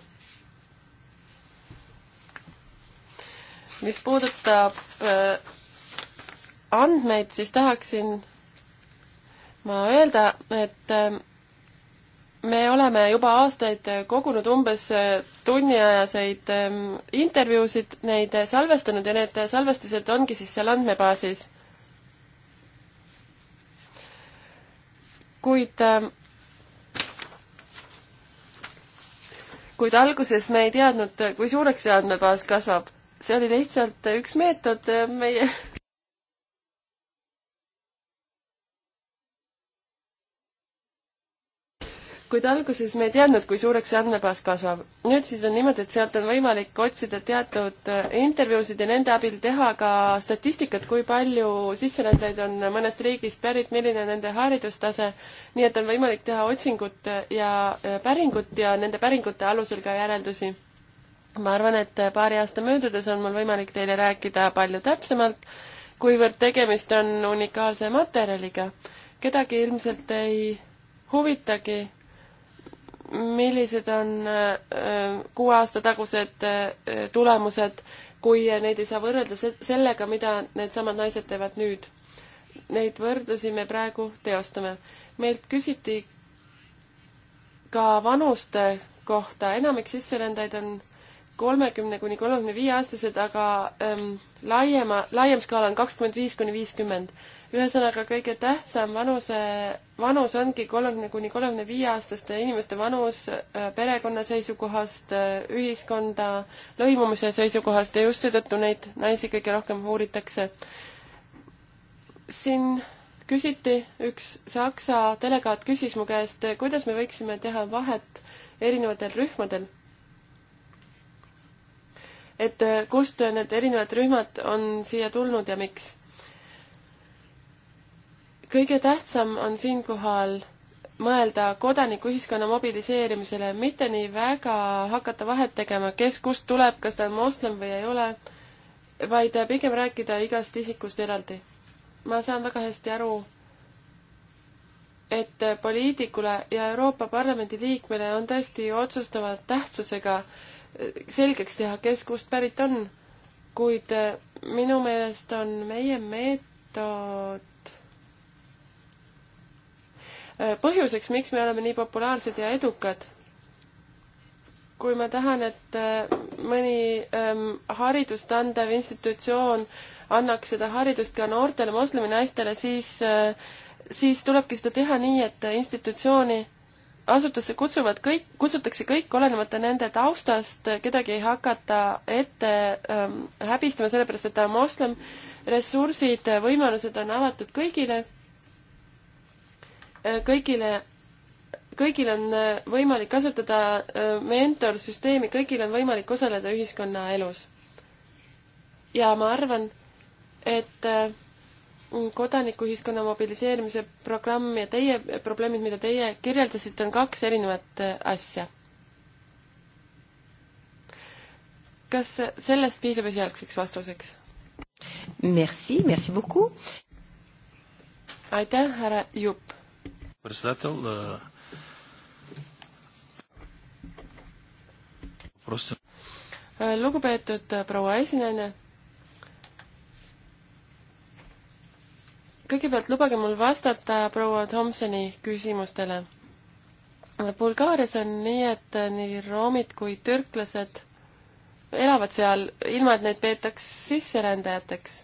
S3: mis puudutab äh, andmeid, siis tahaksin ma öelda, et äh, me oleme juba aastaid kogunud umbes äh, tunniajaseid ähm, intervjuusid, neid salvestanud ja need salvestised ongi siis seal andmebaasis. kuid ähm, kuid alguses me ei teadnud, kui suureks see andmebaas kasvab see oli lihtsalt üks meetod äh, meie kuid alguses me ei teadnud, kui suureks see andmebaas kasvab. nüüd siis on niimoodi, et sealt on võimalik otsida teatud äh, intervjuusid ja nende abil teha ka statistikat, kui palju sisserändajaid on mõnest riigist pärit, milline on nende haridustase, nii et on võimalik teha otsingut ja äh, päringut ja nende päringute alusel ka järeldusi ma arvan, et paari aasta möödudes on mul võimalik teile rääkida palju täpsemalt, kuivõrd tegemist on unikaalse materjaliga. kedagi ilmselt ei huvitagi, millised on äh, kuue aasta tagused äh, tulemused, kui neid ei saa võrrelda sellega, mida needsamad naised teevad nüüd. Neid võrdlusi me praegu teostame. meilt küsiti ka vanuste kohta, enamik sisserändajaid on kolmekümne kuni kolmekümne viie aastased, aga ähm, laiema, laiem skaala on kakskümmend viis kuni viiskümmend. ühesõnaga, kõige tähtsam vanuse, vanus ongi kolmekümne kuni kolmekümne viie aastaste inimeste vanus äh, perekonna seisukohast äh,, ühiskonda, lõimumise seisukohast ja just seetõttu neid naisi kõige rohkem uuritakse. siin küsiti, üks Saksa delegaat küsis mu käest, kuidas me võiksime teha vahet erinevatel rühmadel et äh, kust need erinevad rühmad on siia tulnud ja miks. kõige tähtsam on siinkohal mõelda kodanikuühiskonna mobiliseerimisele, mitte nii väga hakata vahet tegema, kes kust tuleb, kas ta on moslem või ei ole, vaid äh, pigem rääkida igast isikust eraldi. ma saan väga hästi aru, et äh, poliitikule ja Euroopa Parlamendi liikmele on tõesti otsustava tähtsusega äh, selgeks teha, kes kust pärit on. kuid äh, minu meelest on meie meetod äh, põhjuseks, miks me oleme nii populaarsed ja edukad. kui ma tahan, et äh, mõni ähm, haridust andev institutsioon annaks seda haridust ka noortele moslemi naistele, siis äh, siis tulebki seda teha nii, et institutsiooni asutusse kutsuvad kõik, kutsutakse kõik, olenemata nende taustast, kedagi ei hakata ette ähm, häbistama, sellepärast et ta on moslem, ressursid, äh, võimalused on avatud kõigile, äh, kõigile, kõigil on äh, võimalik kasutada mentorsüsteemi, kõigil on võimalik osaleda ühiskonnaelus. ja ma arvan, et äh, kodanikuühiskonna mobiliseerimise programm ja teie probleemid, mida teie kirjeldasite, on kaks erinevat äh, asja. kas äh, sellest piisab esialgseks vastuseks?
S1: Merci, merci beaucoup.
S3: aitäh, härra Jupp.
S2: Э,
S3: äh, lugupeetud proua esinaine kõigepealt lubage mul vastata proua Tomsoni küsimustele. Bulgaarias on nii, et nii roomid kui türklased elavad seal, ilma et neid peetaks sisserändajateks.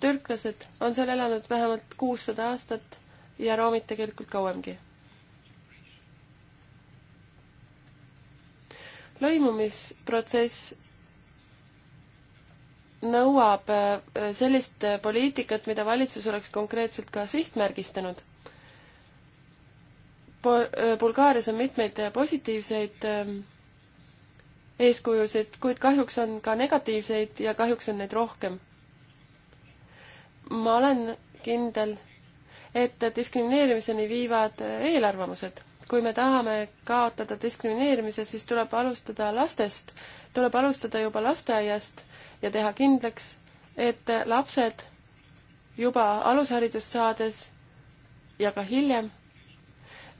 S3: türklased on seal elanud vähemalt kuussada aastat ja roomid tegelikult kauemgi. lõimumisprotsess nõuab äh, sellist äh, poliitikat, mida valitsus oleks konkreetselt ka sihtmärgistanud. Äh, Bulgaarias on mitmeid positiivseid ähm, eeskujusid, kuid kahjuks on ka negatiivseid ja kahjuks on neid rohkem. ma olen kindel, et diskrimineerimiseni viivad eelarvamused. kui me tahame kaotada diskrimineerimise, siis tuleb alustada lastest tuleb alustada juba lasteaiast ja teha kindlaks, et lapsed juba alusharidust saades ja ka hiljem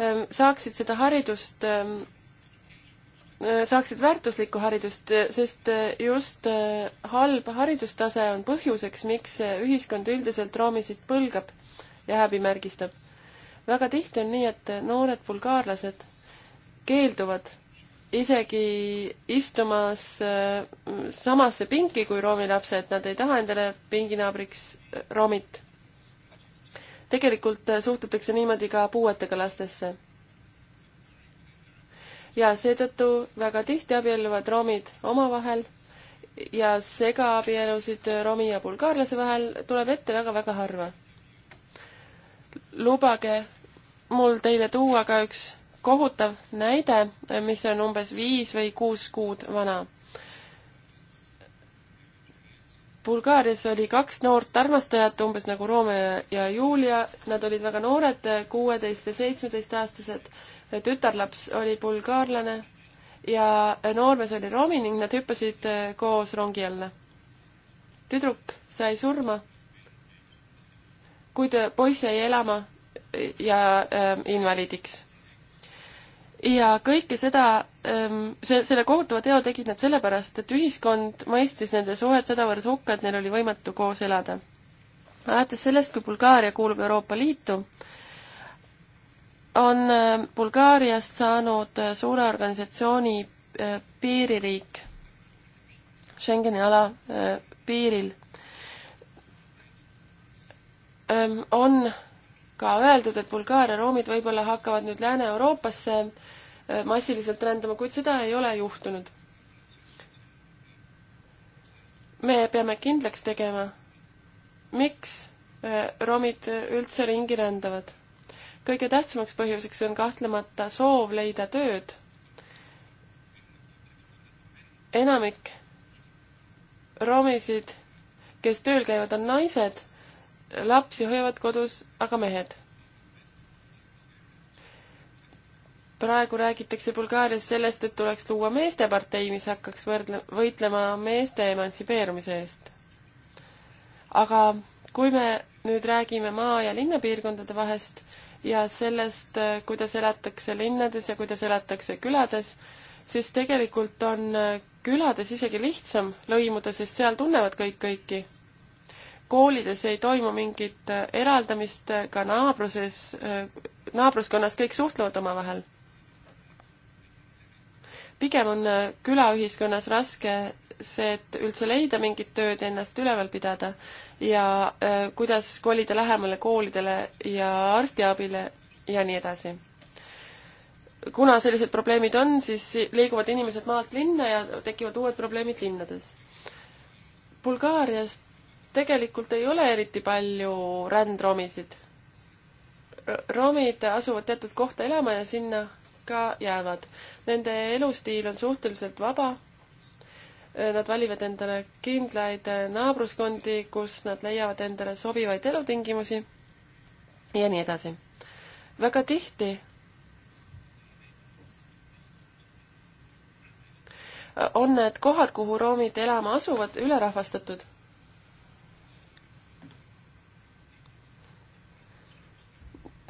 S3: ähm, saaksid seda haridust, ähm, äh, saaksid väärtuslikku haridust, äh, sest äh, just halb haridustase on põhjuseks, miks ühiskond üldiselt roomisid põlgab ja häbimärgistab. väga tihti on nii, et noored bulgaarlased keelduvad isegi istumas äh, samasse pinki kui roomi lapsed, nad ei taha endale pinginaabriks äh, roomit. tegelikult äh, suhtutakse niimoodi ka puuetega lastesse. ja seetõttu väga tihti abielluvad roomid omavahel ja segaabielusid romi ja bulgaarlase vahel tuleb ette väga-väga harva. lubage mul teile tuua ka üks kohutav näide, mis on umbes viis või kuus kuud vana. Bulgaarias oli kaks noort armastajat, umbes nagu Romeo ja Julia, nad olid väga noored, kuueteist ja seitsmeteistaastased. tütarlaps oli bulgaarlane ja noormees oli romi ning nad hüppasid eh, koos rongi alla. tüdruk sai surma, kuid poiss jäi elama ja äh, invaliidiks ja kõike seda, ähm, see, selle kohutava teo tegid nad sellepärast, et ühiskond mõistis nende suhet sedavõrd hukka, et neil oli võimatu koos elada. alates sellest, kui Bulgaaria kuulub Euroopa Liitu, on ähm, Bulgaariast saanud äh, suure organisatsiooni äh, piiririik Schengeni ala äh, piiril. Ähm, on ka öeldud, et Bulgaaria roomid võib-olla hakkavad nüüd Lääne-Euroopasse Äh, massiliselt rändama, kuid seda ei ole juhtunud. me peame kindlaks tegema, miks äh, romid äh, üldse ringi rändavad. kõige tähtsamaks põhjuseks on kahtlemata soov leida tööd. enamik romisid, kes tööl käivad, on naised, lapsi hoiavad kodus aga mehed praegu räägitakse Bulgaarias sellest, et tuleks luua meestepartei, mis hakkaks võrdle-, võitlema meeste emantsipeerumise eest. aga kui me nüüd räägime maa- ja linnapiirkondade vahest ja sellest, kuidas elatakse linnades ja kuidas elatakse külades, siis tegelikult on külades isegi lihtsam lõimuda, sest seal tunnevad kõik kõiki. koolides ei toimu mingit eraldamist, ka naabruses, naabruskonnas kõik suhtlevad omavahel pigem on äh, külaühiskonnas raske see, et üldse leida mingit tööd ja ennast üleval pidada ja äh, kuidas kolida lähemale koolidele ja arstiabile ja nii edasi. kuna sellised probleemid on, siis liiguvad inimesed maalt linna ja tekivad uued probleemid linnades. Bulgaarias tegelikult ei ole eriti palju rändromisid. romid asuvad teatud kohta elama ja sinna ka jäävad. Nende elustiil on suhteliselt vaba. Nad valivad endale kindlaid naabruskondi, kus nad leiavad endale sobivaid elutingimusi ja nii edasi. väga tihti on need kohad, kuhu roomid elama asuvad, ülerahvastatud.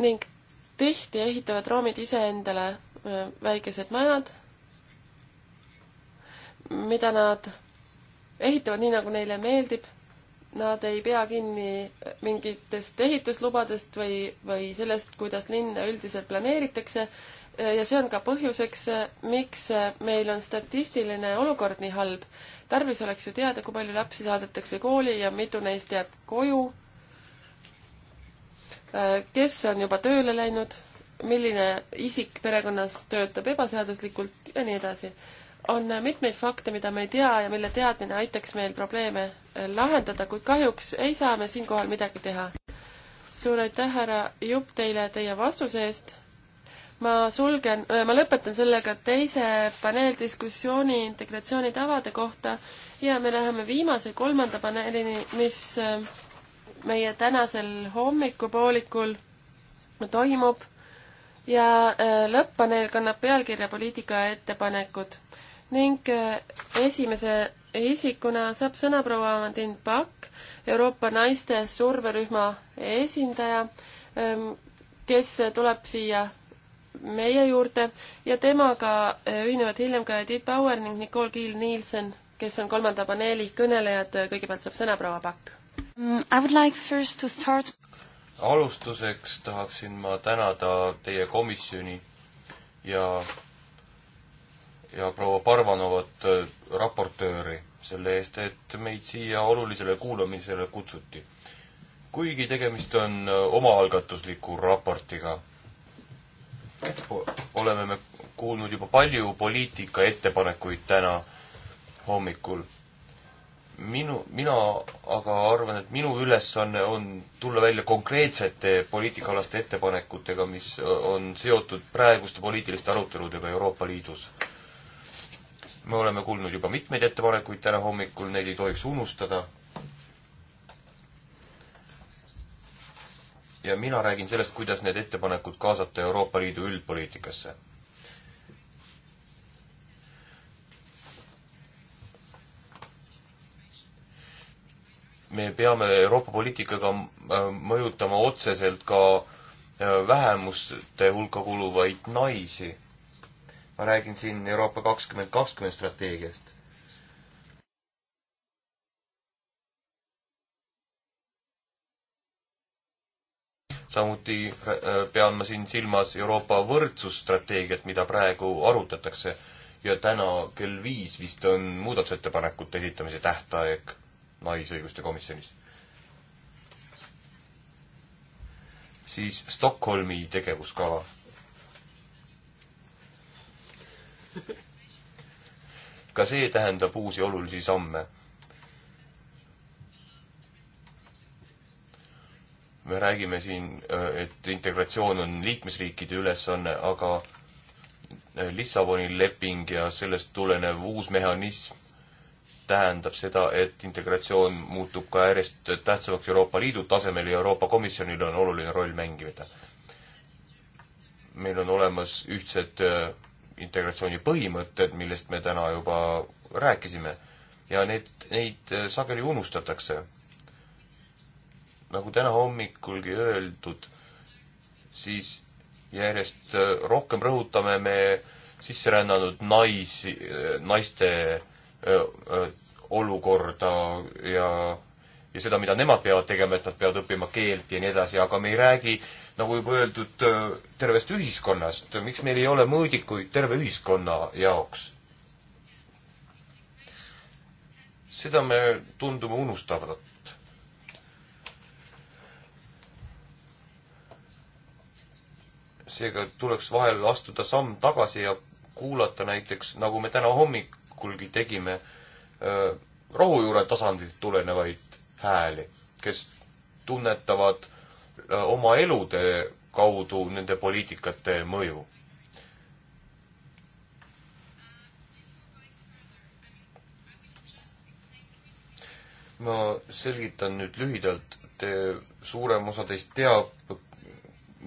S3: ning tihti ehitavad roomid iseendale väikesed majad, mida nad ehitavad nii, nagu neile meeldib. Nad ei pea kinni mingitest ehituslubadest või, või sellest, kuidas linna üldiselt planeeritakse. ja see on ka põhjuseks, miks meil on statistiline olukord nii halb. tarvis oleks ju teada, kui palju lapsi saadetakse kooli ja mitu neist jääb koju. kes on juba tööle läinud milline isik perekonnas töötab ebaseaduslikult ja nii edasi. on mitmeid fakte, mida me ei tea ja mille teadmine aitaks meil probleeme äh, lahendada, kuid kahjuks ei saa me siinkohal midagi teha. suur aitäh, härra Jupp, teile teie vastuse eest. ma sulgen, äh, ma lõpetan sellega teise paneeldiskussiooni integratsioonitavade kohta ja me läheme viimase, kolmanda paneelini, mis äh, meie tänasel hommikupoolikul toimub ja äh, lõpppaneel kannab pealkirja poliitika ettepanekud ning äh, esimese isikuna saab sõna proua Amandine Pakk, Euroopa naiste surverühma esindaja, ähm, kes tuleb siia meie juurde ja temaga äh, ühinevad hiljem ka Edith Bauer ning Nicole Kiil-Nielsen, kes on kolmanda paneeli kõnelejad. kõigepealt saab sõna proua Pakk. Mm, I would like first to start
S2: alustuseks tahaksin ma tänada teie komisjoni ja, ja proua Parvanovat, äh, raportööri, selle eest, et meid siia olulisele kuulamisele kutsuti. kuigi tegemist on äh, omaalgatusliku raportiga, oleme me kuulnud juba palju poliitika ettepanekuid täna hommikul minu, mina aga arvan, et minu ülesanne on tulla välja konkreetsete poliitikaalaste ettepanekutega, mis on seotud praeguste poliitiliste aruteludega Euroopa Liidus. me oleme kuulnud juba mitmeid ettepanekuid täna hommikul, neid ei tohiks unustada. ja mina räägin sellest, kuidas need ettepanekud kaasata Euroopa Liidu üldpoliitikasse me peame Euroopa poliitikaga äh, mõjutama otseselt ka äh, vähemuste hulka kuuluvaid naisi. ma räägin siin Euroopa kakskümmend kakskümmend strateegiast. samuti äh, pean ma siin silmas Euroopa võrdsusstrateegiat, mida praegu arutatakse ja täna kell viis vist on muudatusettepanekute esitamise tähtaeg naisõiguste komisjonis. siis Stockholmi tegevuskava. ka see tähendab uusi olulisi samme. me räägime siin, et integratsioon on liikmesriikide ülesanne, aga Lissaboni leping ja sellest tulenev uus mehhanism tähendab seda, et integratsioon muutub ka järjest tähtsamaks Euroopa Liidu tasemel ja Euroopa Komisjonil on oluline roll mängida. meil on olemas ühtsed äh, integratsiooni põhimõtted, millest me täna juba rääkisime ja need, neid äh, sageli unustatakse. nagu täna hommikulgi öeldud, siis järjest äh, rohkem rõhutame me sisserännanud naisi, naiste olukorda ja, ja seda, mida nemad peavad tegema, et nad peavad õppima keelt ja nii edasi, aga me ei räägi, nagu juba öeldud, tervest ühiskonnast. miks meil ei ole mõõdikuid terve ühiskonna jaoks? seda me tundume unustavat. seega tuleks vahel astuda samm tagasi ja kuulata näiteks, nagu me täna hommik-, hommikulgi tegime rohujuure tasandilt tulenevaid hääli, kes tunnetavad oma elude kaudu nende poliitikate mõju. ma selgitan nüüd lühidalt, te, suurem osa teist teab,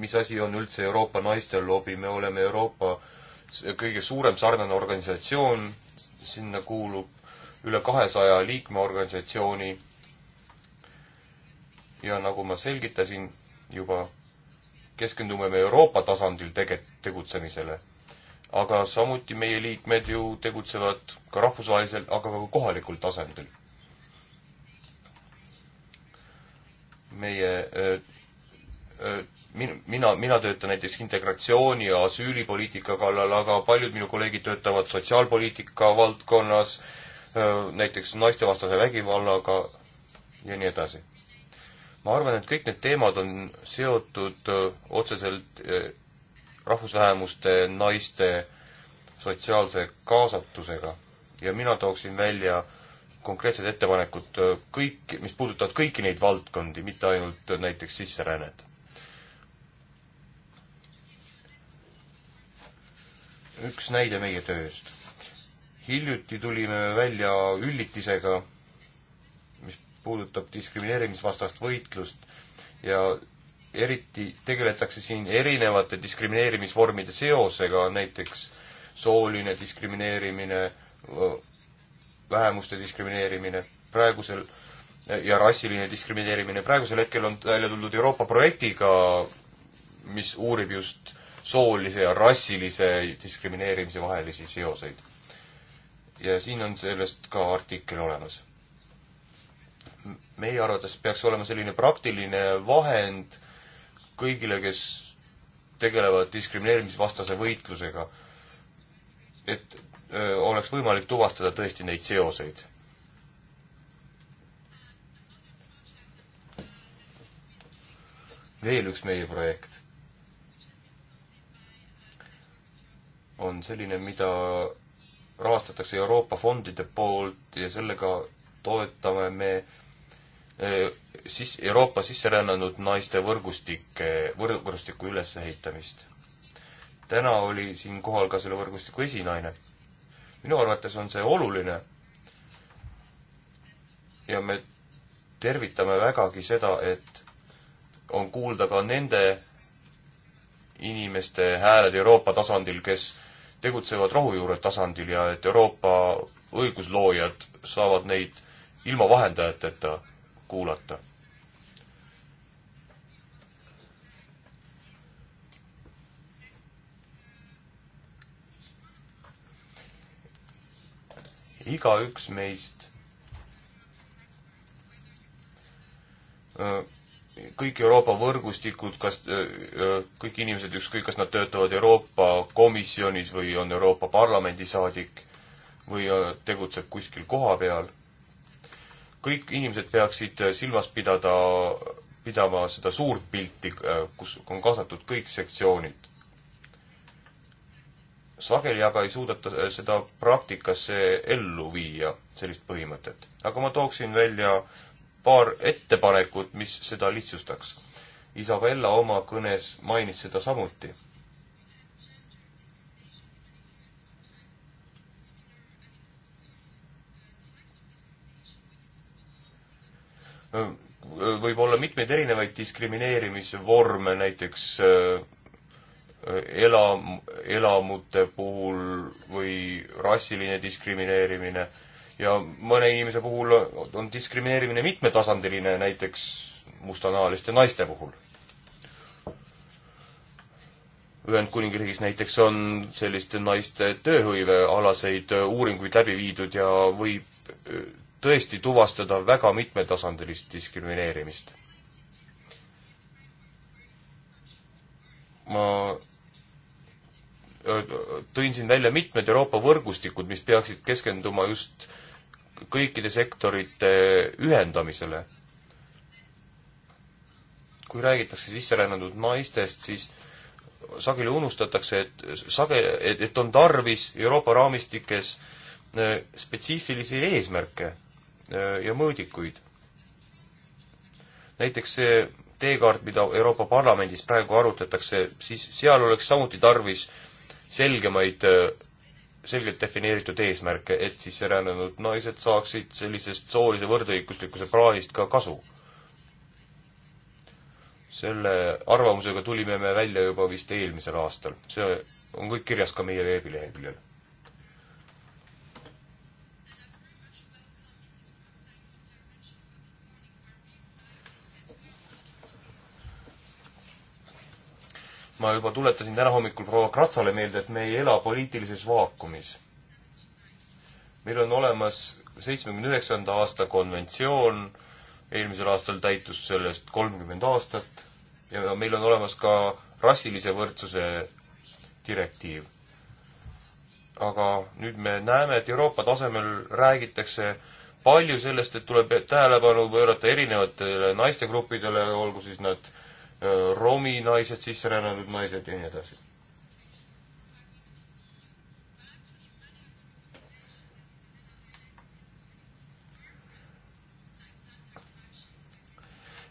S2: mis asi on üldse Euroopa naiste lobi, me oleme Euroopa kõige suurem sarnane organisatsioon, sinna kuulub üle kahesaja liikmeorganisatsiooni. ja nagu ma selgitasin juba, keskendume me Euroopa tasandil tege-, tegutsemisele. aga samuti meie liikmed ju tegutsevad ka rahvusvahelisel, aga ka kohalikul tasandil. meie öö, äh, öö, äh, minu, mina, mina töötan näiteks integratsiooni ja asüülipoliitika kallal, aga paljud minu kolleegid töötavad sotsiaalpoliitika valdkonnas, näiteks naistevastase vägivallaga ja nii edasi. ma arvan, et kõik need teemad on seotud otseselt rahvusvähemuste naiste sotsiaalse kaasatusega ja mina tooksin välja konkreetsed ettepanekud kõik, mis puudutavad kõiki neid valdkondi, mitte ainult näiteks sisserännet üks näide meie tööst. hiljuti tulime välja üllitisega, mis puudutab diskrimineerimisvastast võitlust ja eriti tegeletakse siin erinevate diskrimineerimisvormide seosega, näiteks sooline diskrimineerimine, vähemuste diskrimineerimine, praegusel ja rassiline diskrimineerimine, praegusel hetkel on välja tuldud Euroopa projektiga, mis uurib just soolise ja rassilise diskrimineerimise vahelisi seoseid. ja siin on sellest ka artikkel olemas. meie arvates peaks olema selline praktiline vahend kõigile, kes tegelevad diskrimineerimisvastase võitlusega, et öö, oleks võimalik tuvastada tõesti neid seoseid veel üks meie projekt. on selline, mida rahastatakse Euroopa fondide poolt ja sellega toetame me eh, siis Euroopa sisse rännanud naiste võrgustike, võrgustiku ülesehitamist. täna oli siin kohal ka selle võrgustiku esinaine. minu arvates on see oluline. ja me tervitame vägagi seda, et on kuulda ka nende inimeste hääled Euroopa tasandil, kes tegutsevad rohujuure tasandil ja et Euroopa õigusloojad saavad neid ilma vahendajateta kuulata. igaüks meist öö, kõik Euroopa võrgustikud, kas kõik inimesed, ükskõik, kas nad töötavad Euroopa Komisjonis või on Euroopa Parlamendi saadik või tegutseb kuskil kohapeal, kõik inimesed peaksid silmas pidada, pidama seda suurt pilti, kus on kaasatud kõik sektsioonid. sageli aga ei suudeta seda praktikasse ellu viia, sellist põhimõtet. aga ma tooksin välja paar ettepanekut, mis seda lihtsustaks. Isabella oma kõnes mainis seda samuti võib olla mitmeid erinevaid diskrimineerimisvorme, näiteks äh, elam, elamute puhul või rassiline diskrimineerimine ja mõne inimese puhul on diskrimineerimine mitmetasandiline, näiteks mustanahaliste naiste puhul. Ühendkuningriigis näiteks on selliste naiste tööhõivealaseid uuringuid läbi viidud ja võib tõesti tuvastada väga mitmetasandilist diskrimineerimist. ma tõin siin välja mitmed Euroopa võrgustikud, mis peaksid keskenduma just kõikide sektorite ühendamisele. kui räägitakse sisserännanud naistest, siis sageli unustatakse, et sage-, et, et on tarvis Euroopa raamistikes äh, spetsiifilisi eesmärke äh, ja mõõdikuid. näiteks see teekaart, mida Euroopa Parlamendis praegu arutatakse, siis seal oleks samuti tarvis selgemaid äh, selgelt defineeritud eesmärke, et sisserännanud naised saaksid sellisest soolise võrdõiguslikkuse plaanist ka kasu. selle arvamusega tulime me välja juba vist eelmisel aastal, see on kõik kirjas ka meie veebileheküljel ma juba tuletasin täna hommikul proua Kratsale meelde, et me ei ela poliitilises vaakumis. meil on olemas seitsmekümne üheksanda aasta konventsioon, eelmisel aastal täitus sellest kolmkümmend aastat ja meil on olemas ka rassilise võrdsuse direktiiv. aga nüüd me näeme, et Euroopa tasemel räägitakse palju sellest, et tuleb tähelepanu pöörata erinevatele naistegruppidele, olgu siis nad äh, Äh, romi naised, sisserännanud naised ja nii edasi.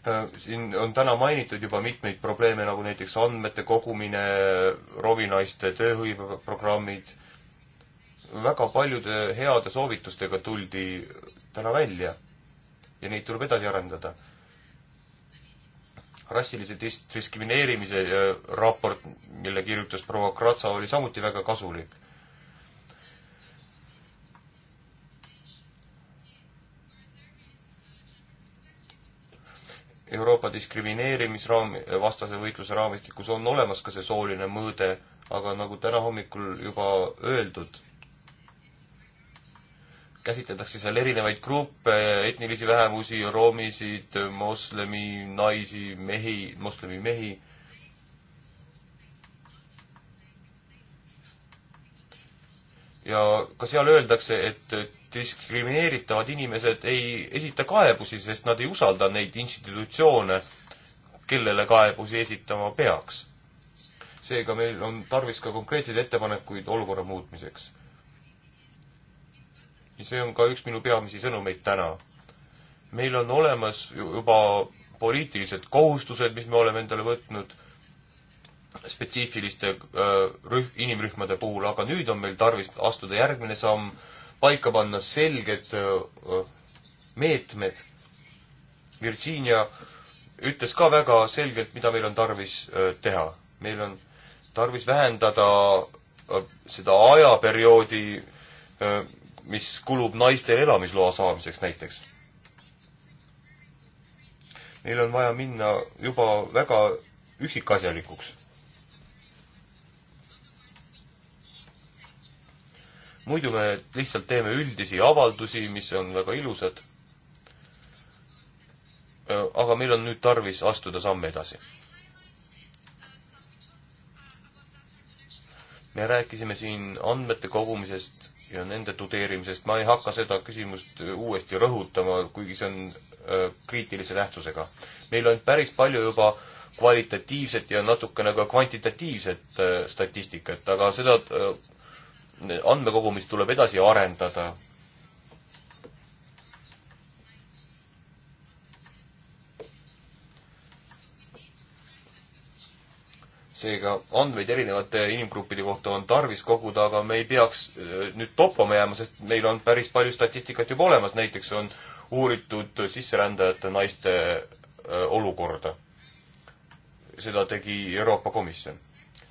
S2: Äh, siin on täna mainitud juba mitmeid probleeme, nagu näiteks andmete kogumine, rominaiste tööhõiveprogrammid. väga paljude heade soovitustega tuldi täna välja ja neid tuleb edasi arendada rassilise dis-, diskrimineerimise äh, raport, mille kirjutas proua Kratsa, oli samuti väga kasulik. Euroopa diskrimineerimisraam, vastase võitluse raamistikus on olemas ka see sooline mõõde, aga nagu täna hommikul juba öeldud käsitletakse seal erinevaid gruppe, etnilisi vähemusi, roomisid, moslemi naisi, mehi, moslemi mehi. ja ka seal öeldakse, et diskrimineeritavad inimesed ei esita kaebusi, sest nad ei usalda neid institutsioone, kellele kaebusi esitama peaks. seega meil on tarvis ka konkreetseid ettepanekuid olukorra muutmiseks ja see on ka üks minu peamisi sõnumeid täna. meil on olemas juba poliitilised kohustused, mis me oleme endale võtnud spetsiifiliste äh, rühm, inimrühmade puhul, aga nüüd on meil tarvis astuda järgmine samm, paika panna selged äh, meetmed. Virginia ütles ka väga selgelt, mida meil on tarvis äh, teha. meil on tarvis vähendada seda ajaperioodi, mis kulub naistel elamisloa saamiseks näiteks. Neil on vaja minna juba väga üksikasjalikuks. muidu me lihtsalt teeme üldisi avaldusi, mis on väga ilusad. aga meil on nüüd tarvis astuda samme edasi me rääkisime siin andmete kogumisest ja nende tudeerimisest, ma ei hakka seda küsimust uuesti rõhutama, kuigi see on öö, äh, kriitilise tähtsusega. meil on päris palju juba kvalitatiivset ja natukene ka kvantitatiivset öö, äh, statistikat, aga seda öö, äh, andmekogumist tuleb edasi arendada seega andmeid erinevate inimgruppide kohta on tarvis koguda, aga me ei peaks äh, nüüd toppama jääma, sest meil on päris palju statistikat juba olemas, näiteks on uuritud sisserändajate naiste äh, olukorda. seda tegi Euroopa Komisjon.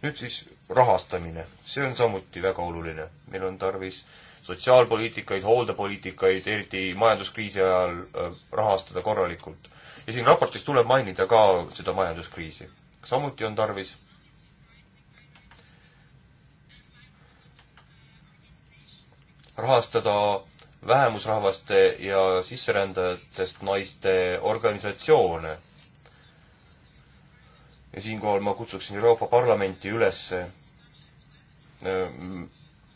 S2: nüüd siis rahastamine, see on samuti väga oluline, meil on tarvis sotsiaalpoliitikaid, hooldepoliitikaid, eriti majanduskriisi ajal äh, rahastada korralikult. ja siin raportis tuleb mainida ka seda majanduskriisi. samuti on tarvis rahastada vähemusrahvaste ja sisserändajatest naiste organisatsioone. ja siinkohal ma kutsuksin Euroopa Parlamenti üles, äh,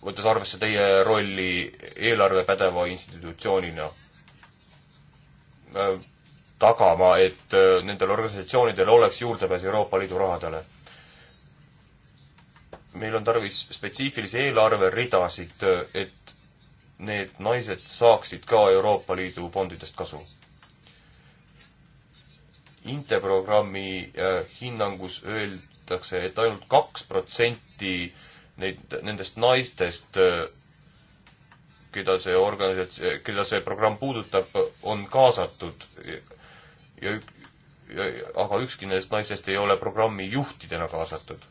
S2: võttes arvesse teie rolli eelarvepädeva institutsioonina, äh, tagama, et äh, nendel organisatsioonidel oleks juurdepääs Euroopa Liidu rahadele meil on tarvis spetsiifilisi eelarveridasid, et need naised saaksid ka Euroopa Liidu fondidest kasu. Inteprogrammi äh, hinnangus öeldakse, et ainult kaks protsenti neid, nendest naistest, äh, keda see organisats-, keda see programm puudutab, on kaasatud ja, ja aga ükski nendest naistest ei ole programmi juhtidena kaasatud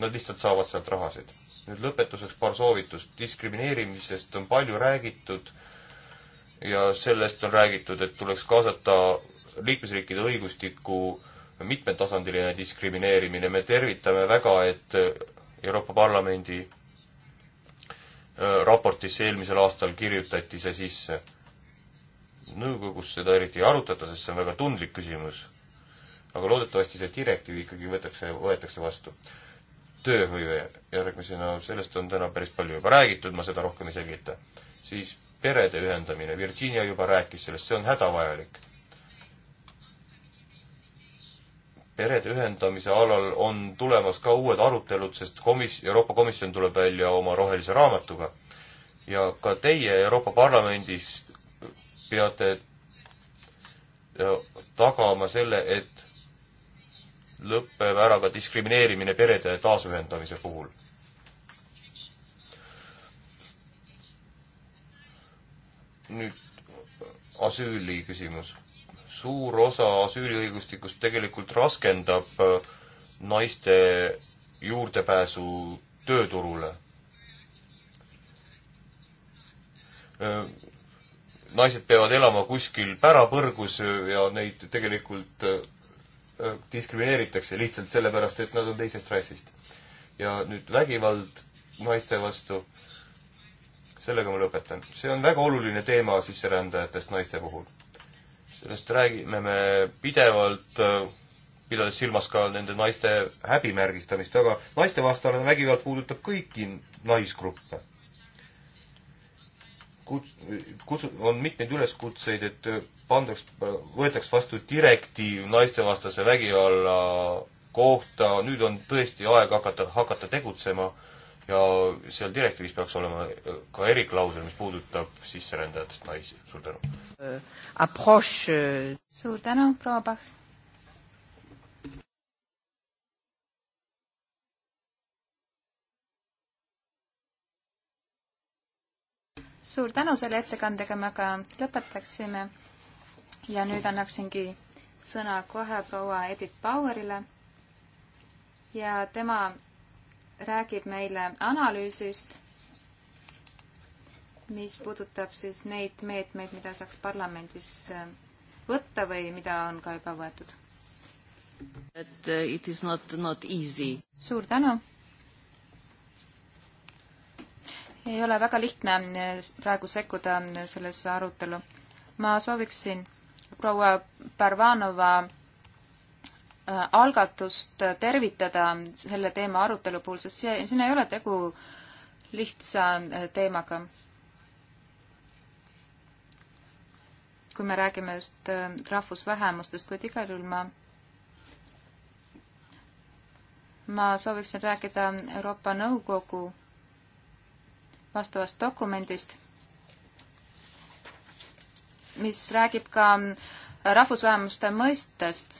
S2: Nad lihtsalt saavad sealt rahasid. nüüd lõpetuseks paar soovitust. diskrimineerimisest on palju räägitud ja sellest on räägitud, et tuleks kaasata liikmesriikide õigustiku mitmetasandiline diskrimineerimine. me tervitame väga, et Euroopa Parlamendi äh, raportisse eelmisel aastal kirjutati see sisse. nõukogus seda eriti ei arutata, sest see on väga tundlik küsimus. aga loodetavasti see direktiiv ikkagi võetakse, võetakse vastu tööhõive järgmisena, sellest on täna päris palju juba räägitud, ma seda rohkem ei selgita. siis perede ühendamine, Virginia juba rääkis sellest, see on hädavajalik. perede ühendamise alal on tulemas ka uued arutelud, sest komis-, Euroopa Komisjon tuleb välja oma rohelise raamatuga ja ka teie Euroopa Parlamendis peate äh, tagama selle, et lõpeb ära ka diskrimineerimine perede taasühendamise puhul. nüüd asüüli küsimus. suur osa asüüliõigustikust tegelikult raskendab äh, naiste juurdepääsu tööturule. Äh, naised peavad elama kuskil pärapõrgus ja neid tegelikult äh, diskrimineeritakse lihtsalt sellepärast, et nad on teisest rassist. ja nüüd vägivald naiste vastu, sellega ma lõpetan. see on väga oluline teema sisserändajatest naiste puhul. sellest räägime me pidevalt, pidades silmas ka nende naiste häbimärgistamist, aga naistevastane vägivald puudutab kõiki naisgruppe. Kuts-, kutsu-, on mitmeid üleskutseid, et pandaks, võetaks vastu direktiiv naistevastase vägivalla kohta, nüüd on tõesti aeg hakata, hakata tegutsema ja seal direktiivis peaks olema ka eriklausel, mis puudutab sisserändajatest naisi. suur tänu. Euh,
S1: euh.
S4: suur tänu, proua Pahv. suur tänu selle ettekandega, me aga lõpetaksime ja nüüd annaksingi sõna kohe proua Edith Bauerile ja tema räägib meile analüüsist, mis puudutab siis neid meetmeid, mida saaks parlamendis äh, võtta või mida on ka juba võetud.
S1: et uh, it is not, not easy.
S4: suur tänu! ei ole väga lihtne äh, praegu sekkuda äh, sellesse arutellu. ma sooviksin proua Parvanova äh, algatust tervitada selle teema arutelu puhul, sest see, siin ei ole tegu lihtsa äh, teemaga. kui me räägime just äh, rahvusvähemustest, kuid igal juhul ma, ma sooviksin rääkida Euroopa Nõukogu vastavast dokumendist mis räägib ka äh, rahvusvähemuste mõistest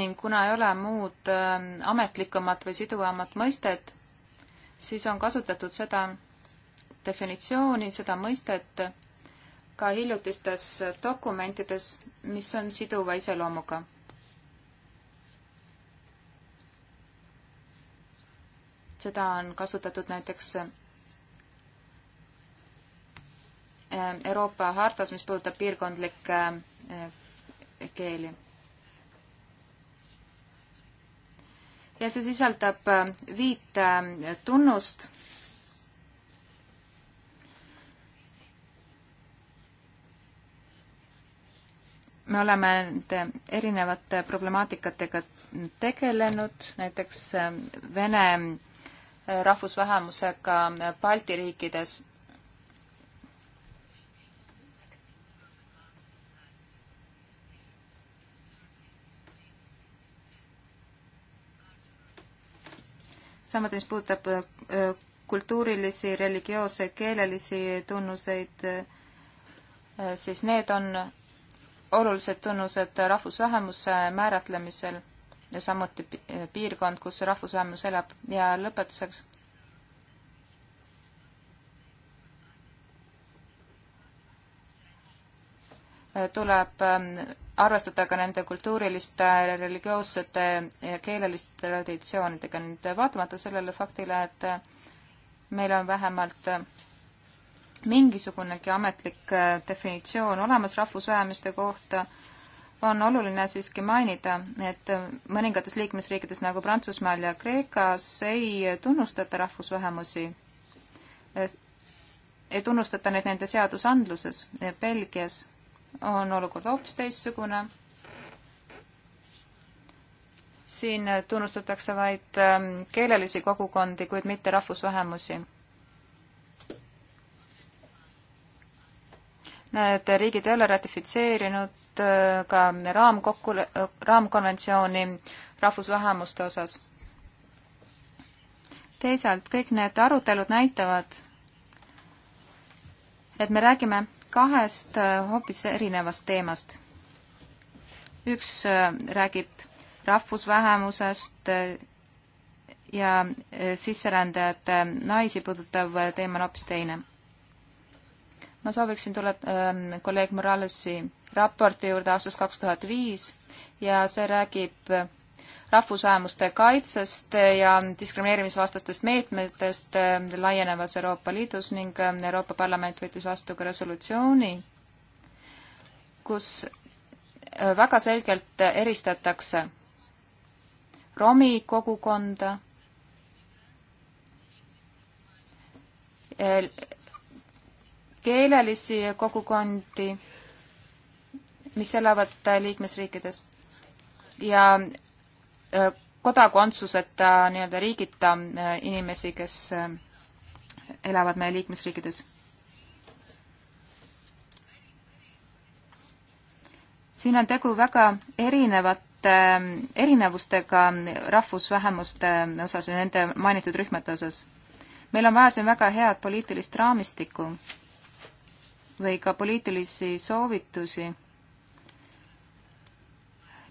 S4: ning kuna ei ole muud äh, ametlikumat või siduvamat mõistet, siis on kasutatud seda definitsiooni, seda mõistet ka hiljutistes dokumentides, mis on siduva iseloomuga. seda on kasutatud näiteks Äh, Euroopa hartas, mis puudutab piirkondlikke äh, keeli. ja see sisaldab äh, viit tunnust. me oleme nende erinevate problemaatikatega tegelenud, näiteks vene rahvusvähemusega Balti riikides samuti, mis puudutab äh, kultuurilisi, religioosseid, keelelisi tunnuseid, äh, siis need on olulised tunnused rahvusvähemuse määratlemisel ja samuti äh, piirkond, kus see rahvusvähemus elab ja lõpetuseks. tuleb ähm, arvestada ka nende kultuuriliste, religioossete ja keeleliste traditsioonidega, nüüd vaatamata sellele faktile, et meil on vähemalt mingisugunegi ametlik äh, definitsioon olemas rahvusvähemuste kohta, on oluline siiski mainida, et mõningates liikmesriikides nagu Prantsusmaal ja Kreekas ei tunnustata rahvusvähemusi, ei tunnustata neid nende seadusandluses, Belgias on olukord hoopis teistsugune. siin tunnustatakse vaid ähm, keelelisi kogukondi, kuid mitte rahvusvähemusi. Need riigid ei ole ratifitseerinud äh, ka raamkokku, äh, raamkonventsiooni rahvusvähemuste osas. teisalt kõik need arutelud näitavad, et me räägime kahest äh, hoopis erinevast teemast. üks äh, räägib rahvusvähemusest äh, ja sisserändajate naisi puudutav teema on hoopis teine. ma sooviksin tulla äh, kolleeg Moralesi raporti juurde aastast kaks tuhat viis ja see räägib rahvusvähemuste kaitsest ja diskrimineerimisvastastest meetmetest ähm, laienevas Euroopa Liidus ning ähm, Euroopa Parlament võttis vastu ka resolutsiooni, kus äh, väga selgelt eristatakse romi kogukonda, äh, keelelisi kogukondi, mis elavad äh, liikmesriikides ja Äh, kodakondsuseta nii-öelda riigita äh, inimesi, kes äh, elavad meie liikmesriikides. siin on tegu väga erinevate, erinevustega rahvusvähemuste osas ja nende mainitud rühmade osas. meil on vaja siin väga head poliitilist raamistikku või ka poliitilisi soovitusi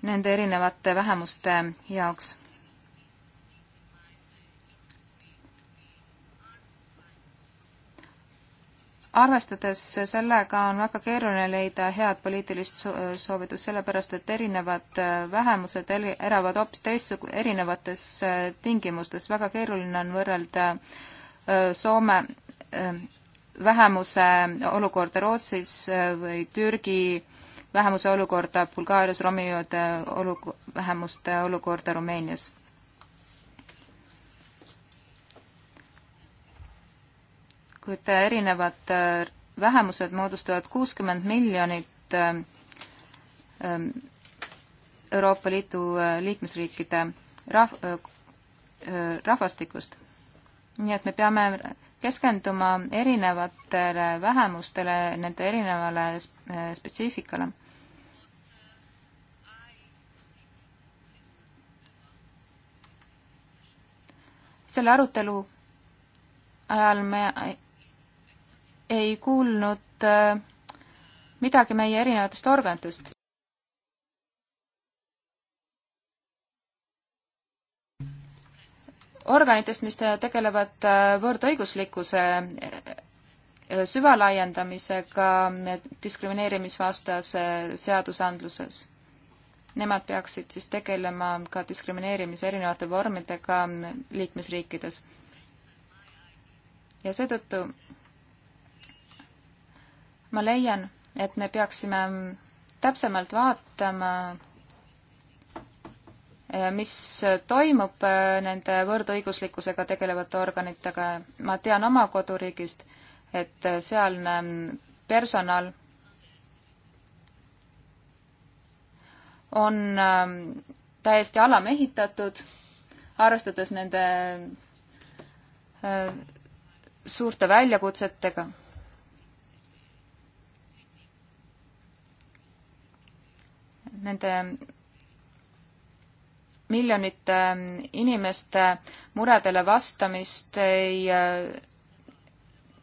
S4: nende erinevate vähemuste jaoks. arvestades sellega on väga keeruline leida head poliitilist soovitust, sellepärast et erinevad vähemused elavad hoopis teistsug-, erinevates tingimustes, väga keeruline on võrrelda Soome vähemuse olukorda Rootsis või Türgi vähemuse olukorda Bulgaarias, romijuurde äh, olu-, vähemuste olukorda Rumeenias kuid äh, erinevad äh, vähemused moodustavad kuuskümmend miljonit ähm, Euroopa Liidu liikmesriikide rahv-, rahvastikust. nii et me peame keskenduma erinevatele vähemustele, nende erinevale spetsiifikale. selle arutelu ajal me ei kuulnud äh, midagi meie erinevatest organitest. organitest, mis tegelevad äh, võõrdõiguslikkuse äh, süvalaiendamisega diskrimineerimisvastase seadusandluses nemad peaksid siis tegelema ka diskrimineerimise erinevate vormidega liikmesriikides. ja seetõttu ma leian, et me peaksime täpsemalt vaatama, mis toimub nende võrdõiguslikkusega tegelevate organitega. ma tean oma koduriigist, et sealne personal on ähm, täiesti alamehitatud, arvestades nende äh, suurte väljakutsetega. Nende miljonite ähm, inimeste muredele vastamist ei, äh,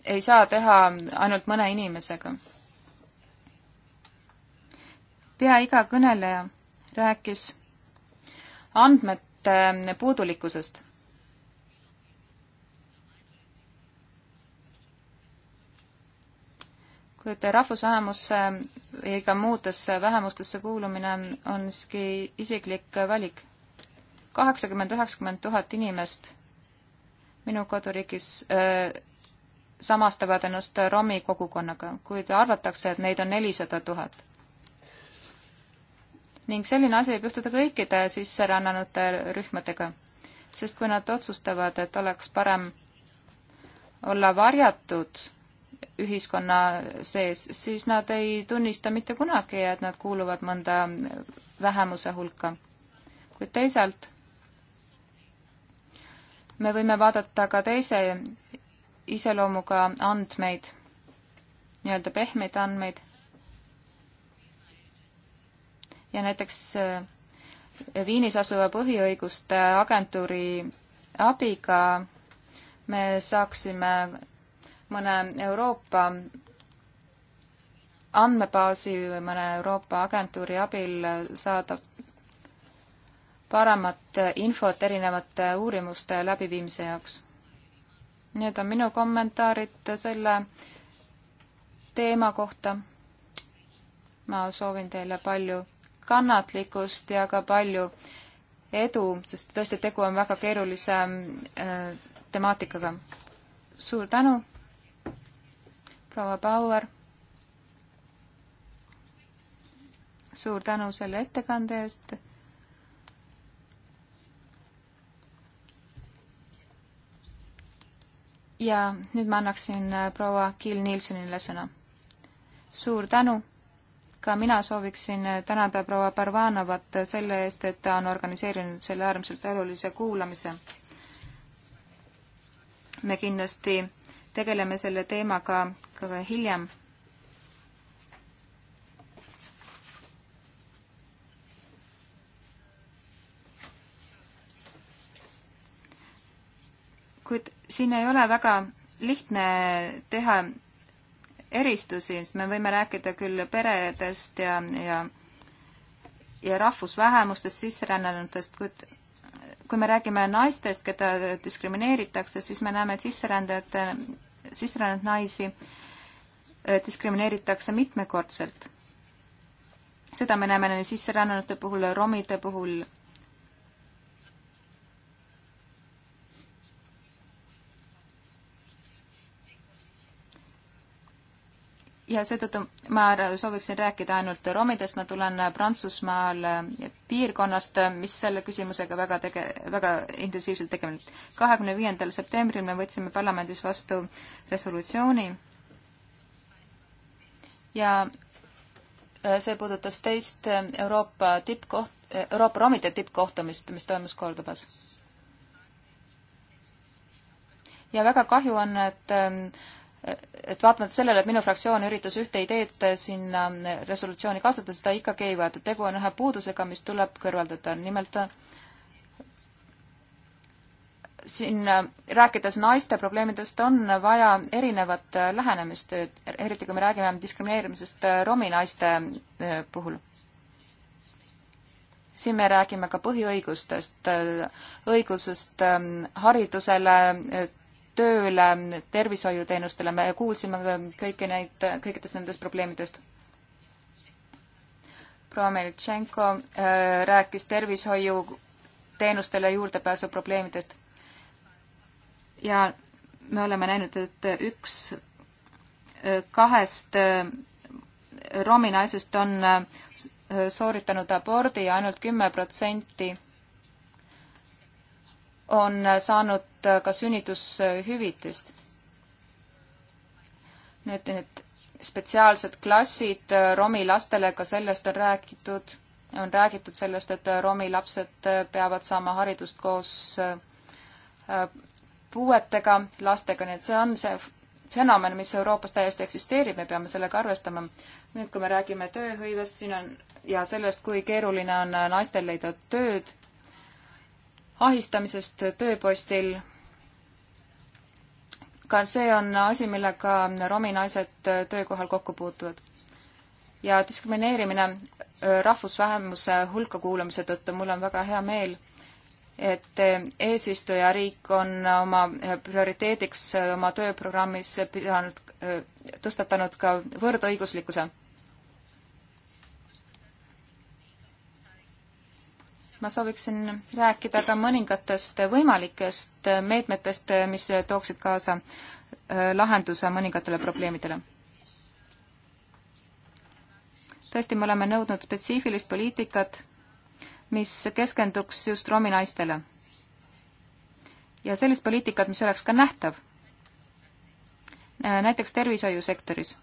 S4: ei saa teha ainult mõne inimesega. pea iga kõneleja rääkis andmete puudulikkusest. kuid rahvusvähemusse või ka muudesse vähemustesse kuulumine on siiski isiklik valik. kaheksakümmend, üheksakümmend tuhat inimest minu koduriigis öö, äh, samastavad ennast romi kogukonnaga, kuid arvatakse, et neid on nelisada tuhat ning selline asi võib juhtuda kõikide sisserännanute rühmadega, sest kui nad otsustavad, et oleks parem olla varjatud ühiskonna sees, siis nad ei tunnista mitte kunagi, et nad kuuluvad mõnda vähemuse hulka. kuid teisalt me võime vaadata ka teise iseloomuga andmeid, nii-öelda pehmeid andmeid ja näiteks äh, Viinis asuva põhiõiguste agentuuri abiga me saaksime mõne Euroopa andmebaasi või mõne Euroopa agentuuri abil saada paremat infot erinevate uurimuste läbiviimise jaoks. Need on minu kommentaarid selle teema kohta. ma soovin teile palju kannatlikkust ja ka palju edu, sest tõesti tegu on väga keerulise äh, temaatikaga. suur tänu, proua Bauer. suur tänu selle ettekande eest. ja nüüd ma annaksin äh, proua Kill Nilssonile sõna. suur tänu ka mina sooviksin tänada proua Parvanovat selle eest, et ta on organiseerinud selle äärmiselt olulise kuulamise. me kindlasti tegeleme selle teemaga ka hiljem. kuid siin ei ole väga lihtne teha eristusi, sest me võime rääkida küll peredest ja, ja ja rahvusvähemustest, sisserännanutest, kuid kui me räägime naistest, keda diskrimineeritakse, siis me näeme, et sisserändajate, sisserännanud naisi äh, diskrimineeritakse mitmekordselt. seda me näeme nii sisserännanute puhul, romide puhul ja seetõttu ma sooviksin rääkida ainult romidest, ma tulen Prantsusmaal piirkonnast, mis selle küsimusega väga tege-, väga intensiivselt tegeleb. kahekümne viiendal septembril me võtsime parlamendis vastu resolutsiooni ja see puudutas teist Euroopa tippkoht-, Euroopa romide tippkohtumist, mis toimus Kordobas. ja väga kahju on, et et vaatamata sellele, et minu fraktsioon üritas ühte ideed sinna resolutsiooni kaasata, seda ikkagi ei võetud. tegu on ühe puudusega, mis tuleb kõrvaldada. nimelt siin rääkides naiste probleemidest, on vaja erinevat lähenemist, eriti kui me räägime diskrimineerimisest romi naiste eh, puhul. siin me räägime ka põhiõigustest, õigusest eh, haridusele, eh, tööle, tervishoiuteenustele, me kuulsime kõiki neid, kõikidest nendest probleemidest. proua Meltšenko äh, rääkis tervishoiuteenustele juurdepääsu probleemidest. ja me oleme näinud, et üks äh, kahest äh, romi naisest on äh, sooritanud abordi ja ainult kümme protsenti on saanud saada ka sünnitushüvitist. nüüd need spetsiaalsed klassid romi lastele, ka sellest on räägitud, on räägitud sellest, et romi lapsed peavad saama haridust koos äh, puuetega lastega, nii et see on see fenomen, mis Euroopas täiesti eksisteerib, me peame sellega arvestama. nüüd, kui me räägime tööhõivest, siin on ja sellest, kui keeruline on naistel leida tööd, ahistamisest tööpostil ka see on asi, millega romi naised töökohal kokku puutuvad. ja diskrimineerimine äh, rahvusvähemuse hulka kuulumise tõttu mul on väga hea meel, et äh, eesistujariik on oma äh, prioriteediks oma tööprogrammis pidanud, tõstatanud ka võrdõiguslikkuse ma sooviksin rääkida ka mõningatest võimalikest meetmetest, mis tooksid kaasa äh, lahenduse mõningatele probleemidele. tõesti, me oleme nõudnud spetsiifilist poliitikat, mis keskenduks just romi naistele. ja sellist poliitikat, mis oleks ka nähtav, äh, näiteks tervishoiusektoris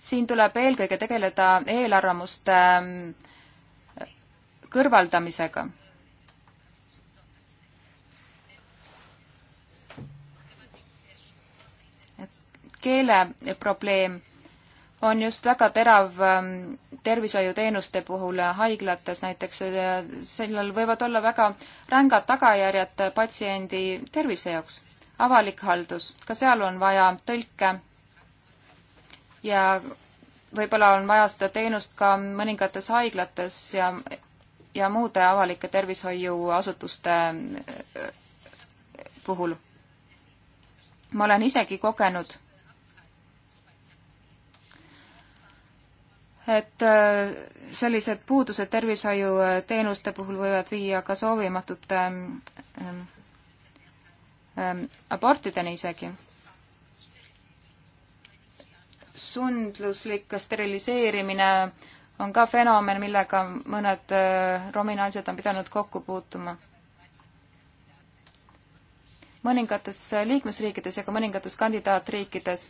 S4: siin tuleb eelkõige tegeleda eelarvamuste ähm, kõrvaldamisega. keeleprobleem on just väga terav ähm, tervishoiuteenuste puhul haiglates näiteks, sellel võivad olla väga rängad tagajärjed patsiendi tervise jaoks. avalik haldus, ka seal on vaja tõlke ja võib-olla on vaja seda teenust ka mõningates haiglates ja, ja muude avalike tervishoiuasutuste äh, puhul. ma olen isegi kogenud, et äh, sellised puudused tervishoiuteenuste äh, puhul võivad viia ka soovimatute ähm, ähm, ähm, abortideni isegi sundluslik steriliseerimine on ka fenomen, millega mõned äh, romi naised on pidanud kokku puutuma. mõningates äh, liikmesriikides ja ka mõningates kandidaatriikides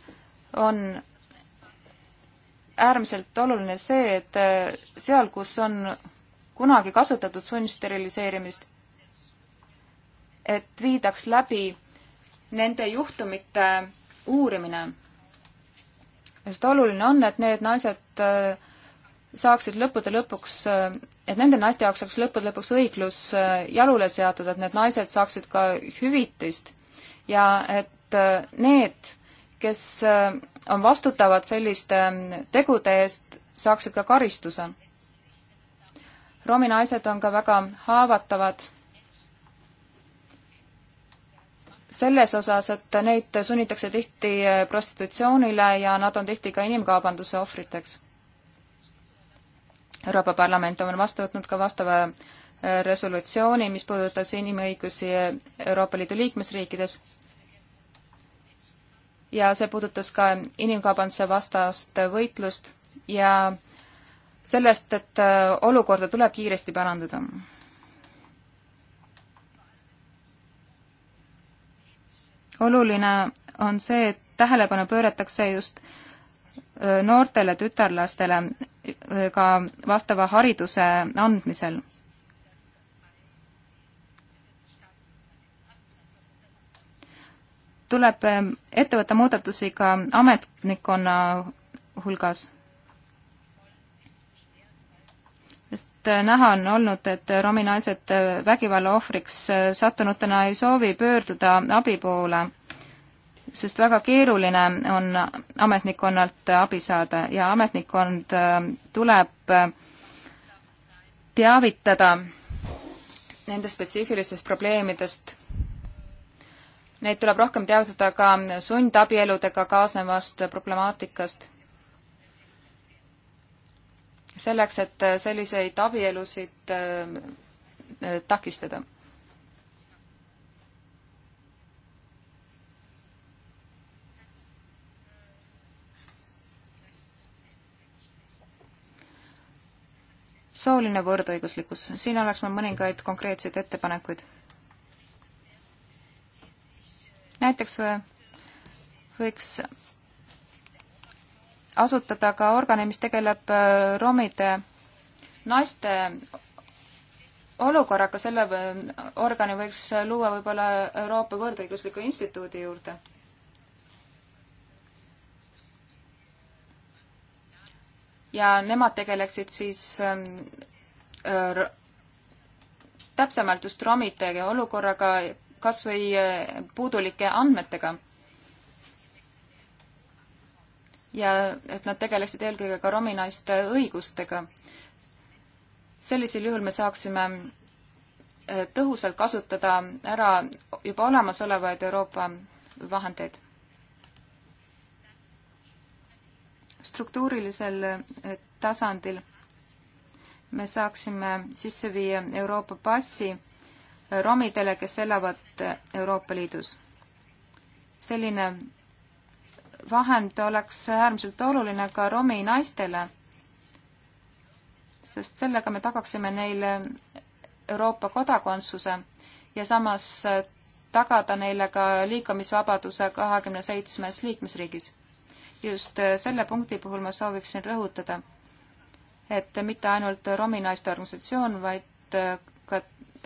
S4: on äärmiselt oluline see, et äh, seal, kus on kunagi kasutatud sundsteriliseerimist, et viidaks läbi nende juhtumite uurimine sest oluline on, et need naised äh, saaksid lõppude lõpuks, äh, et nende naiste jaoks saaks lõppude lõpuks õiglus äh, jalule seatud, et need naised saaksid ka hüvitist ja et need, kes on vastutavad selliste tegude eest, saaksid ka karistuse. romi naised on ka väga haavatavad selles osas, et neid sunnitakse tihti eh, prostitutsioonile ja nad on tihti ka inimkaubanduse ohvriteks. Euroopa Parlament on vastu võtnud ka vastava eh, resolutsiooni, mis puudutas inimõigusi eh, Euroopa Liidu liikmesriikides. ja see puudutas ka inimkaubanduse vastast võitlust ja sellest, et olukorda tuleb kiiresti parandada oluline on see, et tähelepanu pööratakse just noortele tütarlastele ka vastava hariduse andmisel. tuleb ette võtta muudatusi ka ametnikkonna hulgas sest äh, näha on olnud, et äh, romi naised äh, vägivalla ohvriks sattunutena ei soovi pöörduda abi poole, sest väga keeruline on ametnikkonnalt abi saada ja ametnikkond tuleb teavitada nendest spetsiifilistest probleemidest. Neid tuleb rohkem teavitada ka sundabieludega kaasnevast problemaatikast selleks, et äh, selliseid abielusid äh, takistada. sooline võrdõiguslikkus, siin oleks mul mõningaid konkreetseid ettepanekuid. näiteks äh, võiks asutada ka organe, mis tegeleb äh, romide naiste olukorraga, selle organi võiks luua võib-olla Euroopa Võrdõigusliku Instituudi juurde. ja nemad tegeleksid siis ähm, äh, täpsemalt just romide olukorraga, kas või äh, puudulike andmetega ja et nad tegeleksid eelkõige ka romi naiste õigustega. sellisel juhul me saaksime eh, tõhusalt kasutada ära juba olemasolevaid Euroopa vahendeid. struktuurilisel eh, tasandil me saaksime sisse viia Euroopa passi eh, romidele, kes elavad Euroopa Liidus. selline vahend oleks äärmiselt oluline ka romi naistele, sest sellega me tagaksime neile Euroopa kodakondsuse ja samas tagada neile ka liikumisvabaduse kahekümne seitsmes liikmesriigis. just selle punkti puhul ma sooviksin rõhutada, et mitte ainult romi naiste organisatsioon, vaid ka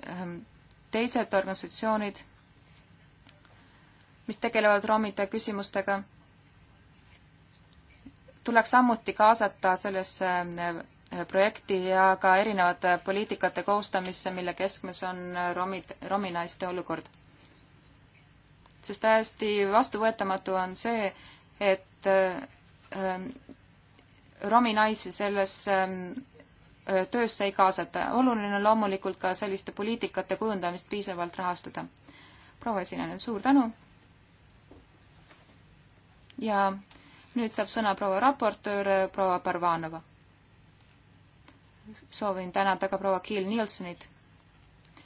S4: ehm, teised organisatsioonid mis tegelevad romide küsimustega, tuleks samuti kaasata sellesse äh, projekti ja ka erinevate poliitikate koostamisse, mille keskmes on romid, rominaiste olukord. sest täiesti vastuvõetamatu on see, et äh, rominaisi sellesse äh, töösse ei kaasata. oluline on loomulikult ka selliste poliitikate kujundamist piisavalt rahastada. proua esineja, suur tänu! ja nüüd saab sõna proua raportöör, proua Parvanova. soovin tänada ka proua Kiil Nielsenit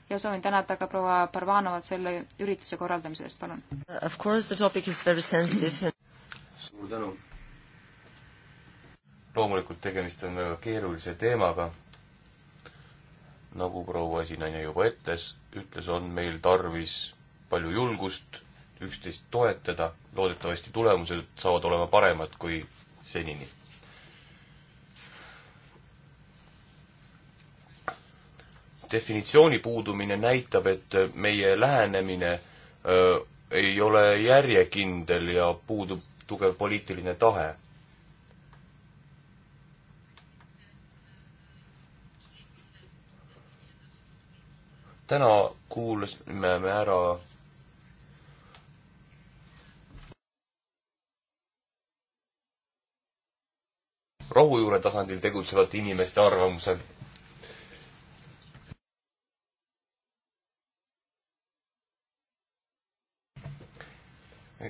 S4: ja soovin tänada ka proua Parvanovat selle ürituse korraldamise eest, palun.
S2: suur tänu. loomulikult tegemist on väga keerulise teemaga. nagu proua esinaine juba ütles, ütles, on meil tarvis palju julgust üksteist toetada, loodetavasti tulemused saavad olema paremad kui senini. definitsiooni puudumine näitab, et meie lähenemine öö, ei ole järjekindel ja puudub tugev poliitiline tahe täna kuulasime me ära rohujuure tasandil tegutsevate inimeste arvamusel.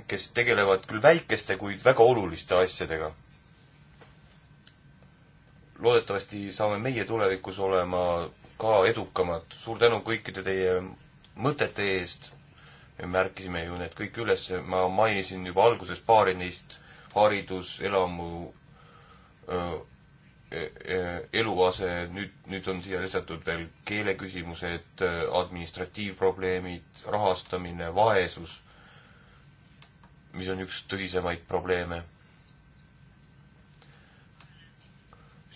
S2: kes tegelevad küll väikeste, kuid väga oluliste asjadega. loodetavasti saame meie tulevikus olema ka edukamad. suur tänu kõikide teie mõtete eest. me märkisime ju need kõik üles, ma mainisin juba alguses paari neist haridus, elamu, eluase, nüüd, nüüd on siia lisatud veel keeleküsimused, administratiivprobleemid, rahastamine, vaesus, mis on üks tõsisemaid probleeme.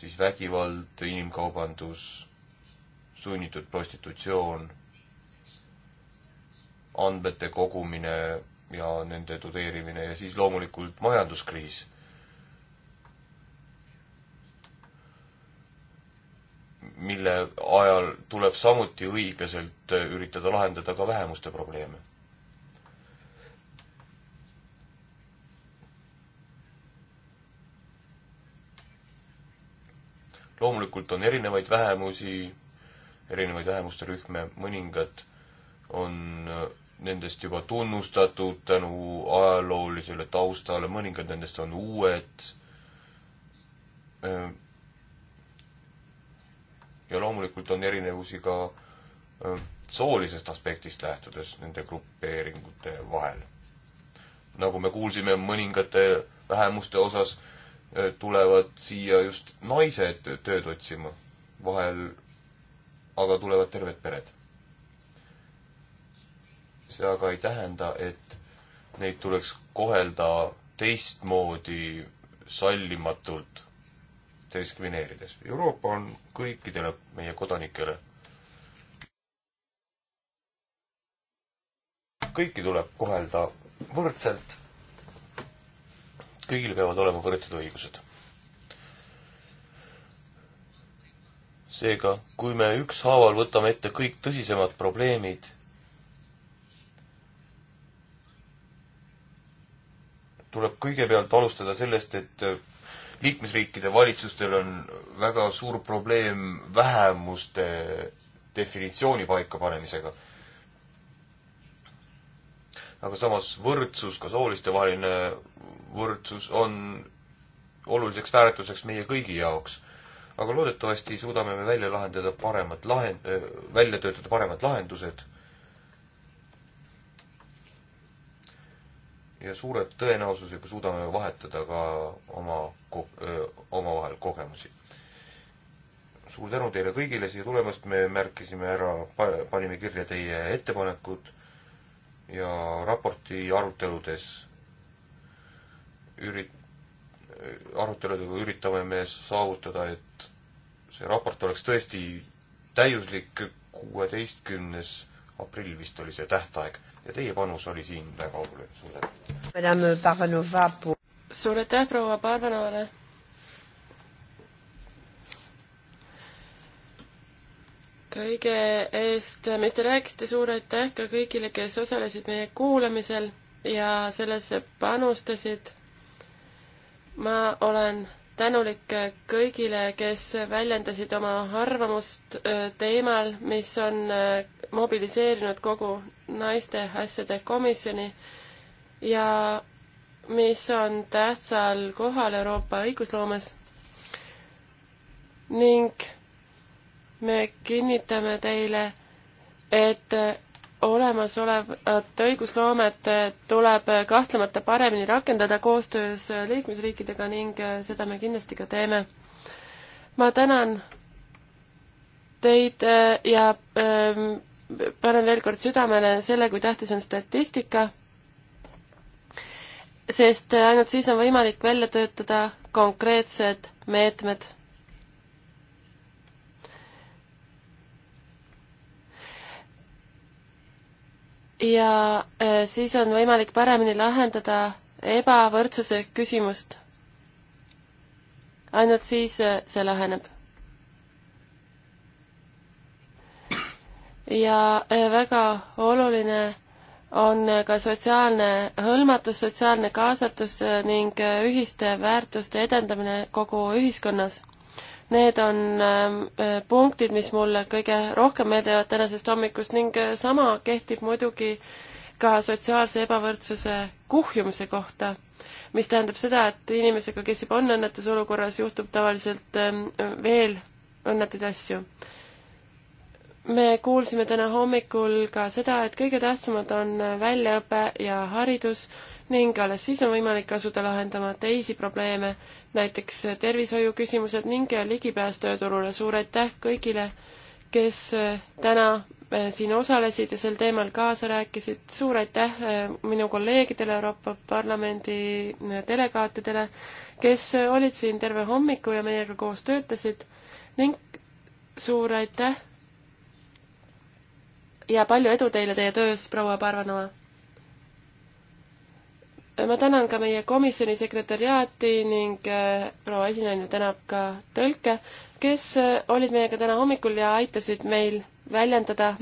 S2: siis vägivald, inimkaubandus, sunnitud prostitutsioon, andmete kogumine ja nende tudeerimine ja siis loomulikult majanduskriis mille ajal tuleb samuti õiglaselt äh, üritada lahendada ka vähemuste probleeme. loomulikult on erinevaid vähemusi, erinevaid vähemuste rühme, mõningad on äh, nendest juba tunnustatud tänu ajaloolisele taustale, mõningad nendest on uued äh, ja loomulikult on erinevusi ka soolisest aspektist lähtudes nende grupeeringute vahel. nagu me kuulsime, mõningate vähemuste osas tulevad siia just naised tööd otsima, vahel aga tulevad terved pered. see aga ei tähenda, et neid tuleks kohelda teistmoodi sallimatult diskrimineerides. Euroopa on kõikidele meie kodanikele. kõiki tuleb kohelda võrdselt. kõigil peavad olema võrdsed õigused. seega, kui me ükshaaval võtame ette kõik tõsisemad probleemid, tuleb kõigepealt alustada sellest, et liikmesriikide valitsustel on väga suur probleem vähemuste definitsiooni paikapanemisega. aga samas võrdsus, ka soolistevaheline võrdsus on oluliseks väärtuseks meie kõigi jaoks. aga loodetavasti suudame me välja lahendada paremad lahend-, välja töötada paremad lahendused ja suure tõenäosusega suudame vahetada ka oma ko-, omavahel kogemusi. suur tänu teile kõigile siia tulemast, me märkisime ära, panime kirja teie ettepanekud ja raporti aruteludes ürit-, aruteludega üritame me saavutada, et see raport oleks tõesti täiuslik kuueteistkümnes aprill vist oli see tähtaeg ja teie panus oli siin väga oluline, suur
S1: tänu. suur
S3: aitäh proua Parvanovale. kõige eest, mis te rääkisite, suur aitäh ka kõigile, kes osalesid meie kuulamisel ja sellesse panustasid. ma olen tänulik kõigile, kes väljendasid oma arvamust teemal, mis on mobiliseerinud kogu naiste asjade komisjoni ja mis on tähtsal kohal Euroopa õigusloomes. ning me kinnitame teile, et olemasolevat õigusloomet äh, tuleb äh, kahtlemata paremini rakendada koostöös äh, liikmesriikidega ning seda me kindlasti ka teeme. ma tänan teid ja ähm, panen veel kord südamele selle, kui tähtis on statistika, sest ainult siis on võimalik välja töötada konkreetsed meetmed ja äh, siis on võimalik paremini lahendada ebavõrdsuse küsimust. ainult siis äh, see laheneb. ja äh, väga oluline on ka sotsiaalne hõlmatus, sotsiaalne kaasatus ning ühiste väärtuste edendamine kogu ühiskonnas Need on ähm, äh, punktid, mis mulle kõige rohkem meelde jäävad tänasest hommikust ning äh, sama kehtib muidugi ka sotsiaalse ebavõrdsuse kuhjumise kohta, mis tähendab seda, et inimesega, kes juba on õnnetusolukorras, juhtub tavaliselt ähm, veel õnnetuid asju me kuulsime täna hommikul ka seda, et kõige tähtsamad on äh, väljaõpe ja haridus ning alles siis on võimalik asuda lahendama teisi probleeme, näiteks tervishoiuküsimused ning ligipääs tööturule. suur aitäh kõigile, kes eh, täna eh, siin osalesid ja sel teemal kaasa rääkisid. suur aitäh eh, minu kolleegidele, Euroopa Parlamendi delegaatidele, kes olid siin terve hommiku ja meiega koos töötasid ning suur aitäh ja palju edu teile teie töös, proua Parvanova! ma tänan ka meie komisjoni sekretäriaati ning äh, proua esinaine tänab ka tõlke, kes äh, olid meiega täna hommikul ja aitasid meil väljendada meie